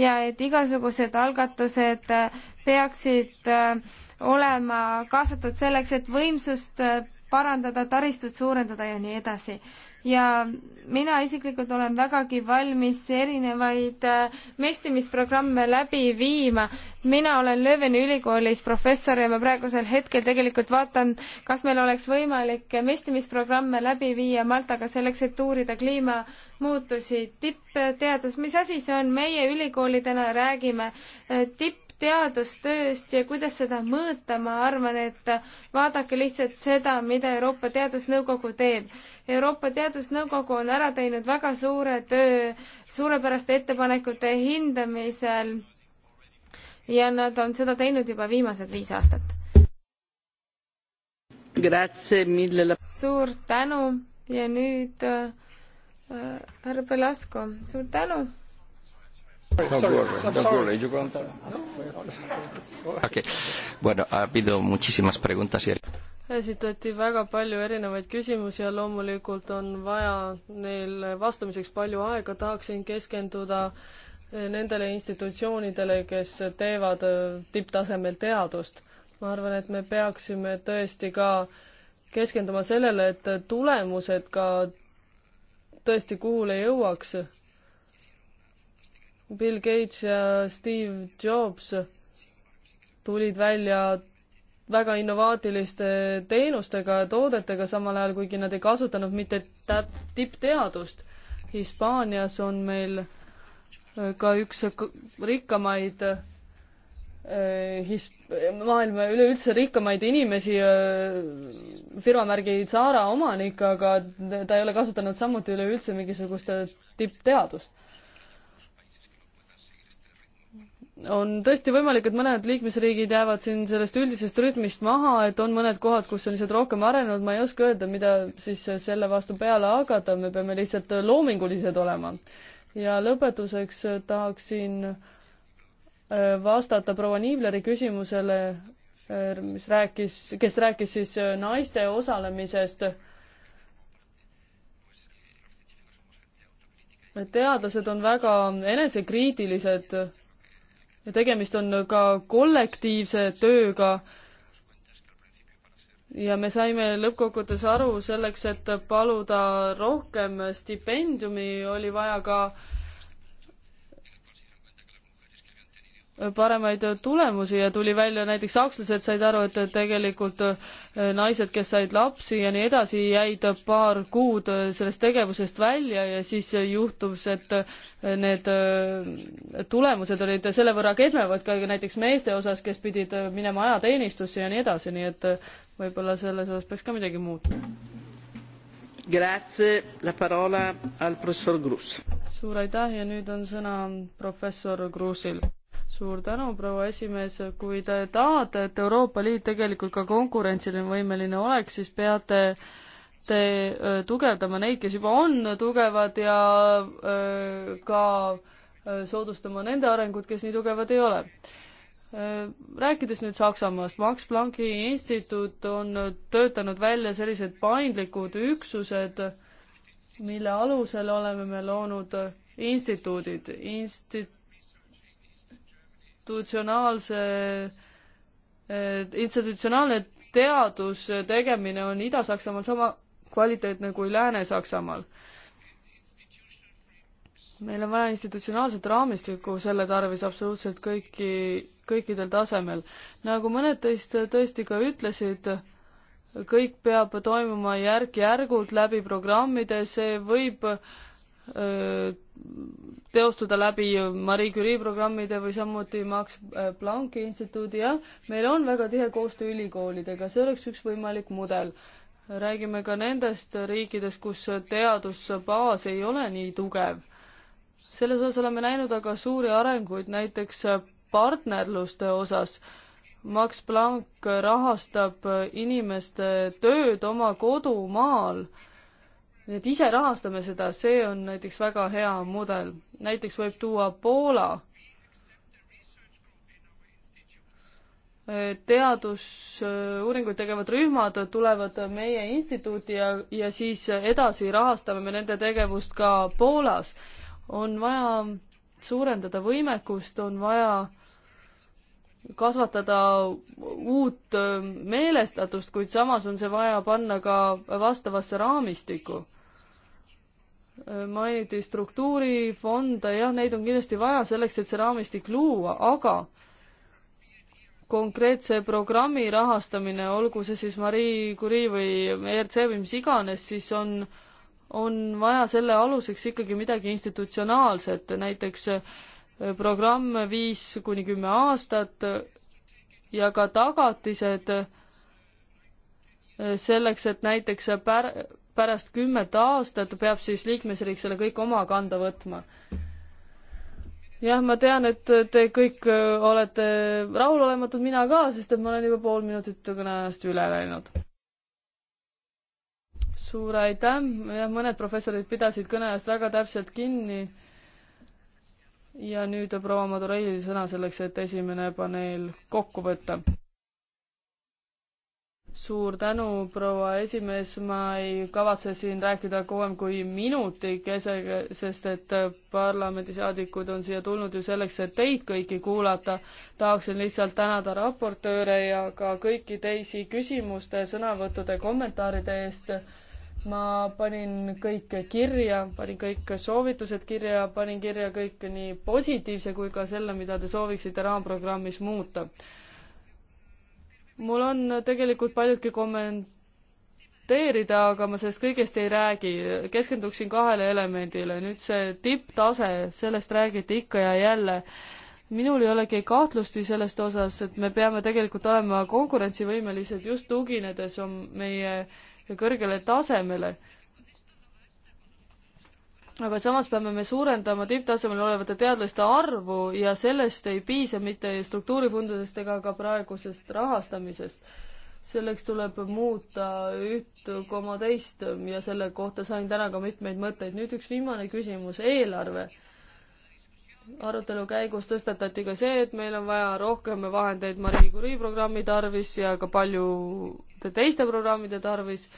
ja et igasugused algatused peaksid olema kaasatud selleks, et võimsust parandada, taristut suurendada ja nii edasi ja mina isiklikult olen vägagi valmis erinevaid äh, mestimisprogramme läbi viima. mina olen Lööveni ülikoolis professor ja ma praegusel hetkel tegelikult vaatan, kas meil oleks võimalik mestimisprogramme läbi viia Maltaga selleks, et uurida kliimamuutusi, tippteadus, mis asi see on, meie ülikoolidena räägime äh, tipp teadustööst ja kuidas seda mõõta, ma arvan, et vaadake lihtsalt seda, mida Euroopa Teadusnõukogu teeb. Euroopa Teadusnõukogu on ära teinud väga suure töö suurepäraste ettepanekute hindamisel ja nad on seda teinud juba viimased viis aastat. suur tänu ja nüüd äh, äh, härra äh, Belasko, suur tänu Okay. Bueno, ha habido muchísimas preguntas y er- esitati väga palju erinevaid küsimusi ja loomulikult on vaja neil vastamiseks palju aega, tahaksin keskenduda eh, nendele institutsioonidele, kes teevad eh, tipptasemel teadust. ma arvan, et me peaksime tõesti ka keskenduma sellele, et tulemused ka tõesti kuhule jõuaks Bill Gates ja Steve Jobs tulid välja väga innovaatiliste teenustega ja toodetega, samal ajal kuigi nad ei kasutanud mitte täp-, tippteadust. Hispaanias on meil äh, ka üks rikkamaid äh, his-, maailma üleüldse rikkamaid inimesi, äh, firmamärgi Zara omanik, aga ta ei ole kasutanud samuti üleüldse mingisugust tippteadust on tõesti võimalik, et mõned liikmesriigid jäävad siin sellest üldisest rütmist maha, et on mõned kohad, kus on lihtsalt rohkem arenenud, ma ei oska öelda, mida siis selle vastu peale hakata, me peame lihtsalt loomingulised olema. ja lõpetuseks tahaksin äh, vastata proua Niibleri küsimusele, äh, mis rääkis, kes rääkis siis äh, naiste osalemisest teadlased on väga enesekriitilised ja tegemist on ka kollektiivse tööga. ja me saime lõppkokkuvõttes aru selleks, et paluda rohkem stipendiumi, oli vaja ka äh, paremaid tulemusi ja tuli välja, näiteks sakslased said aru, et tegelikult äh, naised, kes said lapsi ja nii edasi, jäid paar kuud äh, sellest tegevusest välja ja siis juhtus, et äh, need tulemused olid selle võrra kehvemad ka näiteks meeste osas, kes pidid minema ajateenistusse ja nii edasi, nii et võib-olla selles osas peaks ka midagi muutma. Grazie, la parola al professor Gruus. suur aitäh ja nüüd on sõna professor Gruusil suur tänu, proua esimees, kui te tahate, et Euroopa Liit tegelikult ka konkurentsivõimeline oleks, siis peate te tugevdama neid, kes juba on tugevad ja öö, ka öö, soodustama nende arengut, kes nii tugevad ei ole Rääkides nüüd Saksamaast, Max Plancki instituut on töötanud välja sellised paindlikud üksused, mille alusel oleme me loonud instituudid, instit-, institutsionaalse, eh, institutsionaalne teaduse eh, tegemine on Ida-Saksamaal sama kvaliteetne kui Lääne-Saksamaal. meil on vaja institutsionaalset raamistikku selle tarvis absoluutselt kõiki, kõikidel tasemel. nagu mõned teist eh, tõesti ka ütlesid, kõik peab toimuma järk-järgult läbi programmide, see võib äh, teostada läbi Marie Curie programmide või samuti Max Plancki instituudi, jah, meil on väga tihe koostöö ülikoolidega, see oleks üks võimalik mudel. räägime ka nendest riikidest, kus teadusbaas ei ole nii tugev. selles osas oleme näinud aga suuri arenguid, näiteks partnerluste osas. Max Planck rahastab inimeste tööd oma kodumaal nii et ise rahastame seda, see on näiteks väga hea mudel. näiteks võib tuua Poola teadusuuringuid tegevad rühmad tulevad meie instituuti ja, ja siis edasi rahastame me nende tegevust ka Poolas. on vaja suurendada võimekust, on vaja kasvatada uut meelestatust, kuid samas on see vaja panna ka vastavasse raamistikku mainiti struktuurifonde, jah, neid on kindlasti vaja selleks, et see raamistik luua, aga konkreetse programmi rahastamine, olgu see siis Marie Curie või ERC või mis iganes, siis on, on vaja selle aluseks ikkagi midagi institutsionaalset, näiteks eh, programm viis kuni kümme aastat ja ka tagatised eh, selleks, et näiteks pär-, pärast kümmet aastat peab siis liikmesriik selle kõik oma kanda võtma. jah, ma tean, et te kõik äh, olete rahulolematud, mina ka, sest et ma olen juba pool minutit kõneajast üle läinud. suur aitäh, jah, mõned professorid pidasid kõneajast väga täpselt kinni. ja nüüd proua Madurei sõna selleks, et esimene paneel kokku võtta suur tänu, proua esimees, ma ei kavatse siin rääkida kauem kui minutikesega, sest et parlamendisaadikud on siia tulnud ju selleks, et teid kõiki kuulata. tahaksin lihtsalt tänada raportööre ja ka kõiki teisi küsimuste, sõnavõttude, kommentaaride eest. ma panin kõik kirja, panin kõik soovitused kirja, panin kirja kõik nii positiivse kui ka selle, mida te sooviksite raamprogrammis muuta mul on tegelikult paljudki kommenteerida, aga ma sellest kõigest ei räägi, keskenduksin kahele elemendile, nüüd see tipptase, sellest räägiti ikka ja jälle minul ei olegi kahtlusti sellest osas, et me peame tegelikult olema konkurentsivõimelised just tuginedes on meie kõrgele tasemele aga samas peame me suurendama tipptasemel olevate teadlaste arvu ja sellest ei piisa mitte struktuurifondadest ega ka praegusest rahastamisest. selleks tuleb muuta üht koma teist ja selle kohta sain täna ka mitmeid mõtteid. nüüd üks viimane küsimus, eelarve. arutelu käigus tõstatati ka see, et meil on vaja rohkem vahendeid Marie Curie programmi tarvis ja ka paljude teiste programmide tarvis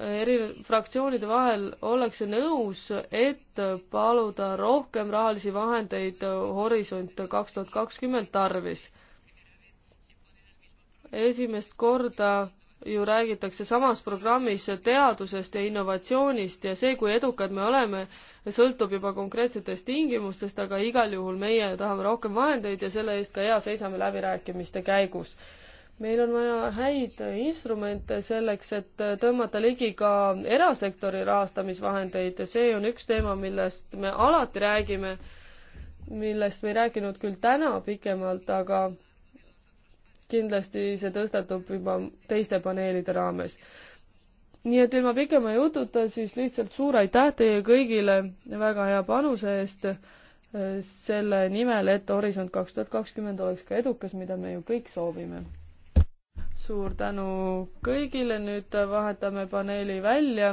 eri fraktsioonide vahel ollakse nõus, et paluda rohkem rahalisi vahendeid Horisont kaks tuhat kakskümmend tarvis. esimest korda ju räägitakse samas programmis teadusest ja innovatsioonist ja see, kui edukad me oleme, sõltub juba konkreetsetest tingimustest, aga igal juhul meie tahame rohkem vahendeid ja selle eest ka hea seisame läbirääkimiste käigus meil on vaja häid instrumente selleks, et tõmmata ligi ka erasektori rahastamisvahendeid ja see on üks teema, millest me alati räägime, millest me ei rääkinud küll täna pikemalt, aga kindlasti see tõstatub juba teiste paneelide raames. nii et ilma pikema jututa siis lihtsalt suur aitäh teie kõigile väga hea panuse eest selle nimel, et Horisont kaks tuhat kakskümmend oleks ka edukas, mida me ju kõik soovime suur tänu kõigile, nüüd vahetame paneeli välja.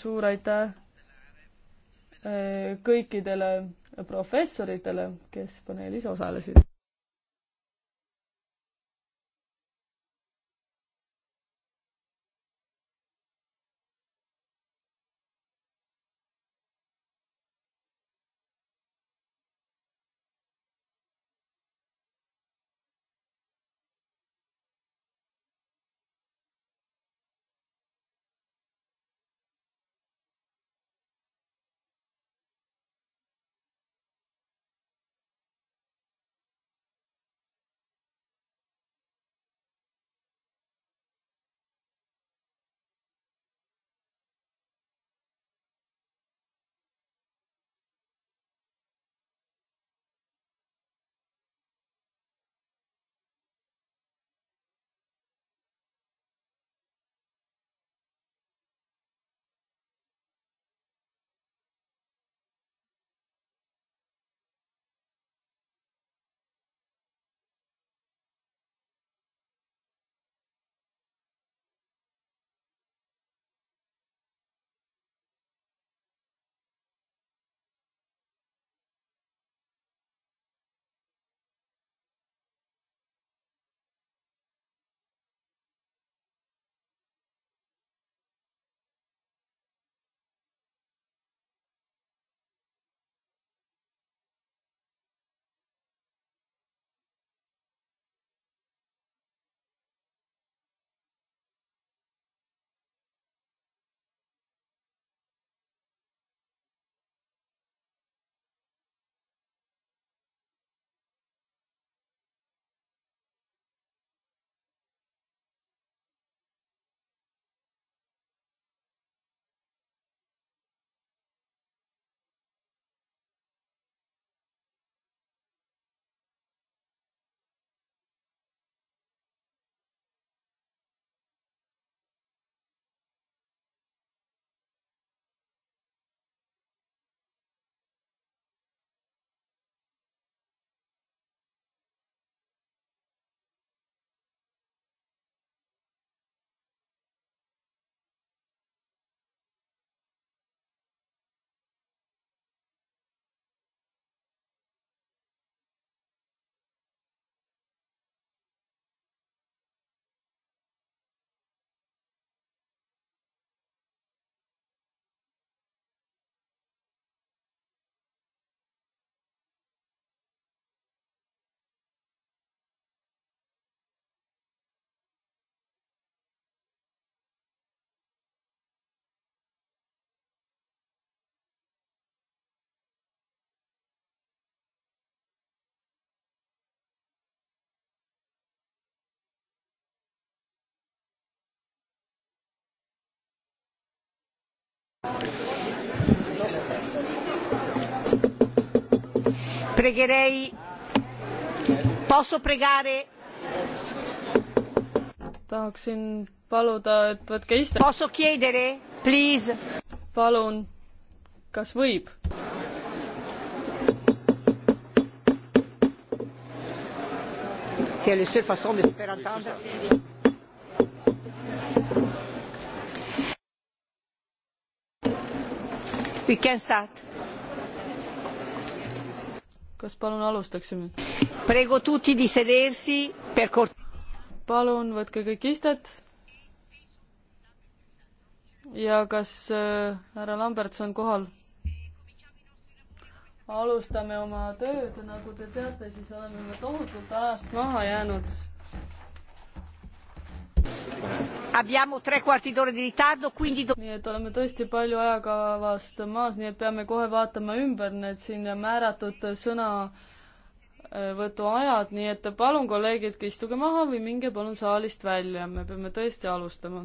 suur aitäh eh, kõikidele professoritele, kes paneelis osalesid. Pregherei. Posso pregare? tahaksin paluda, et võtke iste-. Posso chiedere, please? palun, kas võib? C'est la seule façon de se faire entendre. We can start kas palun alustaksime? palun võtke kõik istet. ja kas äh, härra Lamberts on kohal? alustame oma tööd, nagu te teate, siis oleme me tohutult ajast maha jäänud nii et oleme tõesti palju ajakavast maas, nii et peame kohe vaatama ümber need siin määratud sõnavõtuajad, nii et palun, kolleegid, istuge maha või minge palun saalist välja, me peame tõesti alustama.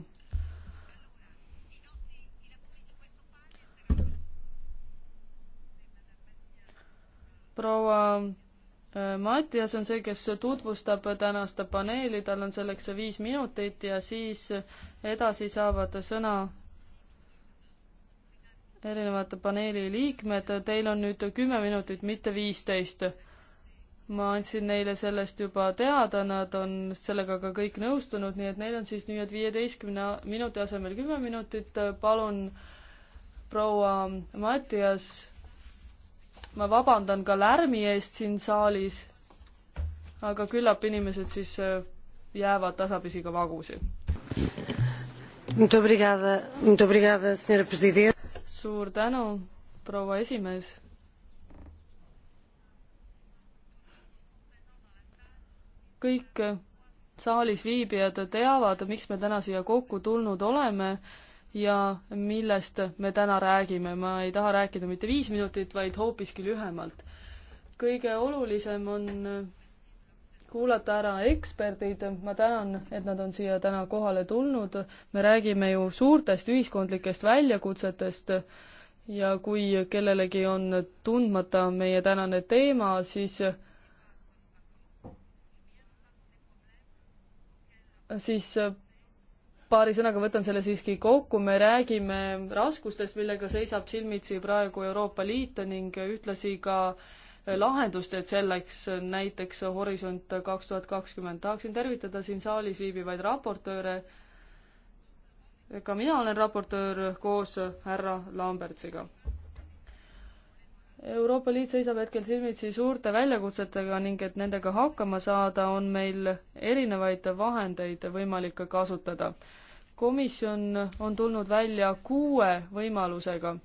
proua Mattias on see, kes tutvustab tänast paneeli, tal on selleks viis minutit ja siis edasi saavad sõna erinevad paneeli liikmed. Teil on nüüd kümme minutit, mitte viisteist. ma andsin neile sellest juba teada, nad on sellega ka kõik nõustunud, nii et neil on siis nüüd viieteistkümne minuti asemel kümme minutit. palun, proua Mattias ma vabandan ka lärmi eest siin saalis, aga küllap inimesed siis äh, jäävad tasapisi ka vagusi. suur tänu, proua esimees kõik äh, saalis viibijad teavad, miks me täna siia kokku tulnud oleme ja millest me täna räägime. ma ei taha rääkida mitte viis minutit, vaid hoopiski lühemalt. kõige olulisem on kuulata ära eksperdid, ma tänan, et nad on siia täna kohale tulnud, me räägime ju suurtest ühiskondlikest väljakutsetest ja kui kellelegi on tundmata meie tänane teema, siis siis paari sõnaga võtan selle siiski kokku, me räägime raskustest, millega seisab silmitsi praegu Euroopa Liit ning ühtlasi ka lahendustest selleks, näiteks Horisont kaks tuhat kakskümmend. tahaksin tervitada siin saalis viibivaid raportööre, ka mina olen raportöör koos härra Lambertsiga. Euroopa Liit seisab hetkel silmitsi suurte väljakutsetega ning et nendega hakkama saada, on meil erinevaid vahendeid võimalik kasutada komisjon on tulnud välja kuue võimalusega.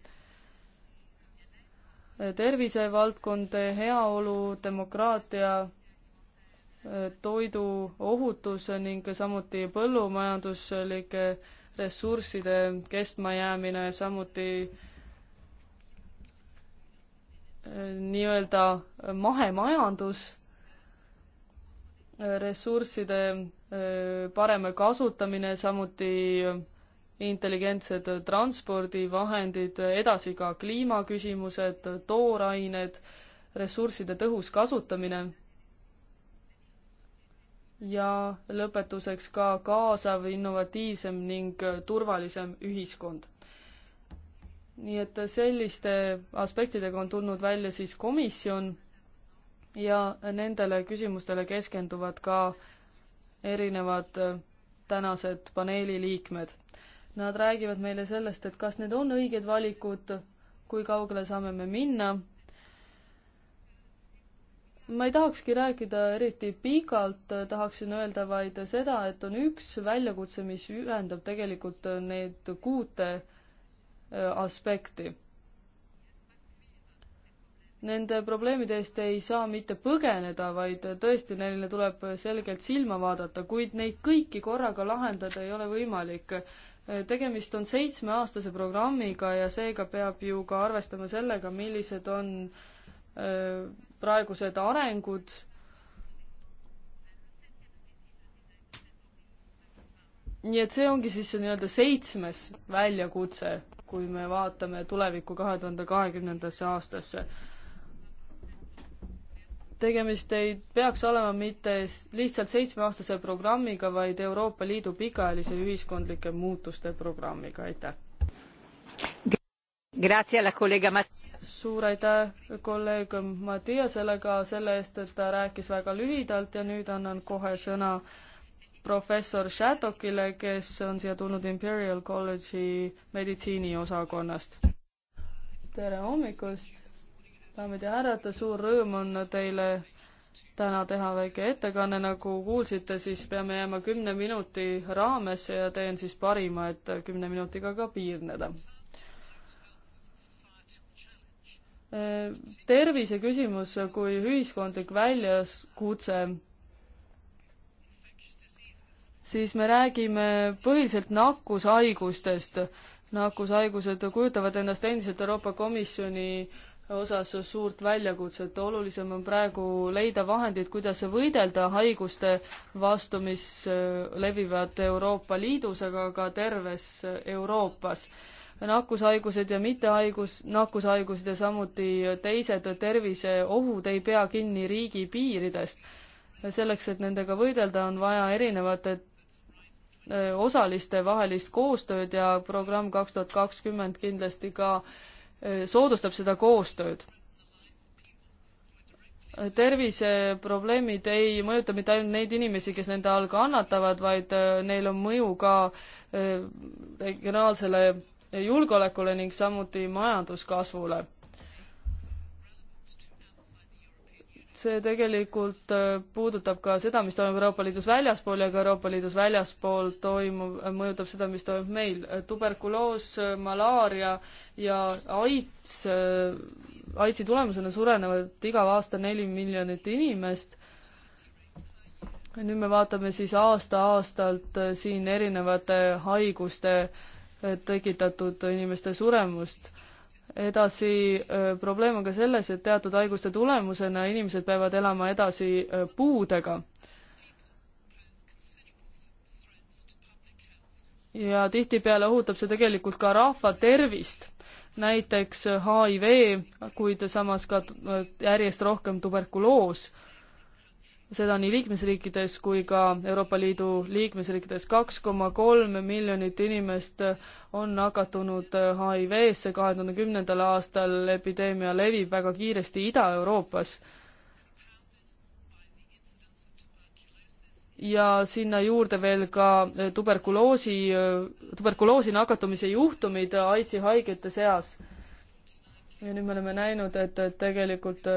tervisevaldkond, heaolu, demokraatia, toiduohutus ning samuti põllumajanduslike ressursside kestmajäämine, samuti eh, nii-öelda mahemajandus, ressursside parem kasutamine, samuti intelligentsed transpordivahendid, edasi ka kliimaküsimused, toorained, ressursside tõhus kasutamine ja lõpetuseks ka kaasav, innovatiivsem ning turvalisem ühiskond. nii et selliste aspektidega on tulnud välja siis komisjon ja nendele küsimustele keskenduvad ka äh, erinevad äh, tänased paneeli liikmed. Nad räägivad meile sellest, et kas need on õiged valikud, kui kaugele saame me minna. ma ei tahakski rääkida eriti pikalt, äh, tahaksin öelda vaid seda, et on üks väljakutse, mis ühendab tegelikult äh, need kuute aspekti nende probleemide eest ei saa mitte põgeneda, vaid tõesti, neile tuleb selgelt silma vaadata, kuid neid kõiki korraga lahendada ei ole võimalik. tegemist on seitsmeaastase programmiga ja seega peab ju ka arvestama sellega, millised on äh, praegused arengud. nii et see ongi siis see nii-öelda seitsmes väljakutse, kui me vaatame tulevikku kahe tuhande kahekümnendasse aastasse tegemist ei peaks olema mitte lihtsalt seitsmeaastase programmiga, vaid Euroopa Liidu pikaajalise ühiskondlike muutuste programmiga, aitäh! suur aitäh kolleeg Mattiasele ka selle eest, et ta rääkis väga lühidalt ja nüüd annan kohe sõna professor Shatokile, kes on siia tulnud Imperial College'i meditsiiniosakonnast. tere hommikust! daamid ja härrad, suur rõõm on teile täna teha väike ettekanne, nagu kuulsite, siis peame jääma kümne minuti raamesse ja teen siis parima, et kümne minutiga ka piirneda. terviseküsimus kui ühiskondlik väljakutse siis me räägime põhiliselt nakkushaigustest. nakkushaigused kujutavad endast endiselt Euroopa Komisjoni osas suurt väljakutset, olulisem on praegu leida vahendeid, kuidas võidelda haiguste vastu, mis äh, levivad Euroopa Liidus, aga ka terves äh, Euroopas. nakkushaigused ja mittehaigus, nakkushaigused ja samuti teised terviseohud ei pea kinni riigipiiridest. selleks, et nendega võidelda, on vaja erinevate äh, osaliste vahelist koostööd ja programm kaks tuhat kakskümmend kindlasti ka äh, soodustab seda koostööd. terviseprobleemid ei mõjuta mitte ainult neid inimesi, kes nende all kannatavad, vaid äh, neil on mõju ka äh, regionaalsele julgeolekule ning samuti majanduskasvule see tegelikult äh, puudutab ka seda, mis toimub Euroopa Liidus väljaspool ja ka Euroopa Liidus väljaspool toimuv äh, mõjutab seda, mis toimub meil. tuberkuloos, äh, malaaria ja AIDS, AIDSi tulemusena surenevad iga aasta neli miljonit inimest. nüüd me vaatame siis aasta-aastalt siin erinevate haiguste tekitatud inimeste suremust edasi probleem on ka selles, et teatud haiguste tulemusena inimesed peavad elama edasi puudega. ja tihtipeale ohutab see tegelikult ka rahva tervist, näiteks HIV, kuid samas ka järjest rohkem tuberkuloos seda nii liikmesriikides kui ka Euroopa Liidu liikmesriikides. kaks koma kolm miljonit inimest on nakatunud HIV-sse, kahe tuhande kümnendal aastal epideemia levib väga kiiresti Ida-Euroopas. ja sinna juurde veel ka tuberkuloosi, tuberkuloosi nakatumise juhtumid AIDSi haigete seas. ja nüüd me oleme näinud, et, et tegelikult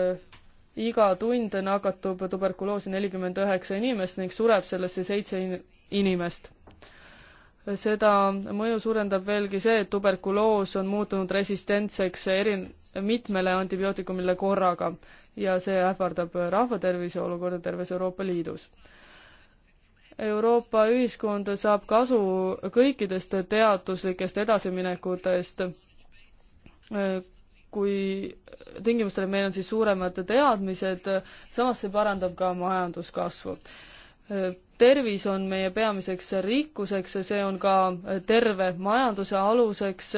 iga tund nakatub tuberkuloosi nelikümmend üheksa inimest ning sureb sellesse seitse inimest seda mõju suurendab veelgi see, et tuberkuloos on muutunud resistentseks eri, mitmele antibiootikumile korraga ja see ähvardab rahvatervise olukorda terves Euroopa Liidus. Euroopa ühiskond saab kasu kõikidest teaduslikest edasiminekutest kui tingimustel meil on siis suuremad teadmised, samas see parandab ka majanduskasvu. tervis on meie peamiseks rikkuseks ja see on ka terve majanduse aluseks,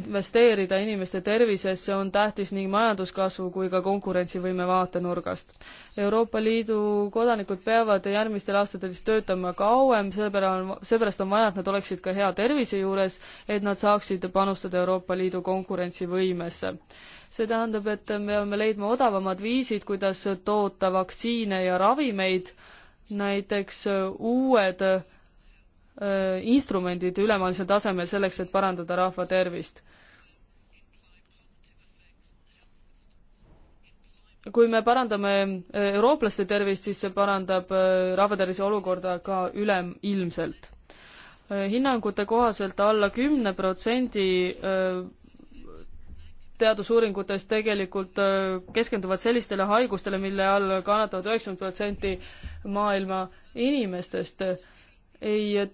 investeerida inimeste tervisesse on tähtis nii majanduskasvu kui ka konkurentsivõime vaatenurgast. Euroopa Liidu kodanikud peavad järgmistel aastatel siis töötama kauem, seepärast on, seepärast on vaja, et nad oleksid ka hea tervise juures, et nad saaksid panustada Euroopa Liidu konkurentsivõimesse. see tähendab, et me peame leidma odavamad viisid, kuidas toota vaktsiine ja ravimeid, näiteks uued äh, instrumendid ülemaailmsel tasemel selleks, et parandada rahva tervist. kui me parandame äh, eurooplaste tervist, siis see parandab äh, rahvatervise olukorda ka üleilmselt. Äh, hinnangute kohaselt alla kümne protsendi teadusuuringutest tegelikult keskenduvad sellistele haigustele, mille all kannatavad üheksakümmend protsenti maailma inimestest. ei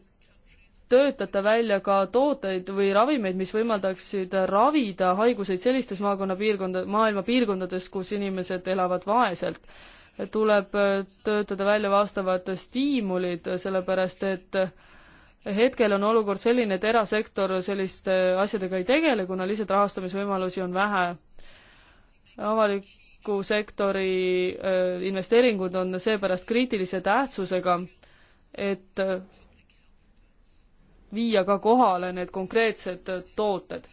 töötate välja ka tooteid või ravimeid, mis võimaldaksid ravida haiguseid sellistes maakonna piirkonda, maailma piirkondades, kus inimesed elavad vaeselt. tuleb töötada välja vastavad stiimulid, sellepärast et hetkel on olukord selline, et erasektor selliste asjadega ei tegele, kuna lihtsalt rahastamisvõimalusi on vähe. avaliku sektori äh, investeeringud on seepärast kriitilise tähtsusega, et viia ka kohale need konkreetsed äh, tooted.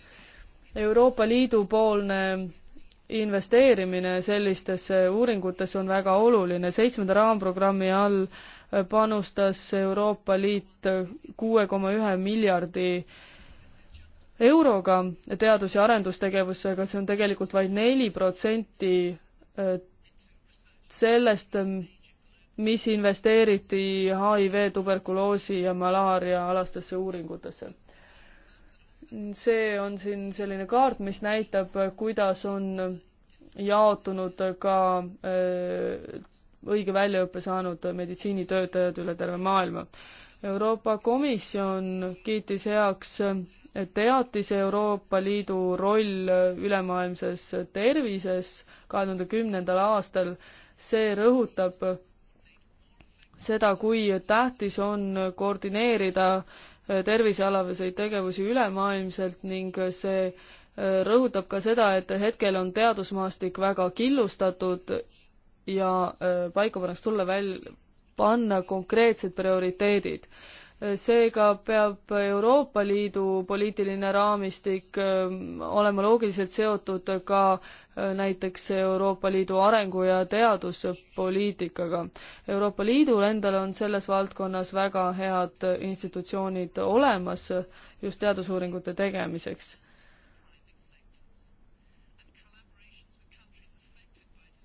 Euroopa Liidu poolne investeerimine sellistesse uuringutesse on väga oluline, seitsmenda raamprogrammi all äh, panustas Euroopa Liit äh, kuue koma ühe miljardi euroga teadus- ja arendustegevusse, aga see on tegelikult vaid neli protsenti sellest, mis investeeriti HIV, tuberkuloosi ja malaaria alastesse uuringutesse. see on siin selline kaart, mis näitab, kuidas on jaotunud ka öö, äh, õige väljaõppe saanud meditsiinitöötajad üle terve maailma. Euroopa Komisjon kiitis heaks teatise Euroopa Liidu roll ülemaailmses tervises kahe tuhande kümnendal aastal. see rõhutab seda, kui tähtis on koordineerida äh, tervisealaseid tegevusi ülemaailmselt ning äh, see äh, rõhutab ka seda, et hetkel on teadusmaastik väga killustatud ja paika pannakse tulla väl-, panna konkreetsed prioriteedid seega peab Euroopa Liidu poliitiline raamistik ähm, olema loogiliselt seotud ka äh, näiteks Euroopa Liidu arengu- ja teaduspoliitikaga. Euroopa Liidul endal on selles valdkonnas väga head institutsioonid olemas just teadusuuringute tegemiseks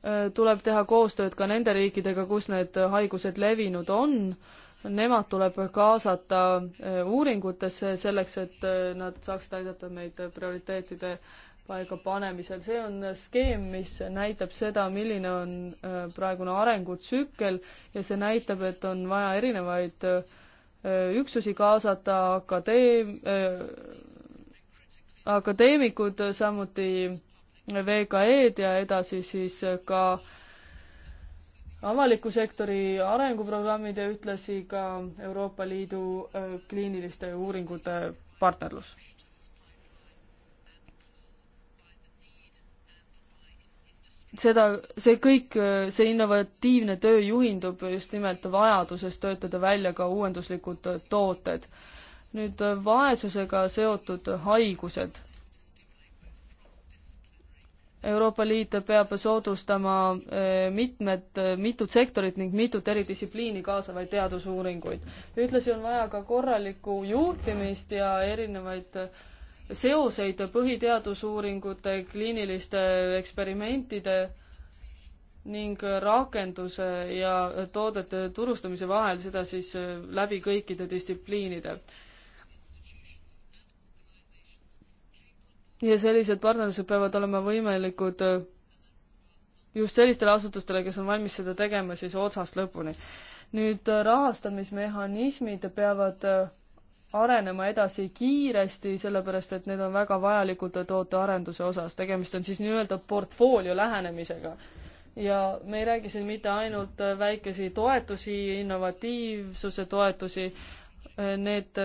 äh, tuleb teha koostööd ka nende riikidega, kus need haigused levinud on nemad tuleb kaasata äh, uuringutesse selleks, et äh, nad saaksid aidata meid prioriteetide paiga panemisel. see on skeem, mis näitab seda, milline on äh, praegune arengutsükkel ja see näitab, et on vaja erinevaid üksusi kaasata, akadeem- äh,, akadeemikud, samuti VKE-d ja edasi siis ka äh, avaliku sektori arenguprogrammid ja ühtlasi ka Euroopa Liidu äh, kliiniliste uuringute partnerlus. seda, see kõik, äh, see innovatiivne töö juhindub just nimelt vajadusest töötada välja ka uuenduslikud äh, tooted. nüüd vaesusega seotud haigused Euroopa Liit peab soodustama eh, mitmed, mitut sektorit ning mitut eri distsipliini kaasavaid teadusuuringuid. ühtlasi on vaja ka korralikku juhtimist ja erinevaid seoseid põhiteadusuuringute, kliiniliste eksperimentide ning rakenduse ja toodete turustamise vahel, seda siis eh, läbi kõikide distsipliinide ja sellised partnerlused peavad olema võimelikud äh, just sellistele asutustele, kes on valmis seda tegema siis otsast lõpuni. nüüd äh, rahastamismehhanismid peavad äh, arenema edasi kiiresti, sellepärast et need on väga vajalikud tootearenduse osas, tegemist on siis nii-öelda portfoolio lähenemisega. ja me ei räägi siin mitte ainult väikesi toetusi, innovatiivsuse toetusi, need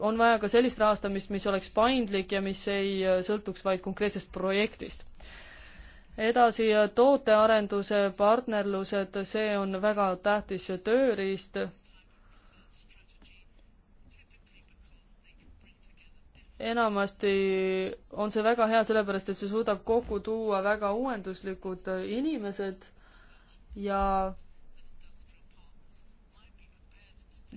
on vaja ka sellist rahastamist, mis oleks paindlik ja mis ei äh, sõltuks vaid konkreetsest projektist. edasi, äh, tootearenduse partnerlused, see on väga tähtis tööriist. enamasti on see väga hea, sellepärast et see suudab kokku tuua väga uuenduslikud äh, inimesed ja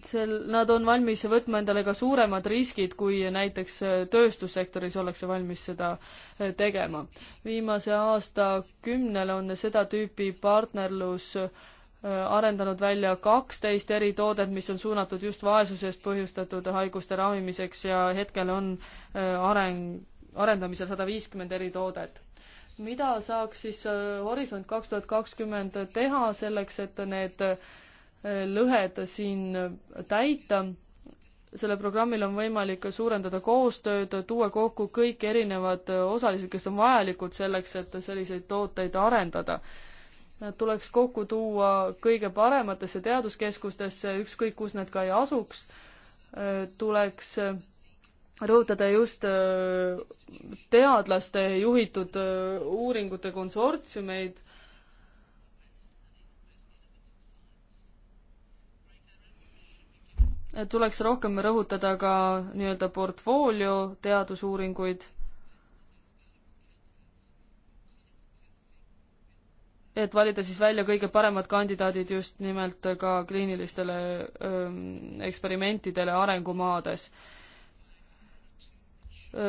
sel, nad on valmis võtma endale ka suuremad riskid, kui näiteks äh, tööstussektoris ollakse valmis seda äh, tegema. viimase aastakümnele on seda tüüpi partnerlus äh, arendanud välja kaksteist eritoodet, mis on suunatud just vaesusest põhjustatud haiguste ravimiseks ja hetkel on areng, arendamisel sada viiskümmend eritoodet. mida saaks siis Horisont kaks tuhat kakskümmend teha selleks, et need lõhed siin täita. sellel programmil on võimalik suurendada koostööd, tuua kokku kõik erinevad osalised, kes on vajalikud selleks, et selliseid tooteid arendada. Nad tuleks kokku tuua kõige parematesse teaduskeskustesse, ükskõik kus need ka ei asuks, tuleks rõhutada just äh, teadlaste juhitud äh, uuringute konsortsiumeid tuleks rohkem rõhutada ka nii-öelda portfoolio teadusuuringuid, et valida siis välja kõige paremad kandidaadid just nimelt ka kliinilistele öö, eksperimentidele arengumaades.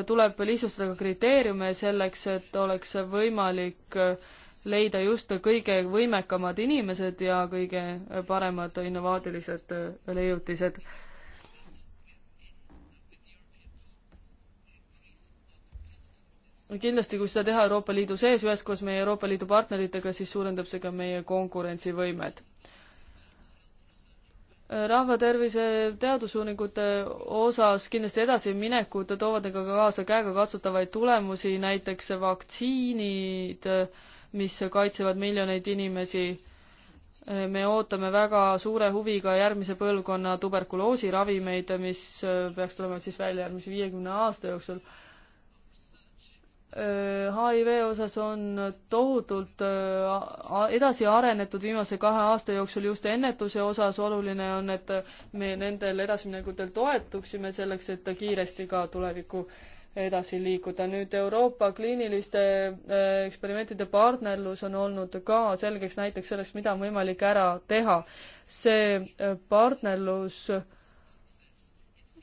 tuleb lihtsustada ka kriteeriume selleks, et oleks võimalik öö, leida just kõige võimekamad inimesed ja kõige paremad innovaatilised leiutised. kindlasti, kui seda teha Euroopa Liidu sees üheskoos meie Euroopa Liidu partneritega, siis suurendab see ka meie konkurentsivõimet. rahvatervise teadusuuringute osas kindlasti edasiminekud toovad ega kaasa käegakatsutavaid tulemusi, näiteks vaktsiinid äh,, mis kaitsevad miljoneid inimesi. me ootame väga suure huviga järgmise põlvkonna tuberkuloosiravimeid, mis peaks tulema siis välja järgmise viiekümne aasta jooksul. HIV osas on tohutult edasi arenetud viimase kahe aasta jooksul just ennetuse osas, oluline on, et me nendel edasiminekutel toetuksime selleks, et kiiresti ka tuleviku äh, edasi liikuda. nüüd Euroopa kliiniliste äh, eksperimentide partnerlus on olnud ka selgeks näiteks sellest, mida on võimalik ära teha. see äh, partnerlus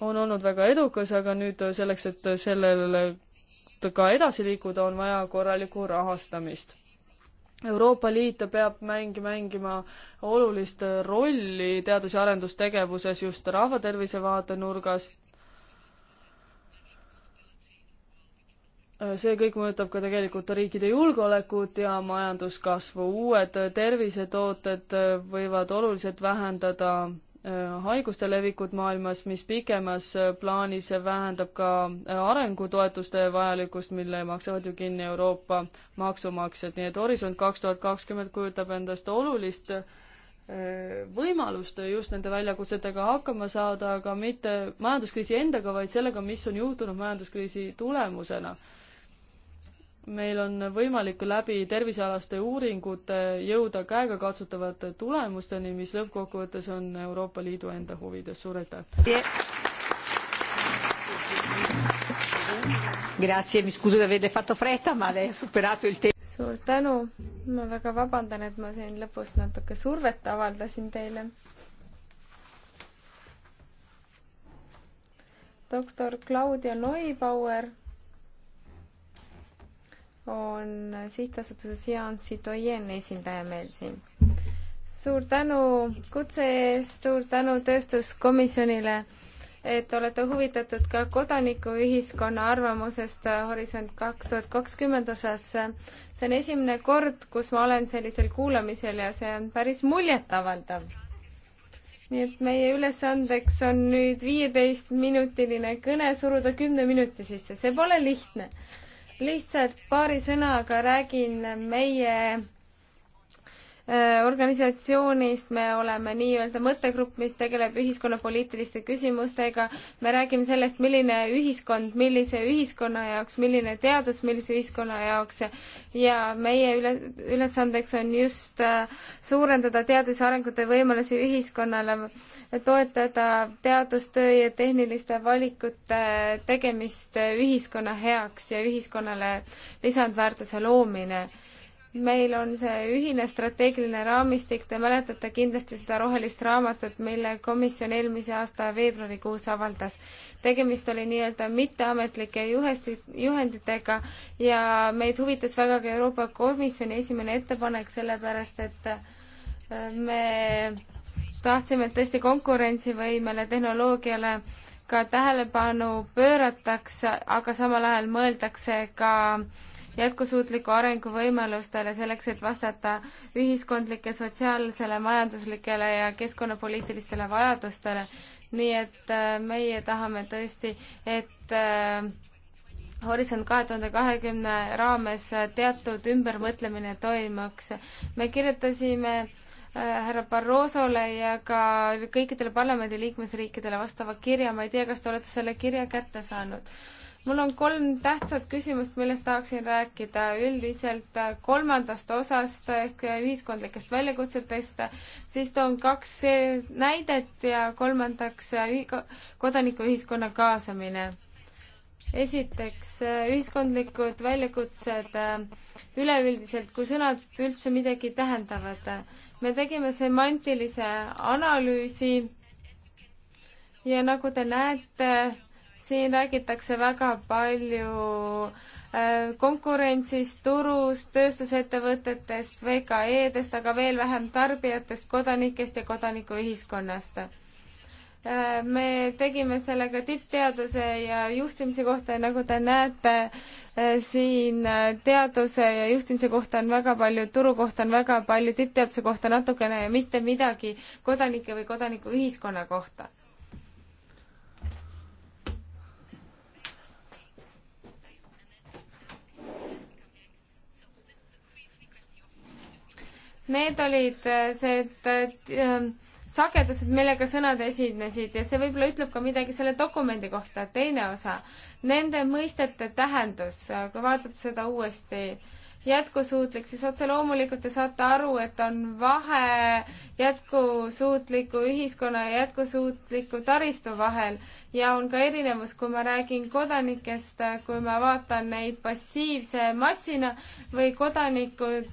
on olnud väga edukas, aga nüüd selleks, et sellele ka edasi liikuda, on vaja korralikku rahastamist Euroopa Liit peab mängi, mängima olulist rolli teadus- ja arendustegevuses just rahvatervise vaatenurgast Äh, see kõik mõjutab ka tegelikult riikide julgeolekut ja majanduskasvu. uued äh, tervisetooted äh, võivad oluliselt vähendada haiguste levikut maailmas, mis pikemas plaanis vähendab ka arengutoetuste vajalikkust, mille maksavad ju kinni Euroopa maksumaksjad, nii et Horisont kaks tuhat kakskümmend kujutab endast olulist võimalust just nende väljakutsetega hakkama saada, aga mitte majanduskriisi endaga, vaid sellega, mis on juhtunud majanduskriisi tulemusena meil on võimalik läbi tervisealaste uuringute jõuda käegakatsutavate tulemusteni, mis lõppkokkuvõttes on Euroopa Liidu enda huvides. suur aitäh! suur tänu, ma väga vabandan, et ma siin lõpus natuke survet avaldasin teile. doktor Claudia Neubauer on sihtasutuse Sion Citoyen esindaja meil siin. suur tänu kutse eest, suur tänu tööstuskomisjonile, et olete huvitatud ka kodanikuühiskonna arvamusest Horisont kaks tuhat kakskümmend osas. see on esimene kord, kus ma olen sellisel kuulamisel ja see on päris muljetavaldav. nii et meie ülesandeks on nüüd viieteistminutiline kõne suruda kümne minuti sisse, see pole lihtne lihtsalt paari sõnaga räägin meie Äh, organisatsioonist, me oleme nii-öelda mõttegrupp, mis tegeleb ühiskonnapoliitiliste küsimustega, me räägime sellest, milline ühiskond, millise ühiskonna jaoks, milline teadus, millise ühiskonna jaoks ja meie üle, ülesandeks on just äh, suurendada teaduse arengute võimalusi ühiskonnale, toetada teadustöö ja tehniliste valikute tegemist ühiskonna heaks ja ühiskonnale lisandväärtuse loomine meil on see ühine strateegiline raamistik, te mäletate kindlasti seda rohelist raamatut, mille komisjon eelmise aasta veebruarikuus avaldas. tegemist oli nii-öelda mitteametlike juhesti, juhenditega ja meid huvitas väga ka Euroopa Komisjoni esimene ettepanek, sellepärast et äh, me tahtsime, et tõesti konkurentsivõimele, tehnoloogiale ka tähelepanu pööratakse, aga samal ajal mõeldakse ka äh, jätkusuutliku arengu võimalustele selleks, et vastata ühiskondlike, sotsiaalsele, majanduslikele ja keskkonnapoliitilistele vajadustele. nii et äh, meie tahame tõesti, et äh, Horisont kahe tuhande kahekümne raames teatud ümbermõtlemine toimuks. me kirjutasime äh, härra Barrosole ja ka kõikidele parlamendi liikmesriikidele vastava kirja, ma ei tea, kas te olete selle kirja kätte saanud mul on kolm tähtsat küsimust, millest tahaksin rääkida üldiselt äh, kolmandast osast ehk ühiskondlikest väljakutsetest, siis toon kaks näidet ja kolmandaks äh, kodanikuühiskonna kaasamine. esiteks äh, ühiskondlikud väljakutsed üleüldiselt, kui sõnad üldse midagi tähendavad. me tegime semantilise analüüsi ja nagu te näete, siin räägitakse väga palju äh, konkurentsist, turust, tööstusettevõtetest, VKE-dest, aga veel vähem tarbijatest, kodanikest ja kodanikuühiskonnast. Äh, me tegime sellega tippteaduse ja juhtimise kohta ja nagu te näete, äh, siin teaduse ja juhtimise kohta on väga palju, turu kohta on väga palju, tippteaduse kohta natukene ja mitte midagi kodanike või kodanikuühiskonna kohta Need olid äh, see, et äh, sagedused, millega sõnad esinesid ja see võib-olla ütleb ka midagi selle dokumendi kohta, teine osa, nende mõistete tähendus, äh, kui vaadata seda uuesti äh, jätkusuutlik, siis otse loomulikult te saate aru, et on vahe jätkusuutliku ühiskonna ja jätkusuutliku taristu vahel ja on ka erinevus, kui ma räägin kodanikest, kui ma vaatan neid passiivse massina või kodanikud,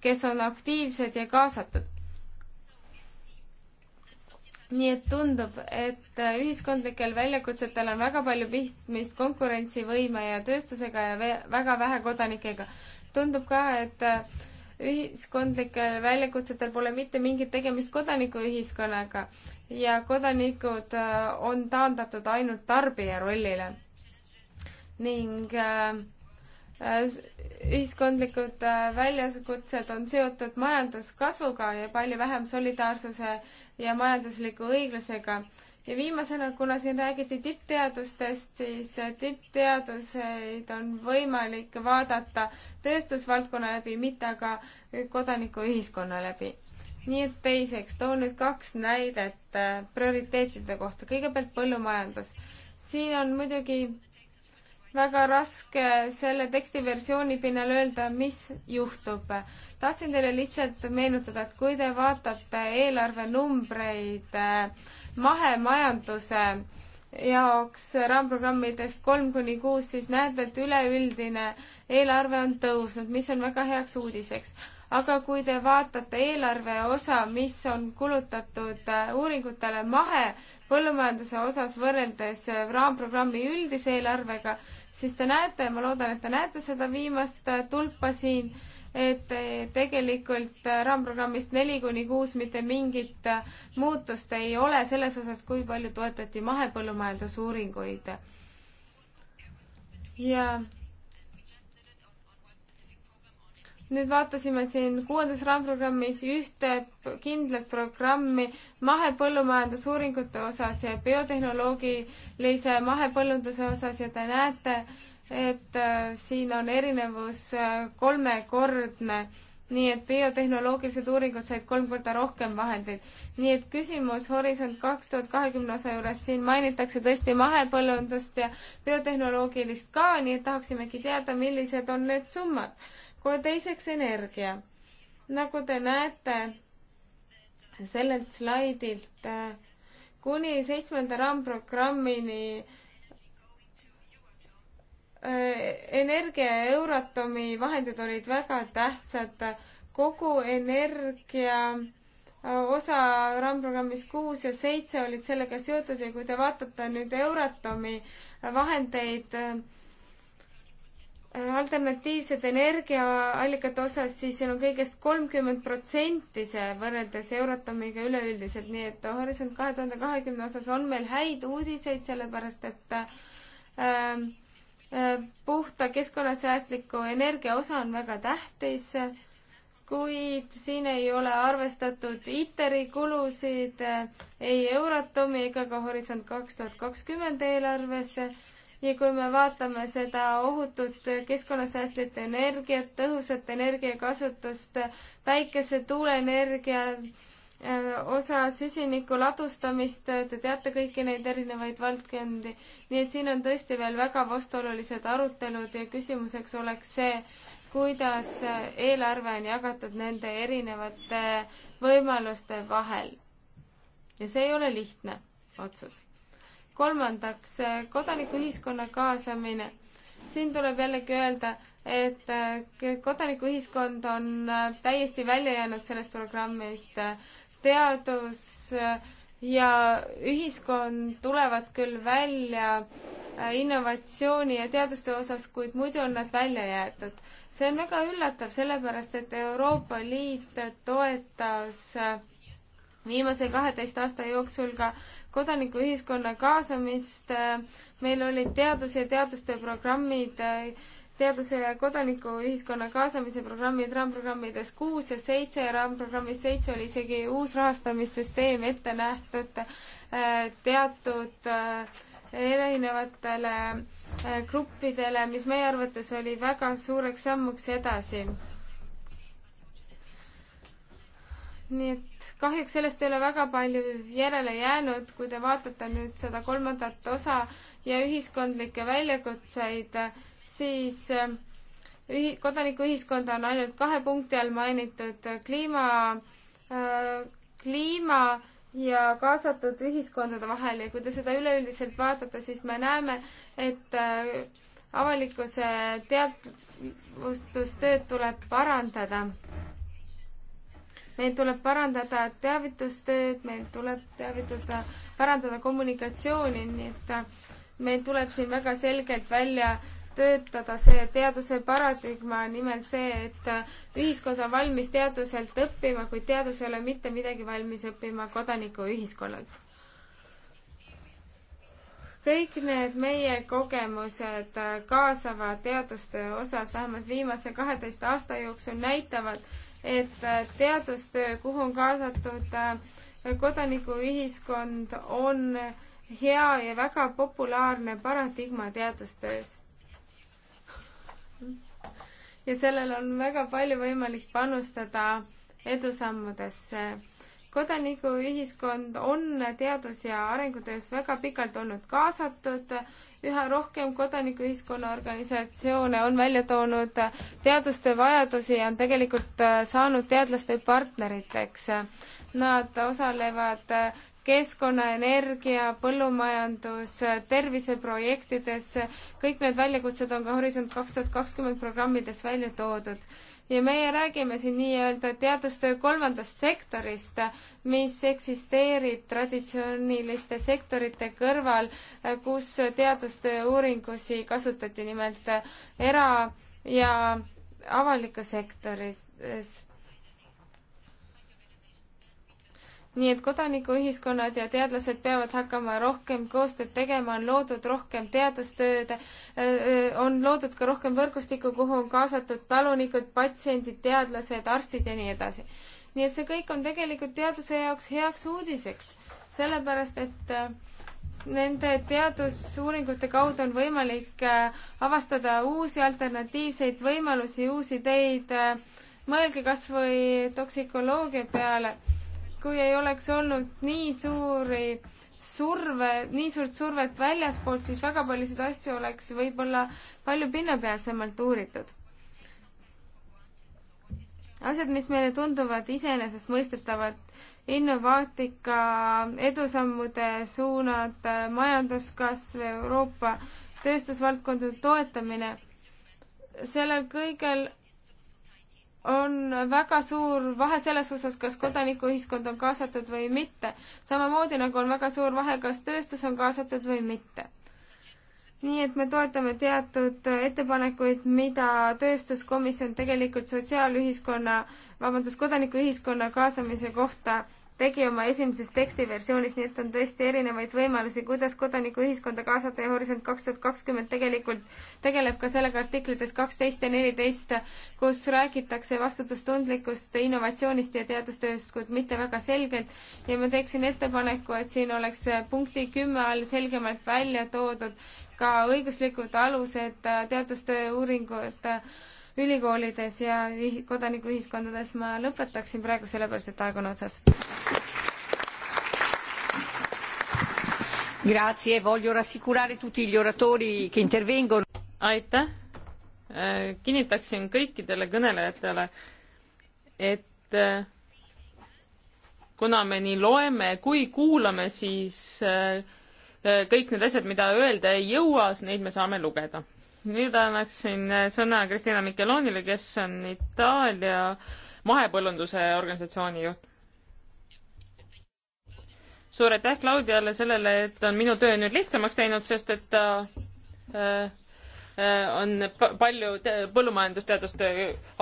kes on aktiivsed ja kaasatud nii et tundub, et ühiskondlikel väljakutsetel on väga palju pistmist konkurentsivõime ja tööstusega ja väga vähe kodanikega tundub ka, et äh, ühiskondlikel väljakutsetel pole mitte mingit tegemist kodanikuühiskonnaga ja kodanikud äh, on taandatud ainult tarbija rollile. ning äh, ühiskondlikud väljakutsed on seotud majanduskasvuga ja palju vähem solidaarsuse ja majandusliku õiglusega ja viimasena, kuna siin räägiti tippteadustest, siis äh, tippteaduseid on võimalik vaadata tööstusvaldkonna läbi, mitte aga kodanikuühiskonna läbi. nii et teiseks, toon nüüd kaks näidet äh, prioriteetide kohta. kõigepealt põllumajandus. siin on muidugi väga raske selle tekstiversiooni pinnal öelda, mis juhtub. tahtsin teile lihtsalt meenutada, et kui te vaatate eelarvenumbreid eh, mahemajanduse jaoks raamprogrammidest kolm kuni kuus, siis näete, et üleüldine eelarve on tõusnud, mis on väga heaks uudiseks. aga kui te vaatate eelarve osa, mis on kulutatud eh, uuringutele mahepõllumajanduse osas võrreldes eh, raamprogrammi üldise eelarvega, siis te näete, ma loodan, et te näete seda viimast tulpa siin, et tegelikult raamprogrammist neli kuni kuus mitte mingit muutust ei ole selles osas, kui palju toetati mahepõllumajandusuuringuid. ja nüüd vaatasime siin kuuendas raamprogrammis ühte kindlat programmi mahepõllumajandusuuringute osas ja biotehnoloogilise mahepõllunduse osas ja te näete, et äh, siin on erinevus äh, kolmekordne nii et biotehnoloogilised uuringud said kolm korda rohkem vahendeid. nii et küsimus Horisont kaks tuhat kahekümne osa juures, siin mainitakse tõesti mahepõllundust ja biotehnoloogilist ka, nii et tahaksimegi teada, millised on need summad ja teiseks energia. nagu te näete sellelt slaidilt, äh, kuni seitsmenda raamprogrammini äh, energia ja Euratomi vahendid olid väga tähtsad. kogu energia äh, osa RAM-programmis kuus ja seitse olid sellega seotud ja kui te vaatate nüüd Euratomi vahendeid, alternatiivsete energiaallikate osas, siis siin on kõigest kolmkümmend protsenti see võrreldes Euratomiga üleüldiselt, nii et Horisont kahe tuhande kahekümne osas on meil häid uudiseid, sellepärast et äh, äh, puhta keskkonnasäästliku energia osa on väga tähtis, kuid siin ei ole arvestatud ITER-i kulusid äh, ei Euratomi ega ka Horisont kaks tuhat kakskümmend eelarvesse ja kui me vaatame seda ohutut keskkonnasäästlikku energiat, tõhusat energiakasutust, päikese, tuuleenergia äh, osa süsiniku ladustamist, te teate kõiki neid erinevaid valdkondi, nii et siin on tõesti veel väga vastuolulised arutelud ja küsimuseks oleks see, kuidas eelarve on jagatud nende erinevate võimaluste vahel. ja see ei ole lihtne otsus kolmandaks, kodanikuühiskonna kaasamine. siin tuleb jällegi öelda, et eh, kodanikuühiskond on eh, täiesti välja jäänud sellest programmist. teadus eh, ja ühiskond tulevad küll välja innovatsiooni ja teaduste osas, kuid muidu on nad välja jäetud. see on väga üllatav, sellepärast et Euroopa Liit toetas äh, viimase kaheteist aasta jooksul ka kodanikuühiskonna kaasamist. meil olid teadus- ja teadustöö programmid, teaduse ja kodanikuühiskonna kaasamise programmid RAM-programmides kuus ja seitse ja RAM-programmis seitse oli isegi uus rahastamissüsteem ette nähtud äh, teatud äh, erinevatele äh, gruppidele, mis meie arvates oli väga suureks sammuks edasi nii et kahjuks sellest ei ole väga palju järele jäänud, kui te vaatate nüüd seda kolmandat osa ja ühiskondlikke väljakutseid, siis äh, ühi-, kodanikuühiskonda on ainult kahe punkti all mainitud, kliima äh,, kliima ja kaasatud ühiskondade vahel ja kui te seda üleüldiselt vaatate, siis me näeme, et äh, avalikkuse teadvustustööd tuleb parandada meil tuleb parandada teavitustööd, meil tuleb teavitada, parandada kommunikatsiooni, nii et äh, meil tuleb siin väga selgelt välja töötada see teaduse paradigma, nimelt see, et äh, ühiskond on valmis teaduselt õppima, kuid teadus ei ole mitte midagi valmis õppima kodanikuühiskonnalt kõik need meie kogemused äh, kaasava teadustöö osas vähemalt viimase kaheteist aasta jooksul näitavad, et äh, teadustöö, kuhu on kaasatud äh, kodanikuühiskond, on hea ja väga populaarne paradigma teadustöös. ja sellel on väga palju võimalik panustada edusammudesse. kodanikuühiskond on teadus- ja arengutöös väga pikalt olnud kaasatud üha rohkem kodanikuühiskonna organisatsioone on välja toonud teadustöö vajadusi ja on tegelikult äh, saanud teadlaste partneriteks. Nad osalevad äh, keskkonna, energia, põllumajandus, äh, terviseprojektides, kõik need väljakutsed on ka Horisont kaks tuhat kakskümmend programmides välja toodud ja meie räägime siin nii-öelda teadustöö kolmandast sektorist, mis eksisteerib traditsiooniliste sektorite kõrval, kus teadustöö uuringusi kasutati nimelt era- ja avalikus sektoris nii et kodanikuühiskonnad ja teadlased peavad hakkama rohkem koostööd tegema, on loodud rohkem teadustööd, äh, on loodud ka rohkem võrgustikku, kuhu on kaasatud talunikud, patsiendid, teadlased, arstid ja nii edasi. nii et see kõik on tegelikult teaduse jaoks heaks uudiseks, sellepärast et äh, nende teadusuuringute kaudu on võimalik äh, avastada uusi alternatiivseid võimalusi, uusi ideid, mõelge kas või toksikoloogia peale kui ei oleks olnud nii suuri surve, nii suurt survet väljaspoolt, siis väga paljusid asju oleks võib-olla palju pinnapealsemalt uuritud. asjad, mis meile tunduvad iseenesestmõistetavad, innovaatika, edusammude suunad, majanduskasv, Euroopa tööstusvaldkondade toetamine, sellel kõigel on väga suur vahe selles osas, kas kodanikuühiskond on kaasatud või mitte. samamoodi nagu on väga suur vahe, kas tööstus on kaasatud või mitte. nii et me toetame teatud ettepanekuid, mida tööstuskomisjon tegelikult sotsiaalühiskonna, vabandust, kodanikuühiskonna kaasamise kohta tegi oma esimeses tekstiversioonis, nii et on tõesti erinevaid võimalusi, kuidas kodanikuühiskonda kaasata ja Horisont kaks tuhat kakskümmend tegelikult tegeleb ka sellega artiklites kaksteist ja neliteist, kus räägitakse vastutustundlikust innovatsioonist ja teadustööst, kuid mitte väga selgelt. ja ma teeksin ettepaneku, et siin oleks punkti kümme all selgemalt välja toodud ka õiguslikud alused teadustöö uuringud ülikoolides ja kodanikuühiskondades. ma lõpetaksin praegu sellepärast, et aeg on otsas. Grazie, voglio rassicurare tutti gli oratori che intervengono. aitäh, äh, kinnitaksin kõikidele kõnelejatele, et äh, kuna me nii loeme kui kuulame, siis äh, kõik need asjad, mida öelda ei jõua, neid me saame lugeda nüüd annaksin sõna Kristina Michelonile, kes on Itaalia mahepõllunduse organisatsiooni juht. suur aitäh Claudiale sellele, et on minu töö nüüd lihtsamaks teinud, sest et ta äh, äh on palju põllumajandusteaduste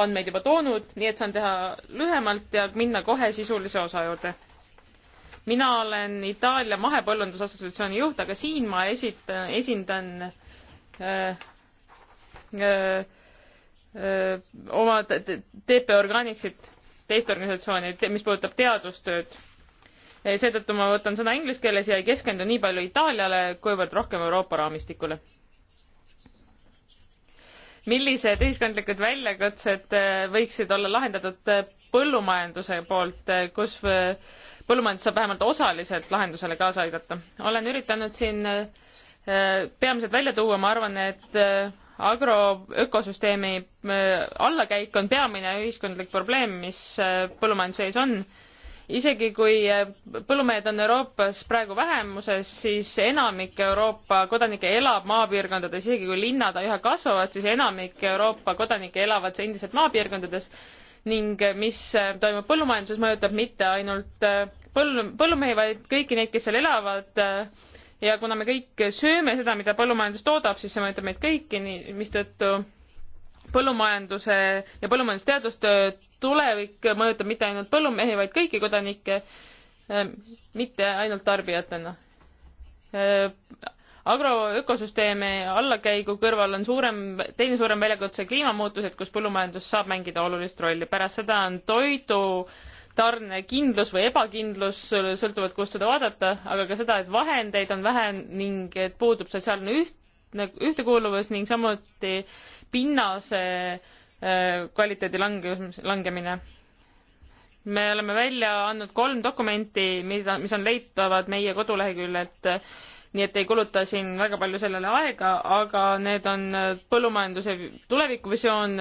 andmeid juba toonud, nii et saan teha lühemalt ja minna kohe sisulise osa juurde. mina olen Itaalia mahepõllundusassotsiatsiooni juht, aga siin ma esit-, esindan äh, oma TP Organicsit, teist organisatsiooni, mis puudutab teadustööd. seetõttu ma võtan sõna inglise keeles ja ei keskendu nii palju Itaaliale, kuivõrd rohkem Euroopa raamistikule. millised ühiskondlikud väljakutsed võiksid olla lahendatud põllumajanduse poolt, kus põllumajandus saab vähemalt osaliselt lahendusele kaasa aidata. olen üritanud siin peamiselt välja tuua, ma arvan, et agroökosüsteemi äh, allakäik on peamine ühiskondlik probleem, mis äh, põllumajanduse ees on. isegi kui äh, põllumehed on Euroopas praegu vähemuses, siis enamik Euroopa kodanikke elab maapiirkondades, isegi kui linnad üha kasvavad, siis enamik Euroopa kodanikke elavad endiselt maapiirkondades ning mis toimub põllumajanduses, mõjutab mitte ainult põllu, põllumehi, vaid kõiki neid, kes seal elavad ja kuna me kõik sööme seda, mida põllumajandus toodab, siis see mõjutab meid kõiki, nii mistõttu põllumajanduse ja põllumajandusteadustöö tulevik mõjutab mitte ainult põllumehi, vaid kõiki kodanikke, ähm, mitte ainult tarbijatena. Äh, agroökosüsteemi allakäigu kõrval on suurem, teine suurem väljakutse kliimamuutused, kus põllumajandus saab mängida olulist rolli. pärast seda on toidu äh, tarnekindlus või ebakindlus, sõltuvalt kust seda vaadata, aga ka seda, et vahendeid on vähe ning et puudub sotsiaalne üht-, ühtekuuluvus ning samuti pinnase äh, kvaliteedi lange-, langemine. me oleme välja andnud kolm dokumenti, mida, mis on leitavad meie koduleheküljelt, nii et ei kuluta siin väga palju sellele aega, aga need on põllumajanduse tulevikuvisioon,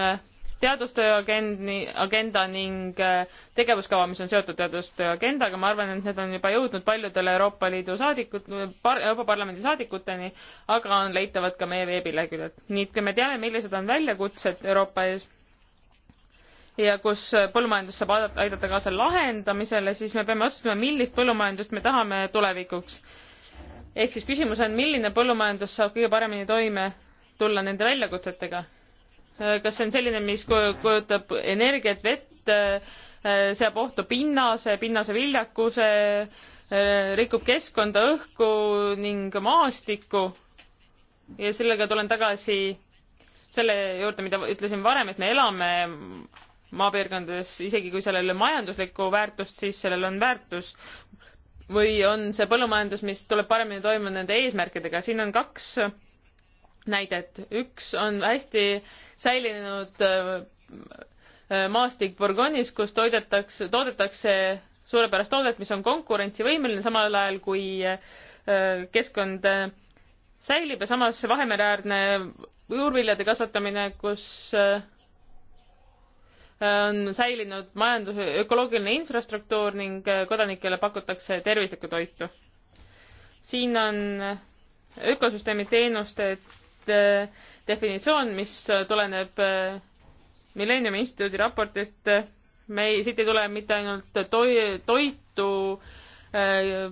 teadustöö agendi, agenda ning äh, tegevuskava, mis on seotud teadustöö agendaga, ma arvan, et need on juba jõudnud paljudele Euroopa Liidu saadikud par,, Euroopa Parlamendi saadikuteni, aga on leitavad ka meie veebileheküljelt. nii et kui me teame, millised on väljakutsed Euroopa ees ja kus põllumajandus saab aidata, aidata kaasa lahendamisele, siis me peame otsustama, millist põllumajandust me tahame tulevikuks. ehk siis küsimus on, milline põllumajandus saab kõige paremini toime tulla nende väljakutsetega Äh, kas see on selline, mis kujutab energiat, vett, äh, seab ohtu pinnase, pinnase viljakuse, äh, rikub keskkonda, õhku ning maastikku. ja sellega tulen tagasi selle juurde, mida ütlesin varem, et me elame maapiirkondades, isegi kui sellel ei ole majanduslikku väärtust, siis sellel on väärtus. või on see põllumajandus, mis tuleb paremini toime nende eesmärkidega, siin on kaks näidet, üks on hästi säilinud äh, äh, maastik Burgonis, kus toidetakse, toodetakse suurepärast toodet, mis on konkurentsivõimeline, samal ajal kui äh, keskkond säilib ja samas Vahemereäärne juurviljade kasvatamine, kus on säilinud majandus, ökoloogiline infrastruktuur ning kodanikele pakutakse tervislikku toitu. siin on ökosüsteemi teenused definitsioon, mis äh, tuleneb äh, Millenniumi Instituudi raportist, me ei, siit ei tule mitte ainult toi-, toitu, äh,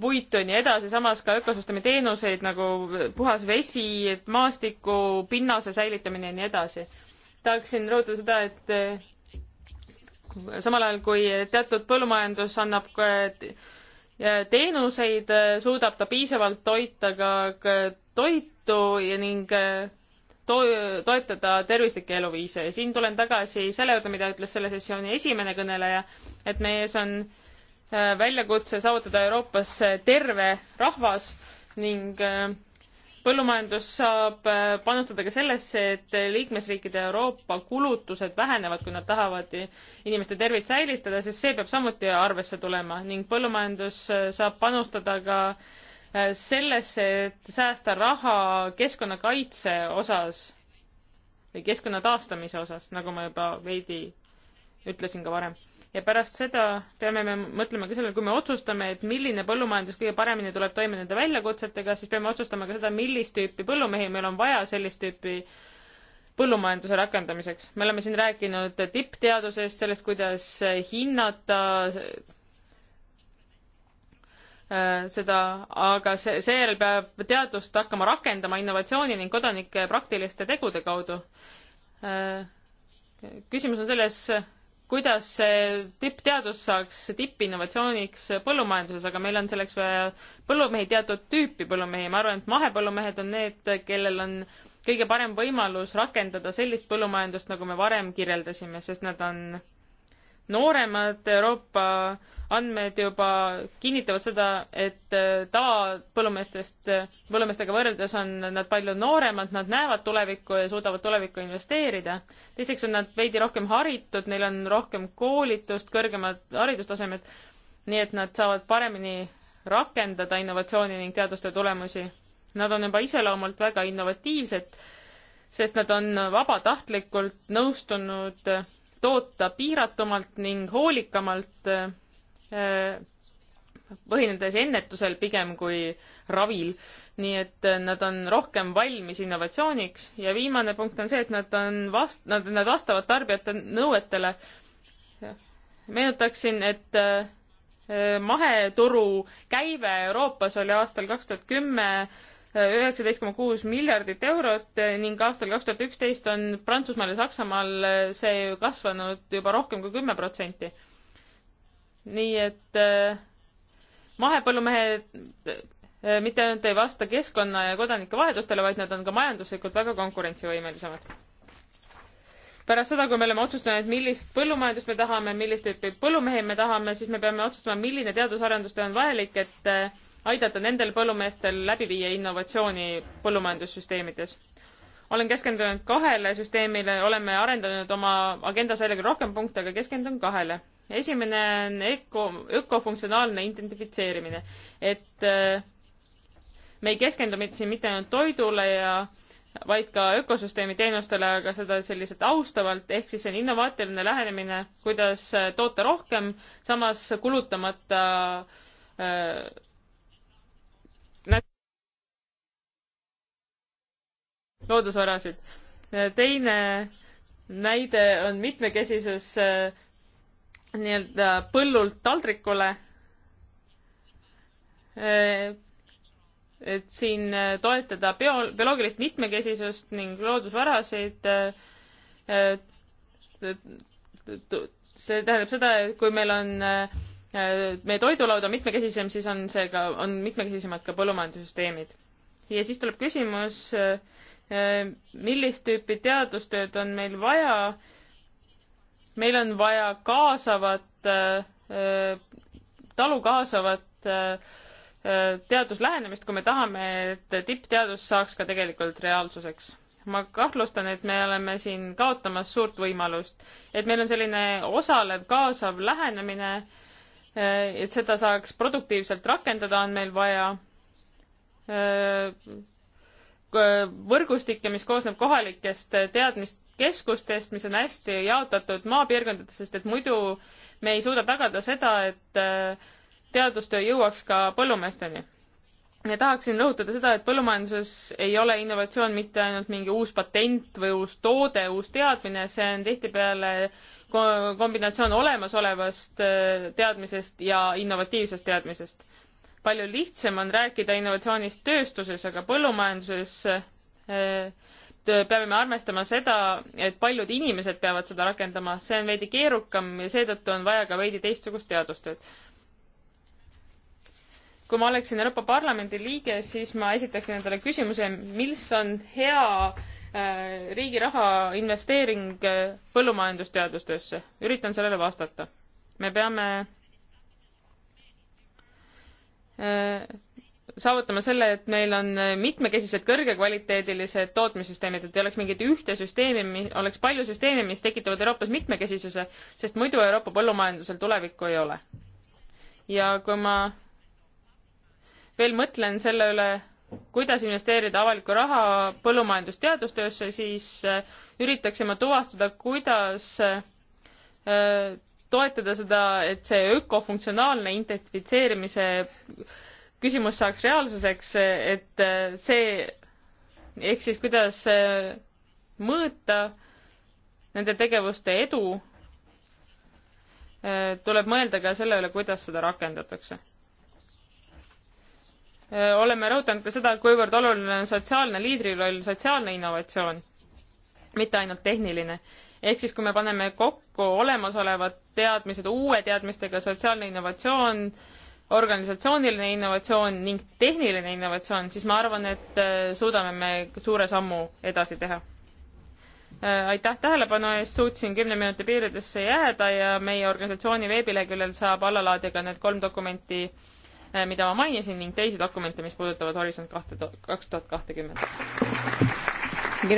puitu ja nii edasi, samas ka ökosüsteemi teenuseid nagu puhas vesi, maastiku, pinnase säilitamine ja nii edasi. tahaksin rõhutada seda, et samal ajal kui teatud põllumajandus annab teenuseid, suudab ta piisavalt toita ka toitu ja ning to-, toetada tervislikke eluviise ja siin tulen tagasi selle juurde, mida ütles selle sessiooni esimene kõneleja, et meie ees on äh, väljakutse saavutada Euroopas äh, terve rahvas ning äh, põllumajandus saab panustada ka sellesse, et liikmesriikide Euroopa kulutused vähenevad, kui nad tahavad inimeste tervit säilistada, sest see peab samuti arvesse tulema ning põllumajandus saab panustada ka äh, Äh, sellesse, et säästa raha keskkonnakaitse osas või keskkonna taastamise osas, nagu ma juba veidi ütlesin ka varem. ja pärast seda peame me mõtlema ka sellele, kui me otsustame, et milline põllumajandus kõige paremini tuleb toime nende väljakutsetega, siis peame otsustama ka seda, millist tüüpi põllumehi meil on vaja sellist tüüpi põllumajanduse rakendamiseks. me oleme siin rääkinud tippteadusest, sellest, kuidas hinnata Äh, seda, aga see, seejärel peab teadust hakkama rakendama innovatsiooni ning kodanike praktiliste tegude kaudu. Äh, küsimus on selles, kuidas see tippteadus saaks tippinnovatsiooniks põllumajanduses, aga meil on selleks vaja põllumehi, teatud tüüpi põllumehi, ma arvan, et mahepõllumehed on need, kellel on kõige parem võimalus rakendada sellist põllumajandust, nagu me varem kirjeldasime, sest nad on äh, nooremad Euroopa andmed juba kinnitavad seda, et äh, tavapõllumeestest, põllumeestega võrreldes on nad palju nooremad, nad näevad tulevikku ja suudavad tulevikku investeerida. teiseks on nad veidi rohkem haritud, neil on rohkem koolitust, kõrgemad haridustasemed, nii et nad saavad paremini rakendada innovatsiooni ning teadustöö tulemusi. Nad on juba iseloomult väga innovatiivsed, sest nad on vabatahtlikult nõustunud toota piiratumalt ning hoolikamalt, äh, põhinedes ennetusel pigem kui ravil. nii et äh, nad on rohkem valmis innovatsiooniks ja viimane punkt on see, et nad on vast-, nad, nad vastavad tarbijate nõuetele. meenutaksin, et äh, maheturu käive Euroopas oli aastal kaks tuhat kümme üheksateist koma kuus miljardit eurot ning aastal kaks tuhat üksteist on Prantsusmaal ja Saksamaal see kasvanud juba rohkem kui kümme protsenti. nii et äh, mahepõllumehed äh, mitte ainult ei vasta keskkonna ja kodanike vajadustele, vaid nad on ka majanduslikult väga konkurentsivõimelisemad. pärast seda, kui me oleme otsustanud, millist põllumajandust me tahame, millist tüüpi põllumehi me tahame, siis me peame otsustama, milline teadusarendustöö on vajalik, et äh, aidata nendel põllumeestel läbi viia innovatsiooni põllumajandussüsteemides. olen keskendunud kahele süsteemile, oleme arendanud oma agendas jällegi rohkem punkte, aga keskendun kahele. esimene on öko, ökofunktsionaalne identifitseerimine, et äh, me ei keskendu mitte siin mitte ainult toidule ja vaid ka ökosüsteemi teenustele, aga seda selliselt austavalt, ehk siis see on innovaatiline lähenemine, kuidas äh, toota rohkem, samas kulutamata äh, loodusvarasid. teine näide on mitmekesisus äh, nii-öelda põllult taldrikule. Äh, et siin äh, toetada bio, bioloogilist mitmekesisust ning loodusvarasid. see tähendab seda, et kui meil on meie toidulaud on mitmekesisem, siis on see ka, on mitmekesisemad ka põllumajandussüsteemid. ja siis tuleb küsimus äh, Äh, millist tüüpi teadustööd on meil vaja. meil on vaja kaasavat, äh, talu kaasavat äh, teaduslähenemist, kui me tahame, et tippteadus saaks ka tegelikult reaalsuseks. ma kahtlustan, et me oleme siin kaotamas suurt võimalust, et meil on selline osalev, kaasav lähenemine, et seda saaks produktiivselt rakendada, on meil vaja Äh, võrgustikke, mis koosneb kohalikest äh, teadmiskeskustest, mis on hästi jaotatud maapiirkondades, sest et muidu me ei suuda tagada seda, et äh, teadustöö jõuaks ka põllumeesteni. ja tahaksin rõhutada seda, et põllumajanduses ei ole innovatsioon mitte ainult mingi uus patent või uus toode, uus teadmine, see on tihtipeale kombinatsioon olemasolevast teadmisest ja innovatiivsest teadmisest palju lihtsam on rääkida innovatsioonist tööstuses, aga põllumajanduses eh, peame me arvestama seda, et paljud inimesed peavad seda rakendama, see on veidi keerukam ja seetõttu on vaja ka veidi teistsugust teadustööd. kui ma oleksin Euroopa Parlamendi liige, siis ma esitaksin endale küsimuse, mis on hea äh, riigi raha investeering eh, põllumajandusteadustöösse. üritan sellele vastata. me peame Äh, saavutama selle, et meil on äh, mitmekesised kõrgekvaliteedilised tootmissüsteemid, et ei oleks mingit ühte süsteemi, oleks palju süsteeme, mis tekitavad Euroopas mitmekesisuse, sest muidu Euroopa põllumajandusel tulevikku ei ole. ja kui ma veel mõtlen selle üle, kuidas investeerida avalikku raha põllumajandusteadustöösse, siis äh, üritaksime tuvastada, kuidas toetada seda, et see ökofunktsionaalne identifitseerimise küsimus saaks reaalsuseks, et äh, see, ehk siis kuidas äh, mõõta nende tegevuste edu, äh, tuleb mõelda ka selle üle, kuidas seda rakendatakse. oleme rõhutanud ka seda, kuivõrd oluline on sotsiaalne liidriroll, sotsiaalne innovatsioon, mitte ainult tehniline ehk siis, kui me paneme kokku olemasolevad teadmised uue teadmistega, sotsiaalne innovatsioon, organisatsiooniline innovatsioon ning tehniline innovatsioon, siis ma arvan, et äh, suudame me suure sammu edasi teha. Äh, aitäh tähelepanu eest, suutsin kümne minuti piiridesse jääda ja meie organisatsiooni veebileheküljel saab allalaadida ka need kolm dokumenti, äh, mida ma mainisin ning teisi dokumente, mis puudutavad Horisont kahte, kaks tuhat kahtekümmet. E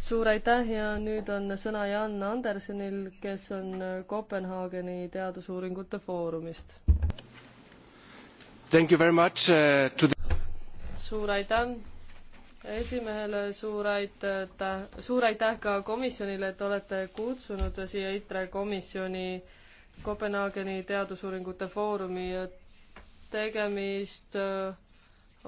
suur aitäh ja nüüd on sõna Jan Andersenil, kes on Kopenhaageni teadusuuringute foorumist. Uh, the... suur aitäh esimehele, suur aitäh, suur aitäh ka komisjonile, et olete kutsunud siia ITRE komisjoni Kopenhaageni teadusuuringute foorumi. tegemist äh,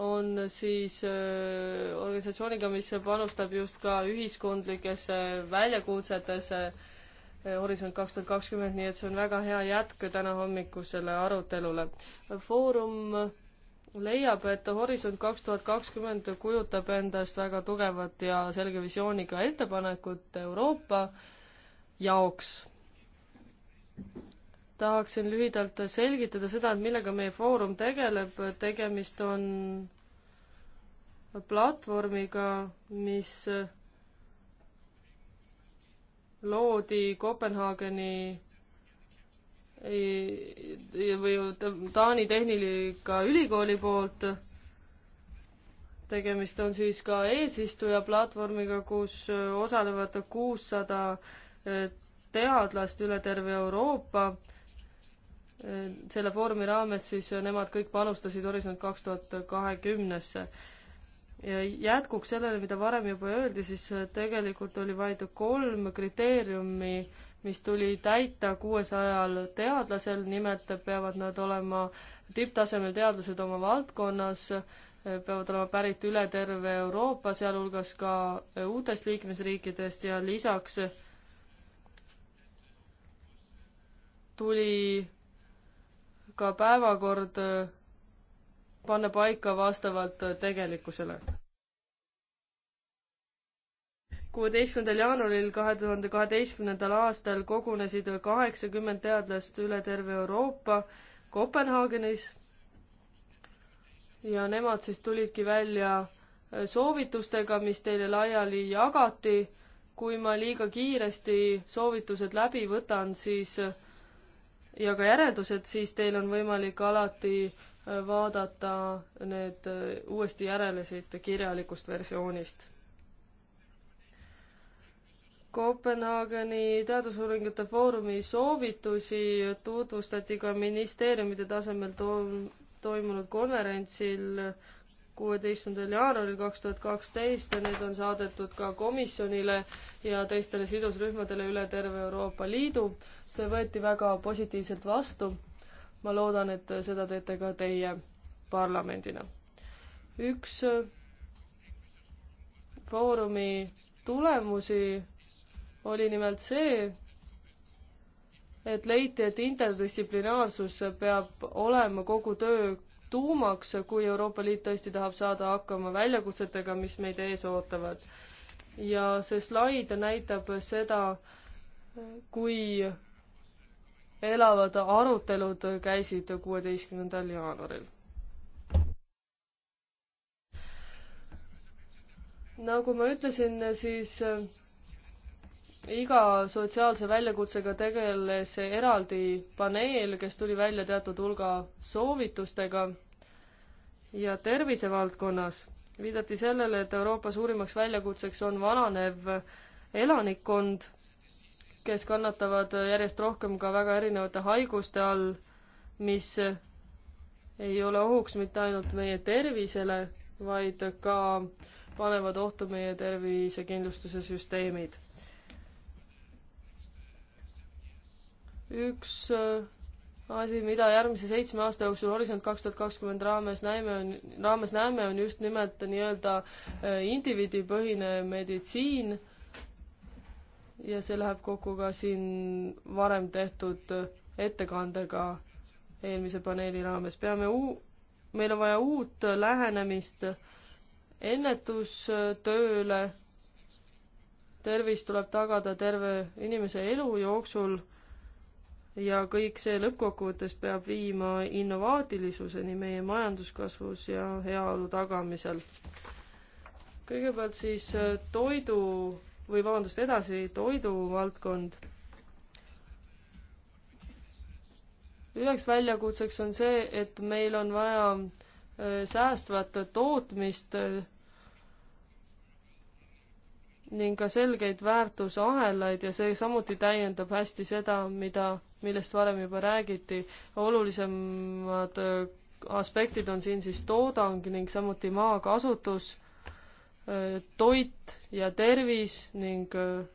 on siis äh, organisatsiooniga, mis panustab just ka ühiskondlikesse väljakutsetesse äh, Horisont kaks tuhat kakskümmend, nii et see on väga hea jätk täna hommikusele arutelule. Foorum leiab, et Horisont kaks tuhat kakskümmend kujutab endast väga tugevat ja selge visiooniga ettepanekut Euroopa jaoks tahaksin lühidalt selgitada seda, et millega meie foorum tegeleb, tegemist on platvormiga, mis loodi Kopenhaageni või Taani Tehnikaülikooli poolt. tegemist on siis ka eesistuja platvormiga, kus osalevad kuussada teadlast üle terve Euroopa selle foorumi raames siis nemad kõik panustasid Horisont kaks tuhat kahekümnesse. ja jätkuks sellele, mida varem juba öeldi, siis tegelikult oli vaid kolm kriteeriumi, mis tuli täita kuuesajal teadlasel, nimelt peavad nad olema tipptasemel teadlased oma valdkonnas, peavad olema pärit üle terve Euroopa, sealhulgas ka uutest liikmesriikidest ja lisaks tuli ka päevakord äh, panna paika vastavalt äh, tegelikkusele. kuueteistkümnendal jaanuaril kahe tuhande kaheteistkümnendal aastal kogunesid kaheksakümmend teadlast üle terve Euroopa Kopenhaagenis ja nemad siis tulidki välja äh, soovitustega, mis teile laiali jagati. kui ma liiga kiiresti soovitused läbi võtan, siis ja ka järeldused, siis teil on võimalik alati äh, vaadata need äh, uuesti järele siit kirjalikust versioonist. Kopenhaageni teadusuuringute foorumi soovitusi tutvustati ka ministeeriumide tasemel to toimunud konverentsil kuueteistkümnendal jaanuaril kaks tuhat kaksteist ja need on saadetud ka komisjonile ja teistele sidusrühmadele üle terve Euroopa Liidu. see võeti väga positiivselt vastu. ma loodan, et seda teete ka teie parlamendina. üks äh, foorumi tulemusi oli nimelt see, et leiti, et interdistsiplinaarsus peab olema kogu töö tuumaks, kui Euroopa Liit tõesti tahab saada hakkama väljakutsetega, mis meid ees ootavad. ja see slaid näitab seda, kui elavad arutelud käisid kuueteistkümnendal jaanuaril. nagu ma ütlesin, siis iga sotsiaalse väljakutsega tegeles eraldi paneel, kes tuli välja teatud hulga soovitustega ja tervisevaldkonnas viidati sellele, et Euroopa suurimaks väljakutseks on vananev elanikkond, kes kannatavad järjest rohkem ka väga erinevate haiguste all, mis ei ole ohuks mitte ainult meie tervisele, vaid ka panevad ohtu meie tervisekindlustuse süsteemid üks äh, asi, mida järgmise seitsme aasta jooksul Horisont kaks tuhat kakskümmend raames näeme, on, raames näeme, on just nimelt nii-öelda äh, indiviidipõhine meditsiin ja see läheb kokku ka siin varem tehtud äh, ettekandega eelmise paneeli raames. peame uu-, meil on vaja uut lähenemist ennetustööle, tervis tuleb tagada terve inimese elu jooksul ja kõik see lõppkokkuvõttes peab viima innovaatilisuseni meie majanduskasvus ja heaolu tagamisel. kõigepealt siis äh, toidu või vabandust, edasi toiduvaldkond. üheks väljakutseks on see, et meil on vaja äh, säästvat tootmist äh, ning ka selgeid väärtusahelaid ja see samuti täiendab hästi seda, mida, millest varem juba räägiti. olulisemad äh, aspektid on siin siis toodang ning samuti maakasutus, äh, toit ja tervis ning äh,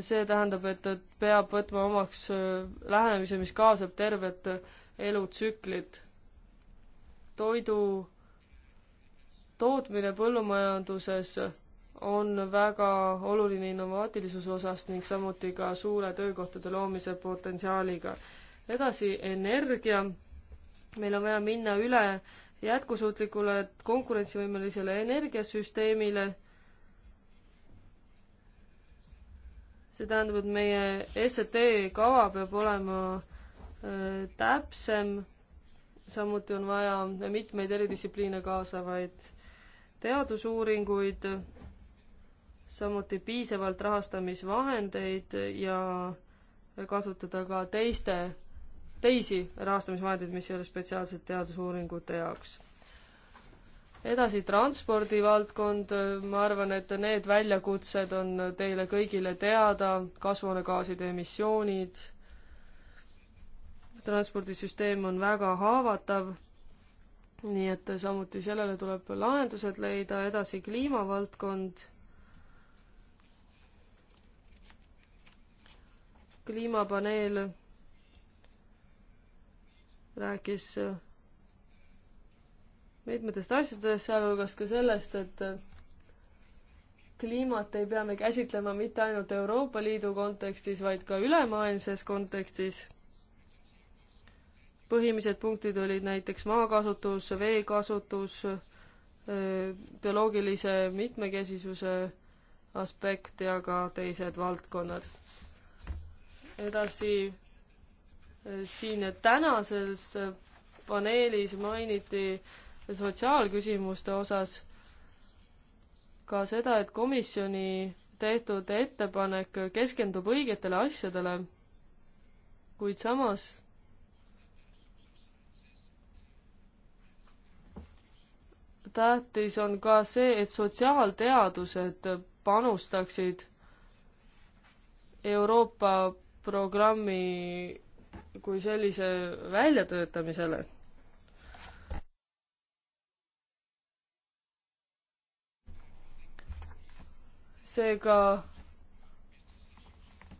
see tähendab, et, et peab võtma omaks lähenemise, mis kaasab tervet elutsüklit. toidu tootmine põllumajanduses on väga oluline innovaatilisuse osast ning samuti ka suure töökohtade loomise potentsiaaliga. edasi energia. meil on vaja minna üle jätkusuutlikule konkurentsivõimelisele energiasüsteemile. see tähendab, et meie SET kava peab olema äh, täpsem, samuti on vaja mitmeid eridistsipliine kaasavaid teadusuuringuid, samuti piisavalt rahastamisvahendeid ja kasutada ka teiste, teisi rahastamisvahendeid, mis ei ole spetsiaalselt teadusuuringute jaoks. edasi transpordivaldkond, ma arvan, et need väljakutsed on teile kõigile teada, kasvuhoonegaaside emissioonid, transpordisüsteem on väga haavatav nii et samuti sellele tuleb lahendused leida, edasi kliimavaldkond. kliimapaneel rääkis mitmetest asjadest, sealhulgas ka sellest, et kliimat ei pea me käsitlema mitte ainult Euroopa Liidu kontekstis, vaid ka ülemaailmses kontekstis põhilised punktid olid näiteks maakasutus, veekasutus, bioloogilise mitmekesisuse aspekt ja ka teised valdkonnad. edasi siin tänases paneelis mainiti sotsiaalküsimuste osas ka seda, et komisjoni tehtud ettepanek keskendub õigetele asjadele, kuid samas tähtis on ka see, et sotsiaalteadused panustaksid Euroopa programmi kui sellise väljatöötamisele. seega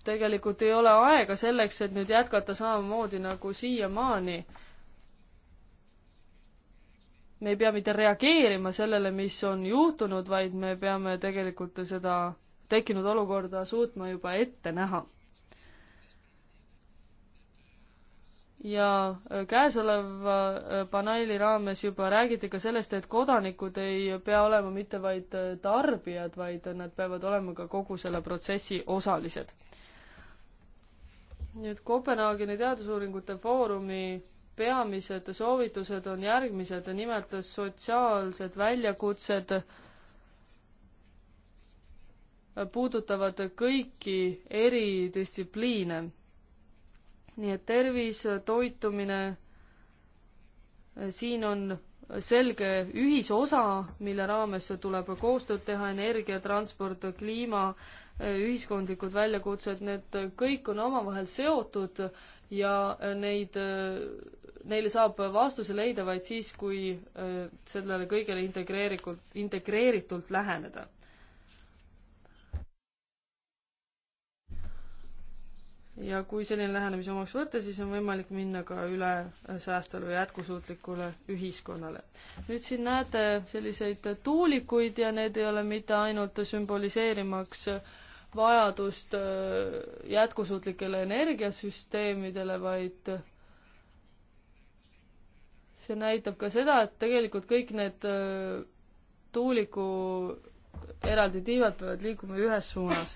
tegelikult ei ole aega selleks, et nüüd jätkata samamoodi nagu siiamaani me ei pea mitte reageerima sellele, mis on juhtunud, vaid me peame tegelikult seda tekkinud olukorda suutma juba ette näha. ja äh, käesoleva äh, paneeli raames juba räägiti ka sellest, et kodanikud ei pea olema mitte vaid äh, tarbijad, vaid nad peavad olema ka kogu selle protsessi osalised. nüüd Kopenhaageni teadusuuringute foorumi peamised soovitused on järgmised, nimelt sotsiaalsed väljakutsed puudutavad kõiki eridistsipliine. nii et tervis, toitumine, siin on selge ühisosa, mille raames tuleb koostööd teha, energia, transport, kliima, ühiskondlikud väljakutsed, need kõik on omavahel seotud ja neid neile saab vastuse leida vaid siis, kui äh, sellele kõigele integreerikult, integreeritult läheneda. ja kui selline lähenemise omaks võtta, siis on võimalik minna ka üle säästvale või jätkusuutlikule ühiskonnale. nüüd siin näete selliseid tuulikuid ja need ei ole mitte ainult sümboliseerimaks vajadust äh, jätkusuutlikele energiasüsteemidele, vaid see näitab ka seda, et tegelikult kõik need äh, tuuliku eraldi tiivad peavad liikuma ühes suunas.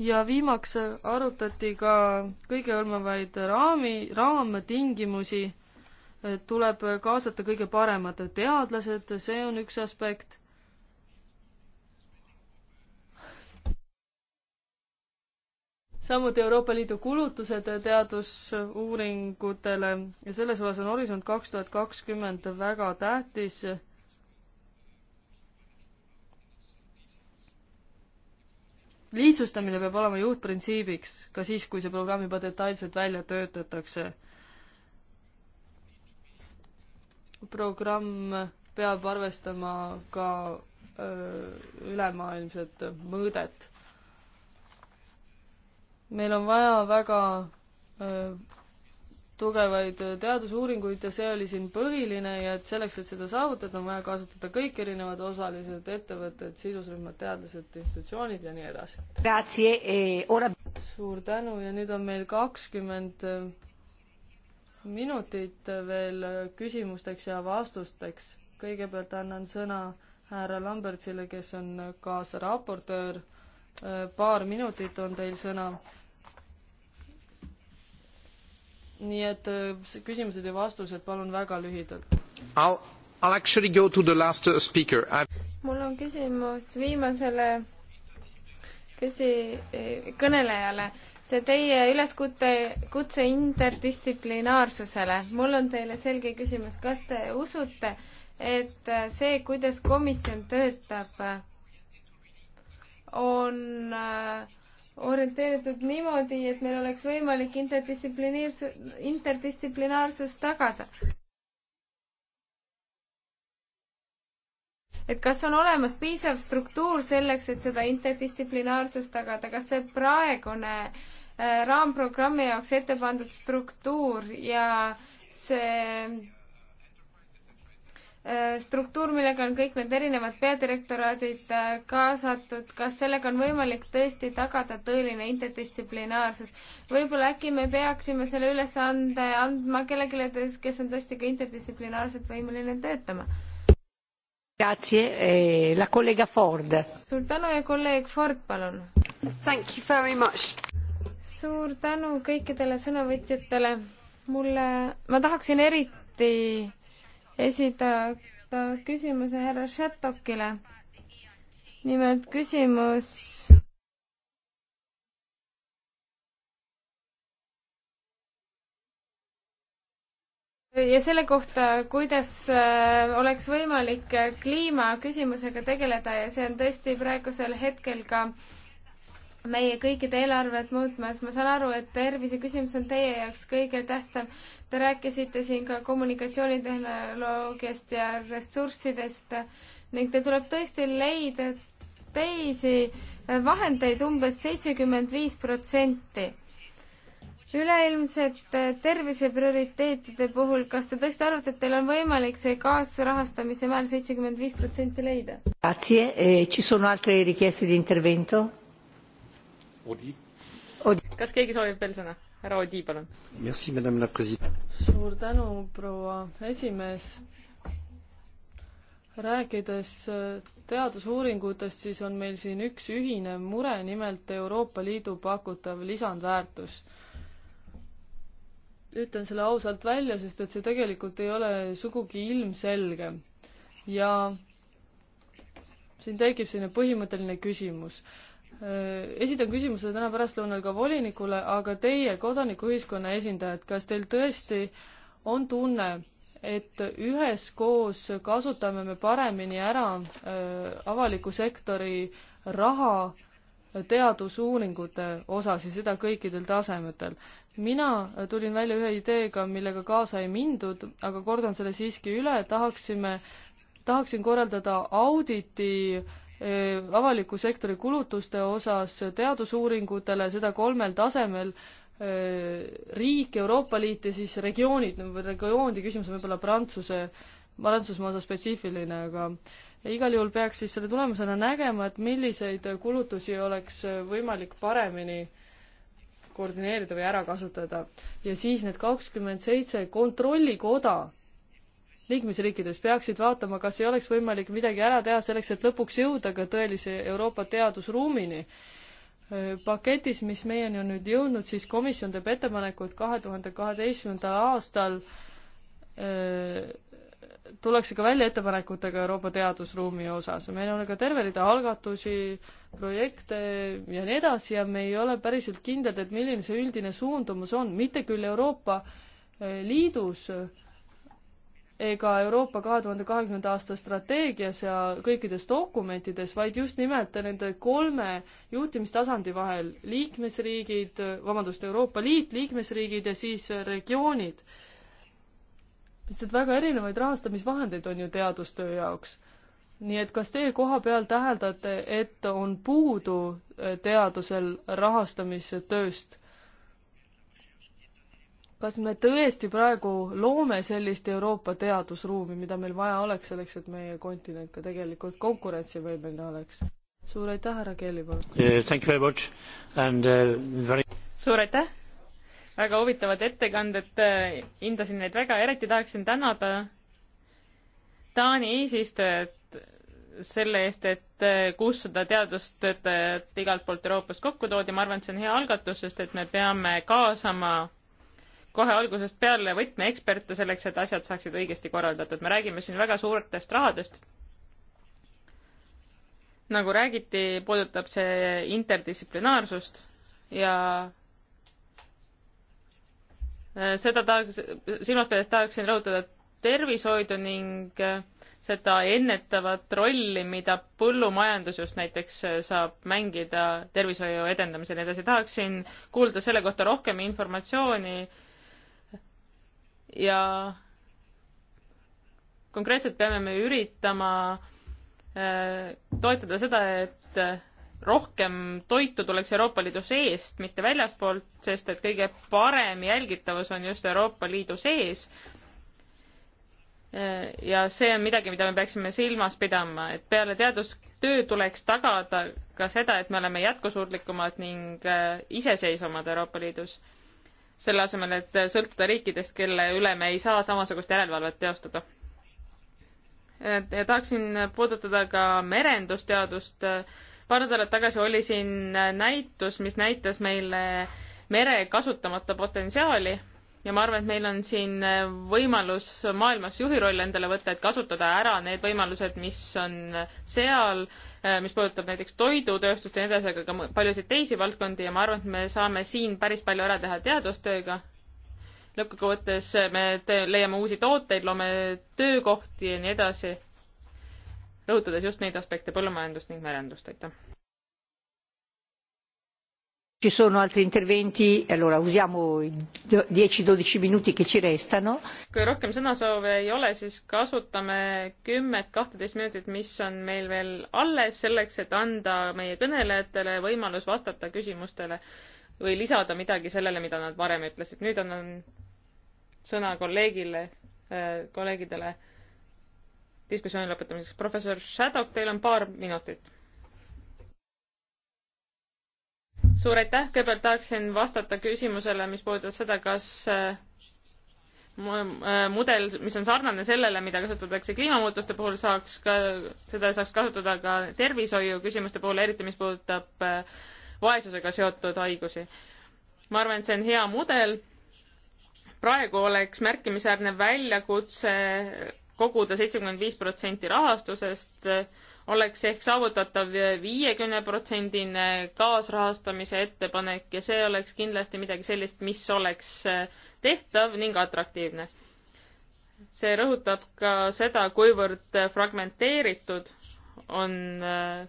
ja viimaks arutati ka kõigehõlmavaid raami, raamtingimusi tuleb kaasata kõige paremad teadlased, see on üks aspekt. samuti Euroopa Liidu kulutused teadusuuringutele ja selles osas on Horisont kaks tuhat kakskümmend väga tähtis. lihtsustamine peab olema juhtprintsiibiks ka siis, kui see programm juba detailselt välja töötatakse. programm peab arvestama ka öö, ülemaailmset mõõdet meil on vaja väga tugevaid teadusuuringuid ja see oli siin põhiline ja et selleks, et seda saavutada, on vaja kasutada kõik erinevad osalised, ettevõtted, sidusrühmad, teadlased, institutsioonid ja nii edasi. E, suur tänu ja nüüd on meil kakskümmend minutit veel küsimusteks ja vastusteks. kõigepealt annan sõna härra Lambertsile, kes on kaasraportöör. paar minutit on teil sõna nii et äh, küsimused ja vastused palun väga lühidalt. I'll, I'll actually go to the last uh, speaker I.... mul on küsimus viimasele küsi-, eh, kõnelejale. see teie üleskutse, kutse interdistsiplinaarsusele. mul on teile selge küsimus, kas te usute, et äh, see, kuidas komisjon töötab, on äh, orienteeritud niimoodi, et meil oleks võimalik interdistsiplineersu-, interdistsiplinaarsust tagada. et kas on olemas piisav struktuur selleks, et seda interdistsiplinaarsust tagada, kas see praegune äh, raamprogrammi jaoks ette pandud struktuur ja see Äh, struktuur, millega on kõik need erinevad peadirektoraadid äh, kaasatud, kas sellega on võimalik tõesti tagada tõeline interdistsiplinaarsus? võib-olla äkki me peaksime selle ülesande andma kellelegi, kes on tõesti ka interdistsiplinaarselt võimeline töötama? Grazie, eh, la collega Ford. suur tänu ja kolleeg Ford, palun. Thank you very much. suur tänu kõikidele sõnavõtjatele. mulle, ma tahaksin eriti esitada küsimuse härra Šatokile. nimelt küsimus ja selle kohta, kuidas äh, oleks võimalik kliimaküsimusega tegeleda ja see on tõesti praegusel hetkel ka äh, meie kõikide eelarvet muutmas, ma saan aru, et terviseküsimus on teie jaoks kõige tähtsam. Te rääkisite siin ka kommunikatsioonitehnoloogiast ja ressurssidest ning teil tuleb tõesti leida teisi vahendeid umbes seitsekümmend viis protsenti. üleilmsete terviseprioriteetide puhul, kas te tõesti arvate, et teil on võimalik see kaasrahastamise määr seitsekümmend viis protsenti leida? Odi. kas keegi soovib veel sõna? härra Odi, palun. suur tänu, proua esimees. rääkides äh, teadusuuringutest, siis on meil siin üks ühine mure, nimelt Euroopa Liidu pakutav lisandväärtus. ütlen selle ausalt välja, sest et see tegelikult ei ole sugugi ilmselge. ja siin tekib selline põhimõtteline küsimus Äh, esitan küsimuse täna pärastlõunal ka volinikule, aga teie, kodanikuühiskonna esindajad, kas teil tõesti on tunne, et üheskoos kasutame me paremini ära äh, avaliku sektori raha teadusuuringute osas ja seda kõikidel tasemetel. mina tulin välja ühe ideega, millega kaasa ei mindud, aga kordan selle siiski üle, tahaksime, tahaksin korraldada auditi äh, Äh, avaliku sektori kulutuste osas teadusuuringutele, seda kolmel tasemel, äh, riik, Euroopa Liit ja siis regioonid, regioonide küsimus on võib-olla Prantsuse, Prantsusmaa osa spetsiifiline, aga igal juhul peaks siis selle tulemusena nägema, et milliseid kulutusi oleks võimalik paremini koordineerida või ära kasutada. ja siis need kakskümmend seitse kontrollikoda liikmesriikides peaksid vaatama, kas ei oleks võimalik midagi ära teha selleks, et lõpuks jõuda ka tõelise Euroopa teadusruumini. paketis, mis meieni on nüüd jõudnud, siis komisjon teeb ettepaneku, et kahe tuhande kaheteistkümnendal aastal öö, äh, tullakse ka välja ettepanekutega Euroopa teadusruumi osas. meil on ka terve rida algatusi, projekte ja nii edasi ja me ei ole päriselt kindlad, et milline see üldine suundumus on, mitte küll Euroopa äh, Liidus äh, ega Euroopa kahe tuhande kahekümnenda aasta strateegias ja kõikides dokumentides, vaid just nimelt nende kolme juhtimistasandi vahel, liikmesriigid, vabandust, Euroopa Liit, liikmesriigid ja siis regioonid. sest et väga erinevaid rahastamisvahendeid on ju teadustöö jaoks. nii et kas teie koha peal täheldate, et on puudu eh, teadusel rahastamistööst? kas me tõesti praegu loome sellist Euroopa teadusruumi, mida meil vaja oleks selleks, et meie kontinent ka tegelikult konkurentsivõimeline oleks? suur aitäh, härra Kelly, palun! Uh, suur aitäh! väga huvitavad ettekanded, äh, hindasin neid väga, eriti tahaksin tänada Taani eesistujat selle eest, et äh, kuussada teadustöötajat igalt poolt Euroopast kokku toodi, ma arvan, et see on hea algatus, sest et me peame kaasama kohe algusest peale võtmeeksperte selleks, et asjad saaksid õigesti korraldatud. me räägime siin väga suurtest rahadest. nagu räägiti, puudutab see interdistsiplinaarsust ja äh, seda tahaks, silmas pidades tahaksin rõhutada tervishoidu ning äh, seda ennetavat rolli, mida põllumajandus just näiteks äh, saab mängida tervishoiu edendamisel ja nii edasi. tahaksin kuulda selle kohta rohkem informatsiooni ja konkreetselt peame me üritama äh, toetada seda, et äh, rohkem toitu tuleks Euroopa Liidu seest, mitte väljaspoolt, sest et kõige parem jälgitavus on just Euroopa Liidu sees. Äh, ja see on midagi, mida me peaksime silmas pidama, et peale teadustöö tuleks tagada ka seda, et me oleme jätkusuutlikumad ning iseseisvamad Euroopa Liidus selle asemel, et sõltuda riikidest, kelle üle me ei saa samasugust järelevalvet teostada. ja tahaksin puudutada ka merendusteadust. paar nädalat tagasi oli siin näitus, mis näitas meile mere kasutamata potentsiaali ja ma arvan, et meil on siin võimalus maailmas juhi roll endale võtta, et kasutada ära need võimalused, mis on seal Äh, mis puudutab näiteks toidutööstust ja nii edasi, aga ka paljusid teisi valdkondi ja ma arvan, et me saame siin päris palju ära teha teadustööga. lõppkokkuvõttes me leiame uusi tooteid, loome töökohti ja nii edasi, rõhutades just neid aspekte põllumajandust ning merendust, aitäh! ci sono altri interventi, allora usiamo i dieci-dodici minuti che ci restano. kui rohkem sõnasoove ei ole, siis kasutame kümmet-kahteteist minutit, mis on meil veel alles, selleks et anda meie kõnelejatele võimalus vastata küsimustele või lisada midagi sellele, mida nad varem ütlesid. nüüd annan sõna kolleegile, äh, kolleegidele diskussiooni lõpetamiseks. professor Shadok, teil on paar minutit suur aitäh, kõigepealt tahaksin vastata küsimusele, mis puudutas seda, kas äh, äh, mudel, mis on sarnane sellele, mida kasutatakse kliimamuutuste puhul, saaks ka, seda saaks kasutada ka tervishoiu küsimuste puhul, eriti mis puudutab äh, vaesusega seotud haigusi. ma arvan, et see on hea mudel. praegu oleks märkimisväärne väljakutse koguda seitsekümmend viis protsenti rahastusest oleks ehk saavutatav viiekümne protsendine kaasrahastamise ettepanek ja see oleks kindlasti midagi sellist, mis oleks äh, tehtav ning atraktiivne. see rõhutab ka seda, kuivõrd äh, fragmenteeritud on äh,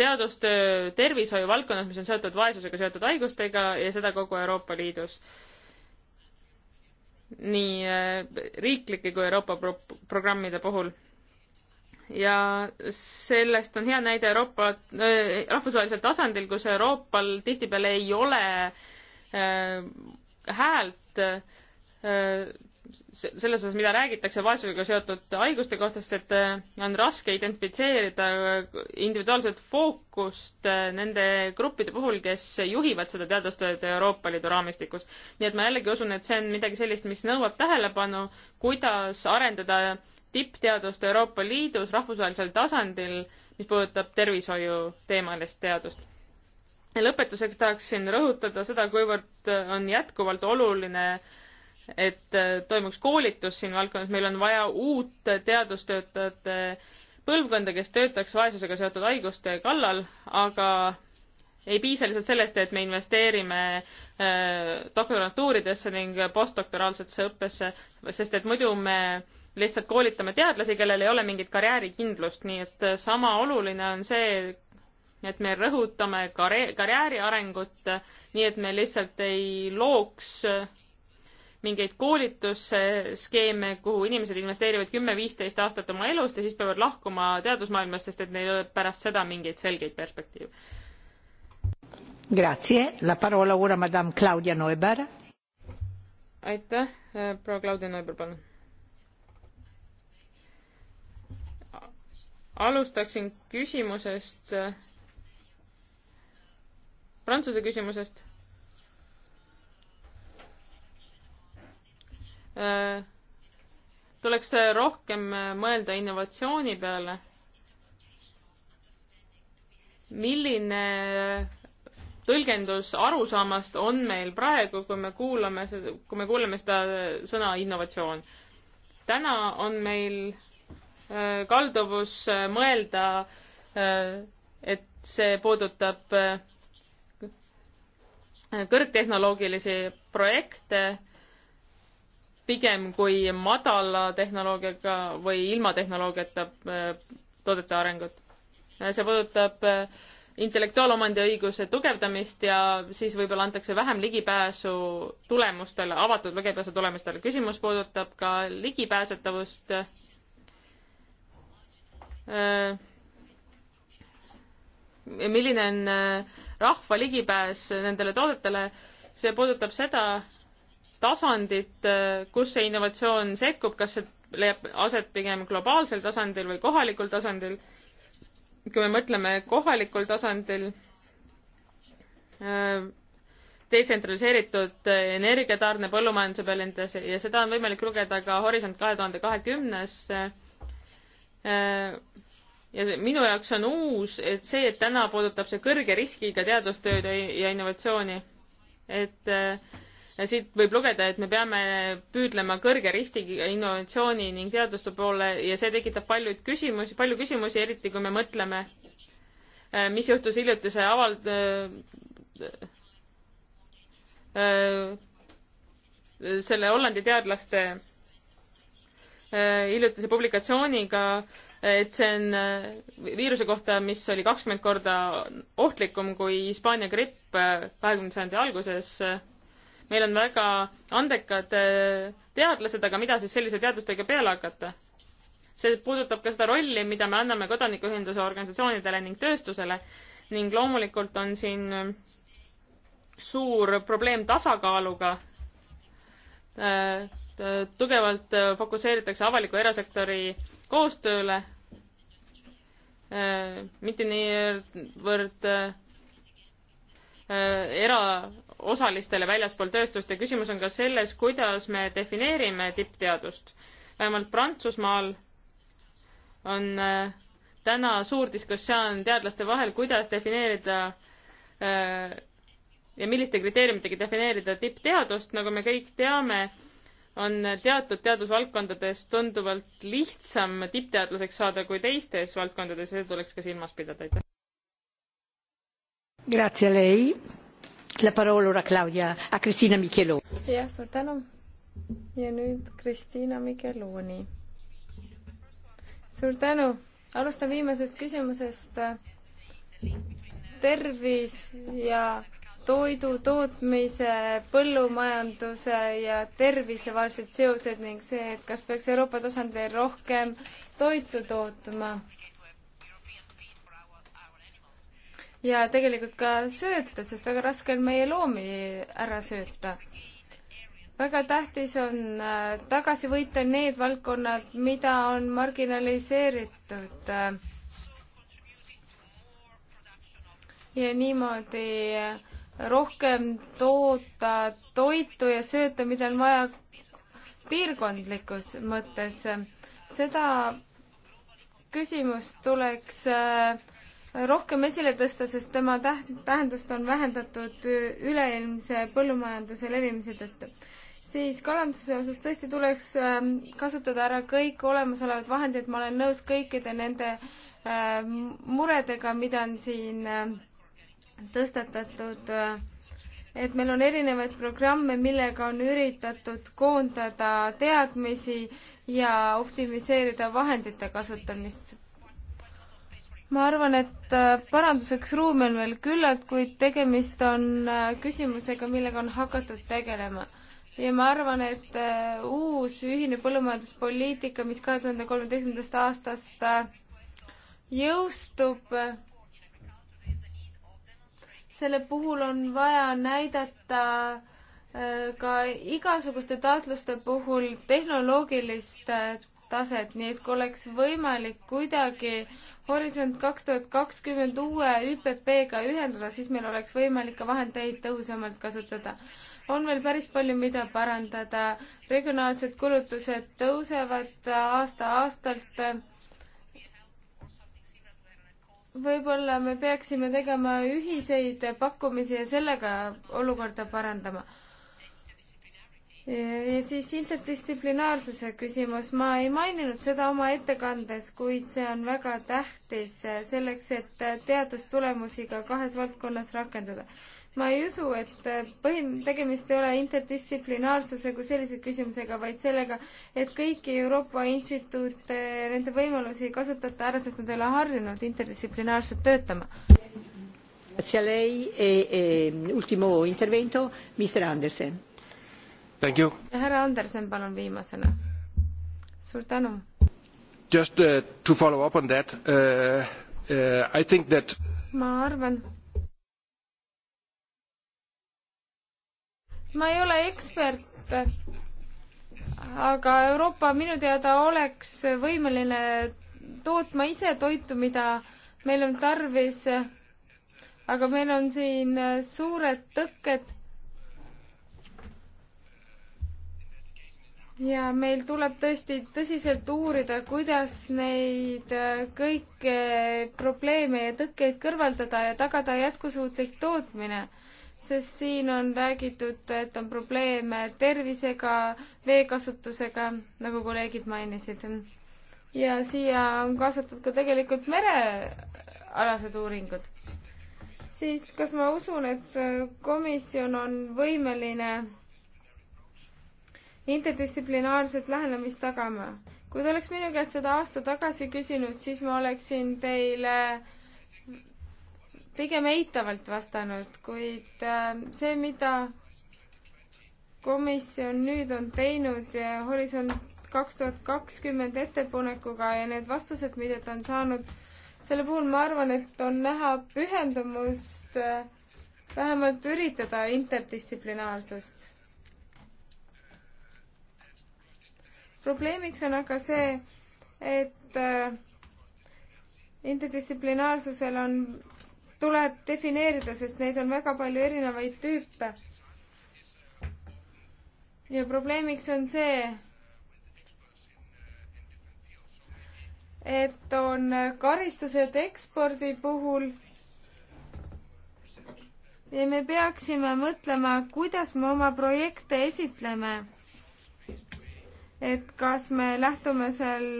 teadustöö tervishoiu valdkonnas, mis on seotud vaesusega seotud haigustega ja seda kogu Euroopa Liidus nii riiklike kui Euroopa pro programmide puhul ja sellest on hea näide Euroopa äh,, rahvusvahelisel tasandil, kus Euroopal tihtipeale ei ole äh, häält äh, selles osas, mida räägitakse vaesusega seotud haiguste kohta, sest et äh, on raske identifitseerida äh, individuaalset fookust äh, nende gruppide puhul, kes juhivad seda teadustööd Euroopa Liidu raamistikus. nii et ma jällegi usun, et see on midagi sellist, mis nõuab tähelepanu, kuidas arendada tippteadust Euroopa Liidus rahvusvahelisel tasandil, mis puudutab tervishoiu teemalist teadust. ja lõpetuseks tahaksin rõhutada seda, kuivõrd on jätkuvalt oluline, et toimuks koolitus siin valdkonnas, meil on vaja uut teadustöötajate põlvkonda, kes töötaks vaesusega seotud haiguste kallal, aga ei piisa lihtsalt sellest, et me investeerime äh, doktorantuuridesse ning postdoktoraalsesse õppesse, sest et muidu me lihtsalt koolitame teadlasi, kellel ei ole mingit karjäärikindlust, nii et äh, sama oluline on see, et me rõhutame karjääri, karjääri arengut, nii et me lihtsalt ei looks äh, mingeid koolitusskeeme, kuhu inimesed investeerivad kümme-viisteist aastat oma elust ja siis peavad lahkuma teadusmaailmast, sest et neil ei ole pärast seda mingeid selgeid perspektiive. Grazie, la parola ora madame Claudia Neuber. aitäh, äh, proua Claudia Neuber, palun alustaksin küsimusest, Prantsuse küsimusest. tuleks rohkem mõelda innovatsiooni peale. milline tõlgendus arusaamast on meil praegu, kui me kuulame, kui me kuuleme seda sõna innovatsioon? täna on meil Äh, kalduvus äh, mõelda, äh, et see puudutab kõrgtehnoloogilisi projekte pigem kui madala tehnoloogiaga või ilma tehnoloogiata toodete arengut. see puudutab intellektuaalomandi õiguse tugevdamist ja siis võib-olla antakse vähem ligipääsu tulemustele, avatud ligipääsu tulemustele. küsimus puudutab ka ligipääsetavust Äh, milline on äh, rahva ligipääs nendele toodetele, see puudutab seda tasandit, äh, kus see innovatsioon sekkub, kas see leiab aset pigem globaalsel tasandil või kohalikul tasandil. kui me mõtleme kohalikul tasandil, detsentraliseeritud energiatarne põllumajanduse peale ja seda on võimalik lugeda ka Horisont kahe tuhande kahekümnes Äh, ja minu jaoks on uus, et see, et täna puudutab see kõrge riskiga teadustööd ja innovatsiooni, et ja äh, siit võib lugeda, et me peame püüdlema kõrge riskiga innovatsiooni ning teaduste poole ja see tekitab paljuid küsimusi, palju küsimusi, eriti kui me mõtleme, äh, mis juhtus hiljutise avald- äh, äh, selle Hollandi teadlaste Äh, hiljutise publikatsiooniga, et see on äh, viiruse kohta, mis oli kakskümmend korda ohtlikum kui Hispaania gripp äh, kahekümnenda sajandi alguses. meil on väga andekad teadlased, aga mida siis sellise teadustega peale hakata? see puudutab ka seda rolli, mida me anname kodanikuühenduse organisatsioonidele ning tööstusele ning loomulikult on siin suur probleem tasakaaluga Äh, tugevalt äh, fokusseeritakse avaliku erasektori koostööle, äh, mitte niivõrd eraosalistele väljaspool tööstust ja küsimus on ka selles, kuidas me defineerime tippteadust. vähemalt Prantsusmaal on täna suur diskussioon teadlaste vahel, kuidas defineerida ja milliste kriteeriumitega defineerida tippteadust, nagu me kõik teame on teatud teadusvaldkondades tunduvalt lihtsam tippteadlaseks saada kui teistes valdkondades ja seda tuleks ka silmas pidada, aitäh. Grazie lei. La parola ora Claudia a Cristina Michelu. jah, suur tänu. ja nüüd Cristina Micheloni. suur tänu. alustan viimasest küsimusest. tervis ja toidu tootmise, põllumajanduse ja tervisevahelised seosed ning see, et kas peaks Euroopa tasandil rohkem toitu tootma. ja tegelikult ka sööta, sest väga raske on meie loomi ära sööta. väga tähtis on äh, tagasi võita need valdkonnad, mida on marginaliseeritud. ja niimoodi äh, rohkem toota toitu ja sööta, mida on vaja piirkondlikus mõttes. seda küsimust tuleks äh, rohkem esile tõsta, sest tema täht-, tähendust on vähendatud üleilmse põllumajanduse levimise tõttu. siis kalanduse osas tõesti tuleks ähm, kasutada ära kõik olemasolevad vahendid, ma olen nõus kõikide nende äh, muredega, mida on siin äh, tõstatatud, et meil on erinevaid programme, millega on üritatud koondada teadmisi ja optimiseerida vahendite kasutamist ma arvan, et paranduseks ruumi on veel küllalt, kuid tegemist on küsimusega, millega on hakatud tegelema. ja ma arvan, et uus ühine põllumajanduspoliitika, mis kahe tuhande kolmeteistkümnendast aastast jõustub, selle puhul on vaja näidata äh, ka igasuguste taotluste puhul tehnoloogilist äh, taset, nii et kui oleks võimalik kuidagi Horisont kaks tuhat kakskümmend uue ÜPP-ga ühendada, siis meil oleks võimalik ka vahendeid tõhusamalt kasutada. on veel päris palju, mida parandada, regionaalsed kulutused tõusevad aasta-aastalt võib-olla me peaksime tegema ühiseid pakkumisi ja sellega olukorda parandama. ja siis interdistsiplinaarsuse küsimus, ma ei maininud seda oma ettekandes, kuid see on väga tähtis selleks, et teadustulemusi ka kahes valdkonnas rakendada ma ei usu, et äh, põhim-, tegemist ei ole interdistsiplinaarsuse kui sellise küsimusega, vaid sellega, et kõiki Euroopa instituute, nende võimalusi ei kasutata ära, sest nad ei ole harjunud interdistsiplinaarselt töötama. Grazie a lei e, e ultimo intervento, Mr Andersen. Thank you. härra Andersen, palun viimasena. suur tänu. Just uh, to follow up on that uh,, uh, I think that ma arvan, ma ei ole ekspert, aga Euroopa minu teada oleks võimeline tootma ise toitu, mida meil on tarvis. aga meil on siin suured tõkked. ja meil tuleb tõesti tõsiselt uurida, kuidas neid kõiki probleeme ja tõkkeid kõrvaldada ja tagada jätkusuutlik tootmine sest siin on räägitud, et on probleeme tervisega, veekasutusega, nagu kolleegid mainisid. ja siia on kaasatud ka tegelikult merealased uuringud. siis kas ma usun, et komisjon on võimeline interdistsiplinaarset lähenemist tagama? kui te oleks minu käest seda aasta tagasi küsinud, siis ma oleksin teile äh, pigem eitavalt vastanud, kuid äh, see, mida komisjon nüüd on teinud Horisont kaks tuhat kakskümmend ettepanekuga ja need vastused, mida ta on saanud, selle puhul ma arvan, et on näha pühendumust äh, vähemalt üritada interdistsiplinaarsust. probleemiks on aga see, et äh, interdistsiplinaarsusel on tuleb defineerida, sest neid on väga palju erinevaid tüüpe. ja probleemiks on see, et on karistused ekspordi puhul ja me peaksime mõtlema, kuidas me oma projekte esitleme. et kas me lähtume seal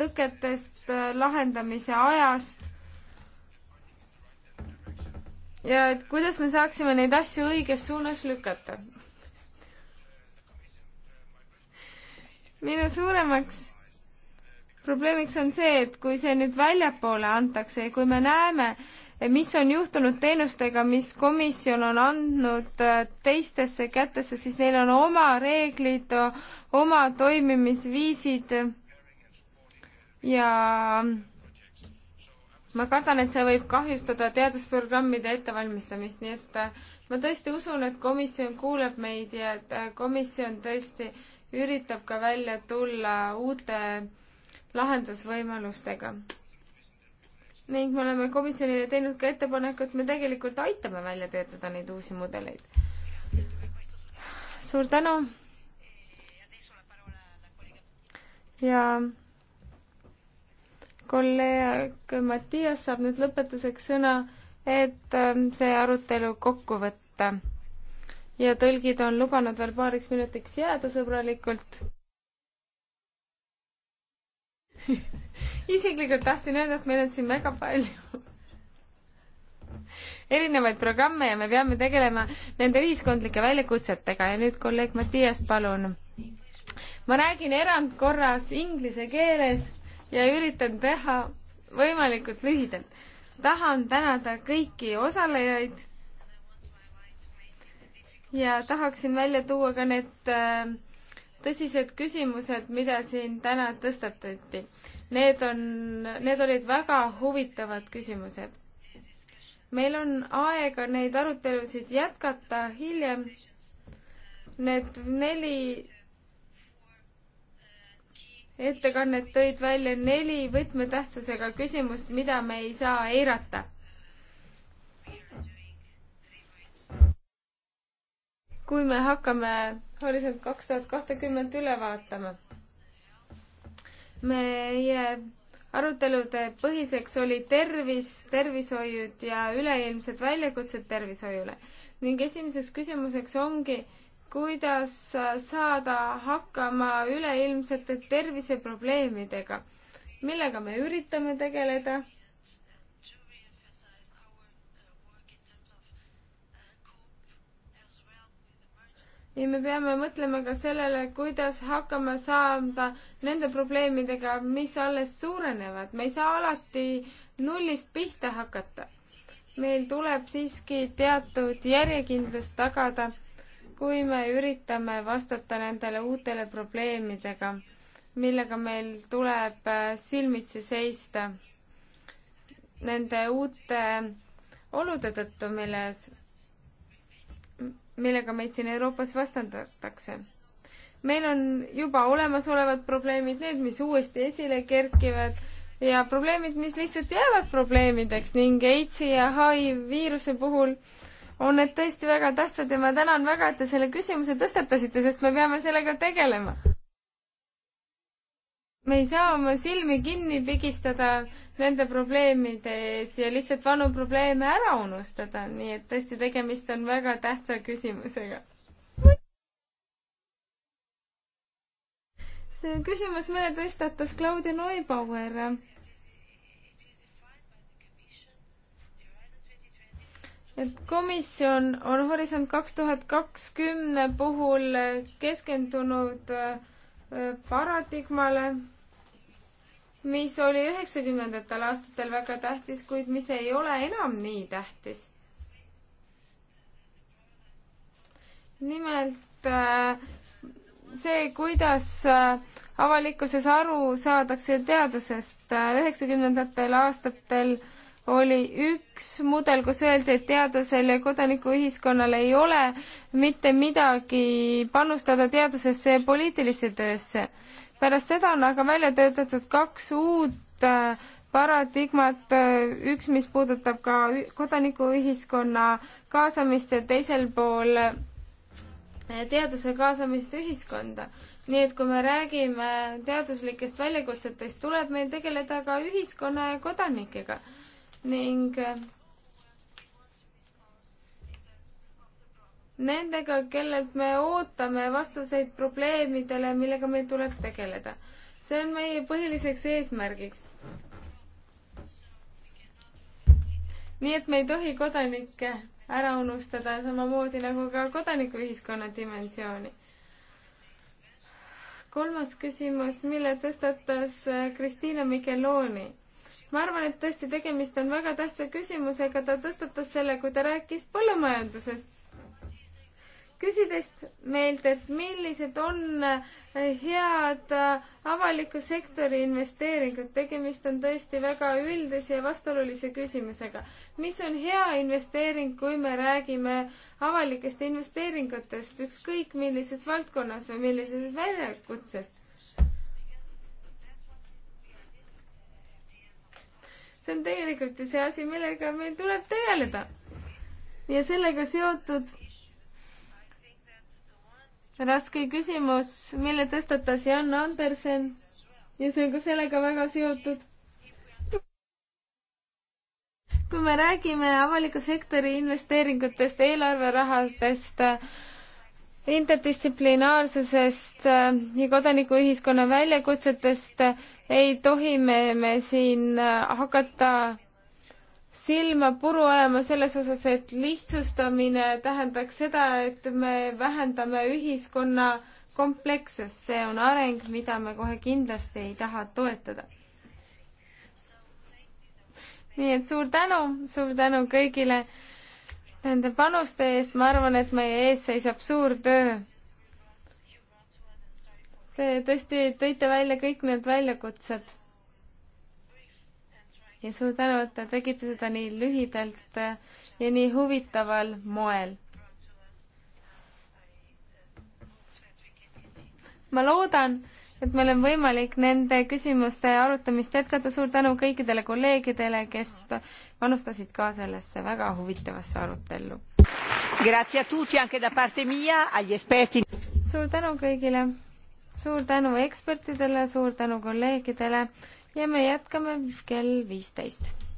tõketest, lahendamise ajast ja et kuidas me saaksime neid asju õiges suunas lükata. minu suuremaks probleemiks on see, et kui see nüüd väljapoole antakse ja kui me näeme, mis on juhtunud teenustega, mis komisjon on andnud äh, teistesse kätesse, siis neil on oma reeglid, oma toimimisviisid ja ma kardan, et see võib kahjustada teadusprogrammide ettevalmistamist, nii et äh, ma tõesti usun, et komisjon kuuleb meid ja et äh, komisjon tõesti üritab ka välja tulla uute lahendusvõimalustega. ning me oleme komisjonile teinud ka ettepaneku, et me tegelikult aitame välja töötada neid uusi mudeleid. suur tänu. ja kolleeg Mattias saab nüüd lõpetuseks sõna, et ähm, see arutelu kokku võtta. ja tõlgid on lubanud veel paariks minutiks jääda sõbralikult. (laughs) isiklikult tahtsin öelda, et meil on siin väga palju (laughs) erinevaid programme ja me peame tegelema nende ühiskondlike väljakutsetega ja nüüd kolleeg Mattias, palun. ma räägin erandkorras inglise keeles ja üritan teha võimalikult lühidalt. tahan tänada kõiki osalejaid ja tahaksin välja tuua ka need äh, tõsised küsimused, mida siin täna tõstatati. Need on, need olid väga huvitavad küsimused. meil on aega neid arutelusid jätkata hiljem. Need neli ettekannet tõid välja neli võtmetähtsusega küsimust, mida me ei saa eirata. kui me hakkame Horisont kaks tuhat kahtekümmet üle vaatama. meie arutelude põhiseks oli tervis, tervishoiud ja üleilmsed väljakutsed tervishoiule ning esimeseks küsimuseks ongi, kuidas saada hakkama üleilmsete terviseprobleemidega, millega me üritame tegeleda. ja me peame mõtlema ka sellele, kuidas hakkama saada nende probleemidega, mis alles suurenevad. me ei saa alati nullist pihta hakata. meil tuleb siiski teatud järjekindlust tagada kui me üritame vastata nendele uutele probleemidega, millega meil tuleb äh, silmitsi seista nende uute olude tõttu, milles, millega meid siin Euroopas vastandatakse. meil on juba olemasolevad probleemid, need, mis uuesti esile kerkivad ja probleemid, mis lihtsalt jäävad probleemideks ning AIDS-i ja HIV viiruse puhul äh, on need tõesti väga tähtsad ja ma tänan väga, et te selle küsimuse tõstatasite, sest me peame sellega tegelema. me ei saa oma silmi kinni pigistada nende probleemide ees ja lihtsalt vanu probleeme ära unustada, nii et tõesti tegemist on väga tähtsa küsimusega. see küsimus meile tõstatas Claudia Neubauer et komisjon on Horisont kaks tuhat kakskümne puhul keskendunud äh, paradigmale, mis oli üheksakümnendatel aastatel väga tähtis, kuid mis ei ole enam nii tähtis. nimelt äh, see, kuidas äh, avalikkuses aru saadakse teadusest üheksakümnendatel aastatel äh, oli üks mudel, kus öeldi, et teadusel ja kodanikuühiskonnal ei ole mitte midagi panustada teadusesse ja poliitilisse töösse. pärast seda on aga välja töötatud kaks uut äh, paradigmat, äh, üks, mis puudutab ka kodanikuühiskonna kaasamist ja teisel pool äh, teaduse kaasamist ühiskonda. nii et kui me räägime teaduslikest väljakutsetest, tuleb meil tegeleda ka ühiskonna ja kodanikega ning äh, nendega, kellelt me ootame vastuseid probleemidele, millega meil tuleb tegeleda. see on meie põhiliseks eesmärgiks. nii et me ei tohi kodanikke ära unustada, samamoodi nagu ka kodanikuühiskonna dimensiooni. kolmas küsimus, mille tõstatas äh, Kristiina Micheloni ma arvan, et tõesti tegemist on väga tähtsa küsimusega, ta tõstatas selle, kui ta rääkis põllumajandusest. küsides meilt, et millised on eh, head eh, avaliku sektori investeeringud, tegemist on tõesti väga üldise ja vastuolulise küsimusega. mis on hea investeering, kui me räägime avalikest investeeringutest, ükskõik millises valdkonnas või millisest väljakutsest? see on tegelikult ju see asi, millega meil tuleb tegeleda. ja sellega seotud raske küsimus, mille tõstatas Jan Andersen ja see on ka sellega väga seotud. kui me räägime avaliku sektori investeeringutest, eelarverahadest, interdistsiplinaarsusest äh, ja kodanikuühiskonna väljakutsetest äh, ei tohi me, me siin äh, hakata silma puru ajama selles osas, et lihtsustamine tähendaks seda, et me vähendame ühiskonna komplekssust, see on areng, mida me kohe kindlasti ei taha toetada. nii et suur tänu, suur tänu kõigile nende panuste eest, ma arvan, et meie ees seisab suur töö. Te tõesti tõite välja kõik need väljakutsed. ja suur tänu, et te tegite seda nii lühidalt ja nii huvitaval moel. ma loodan, et meil on võimalik nende küsimuste arutamist jätkata. suur tänu kõikidele kolleegidele, kes panustasid ka sellesse väga huvitavasse arutellu. suur tänu kõigile, suur tänu ekspertidele, suur tänu kolleegidele ja me jätkame kell viisteist.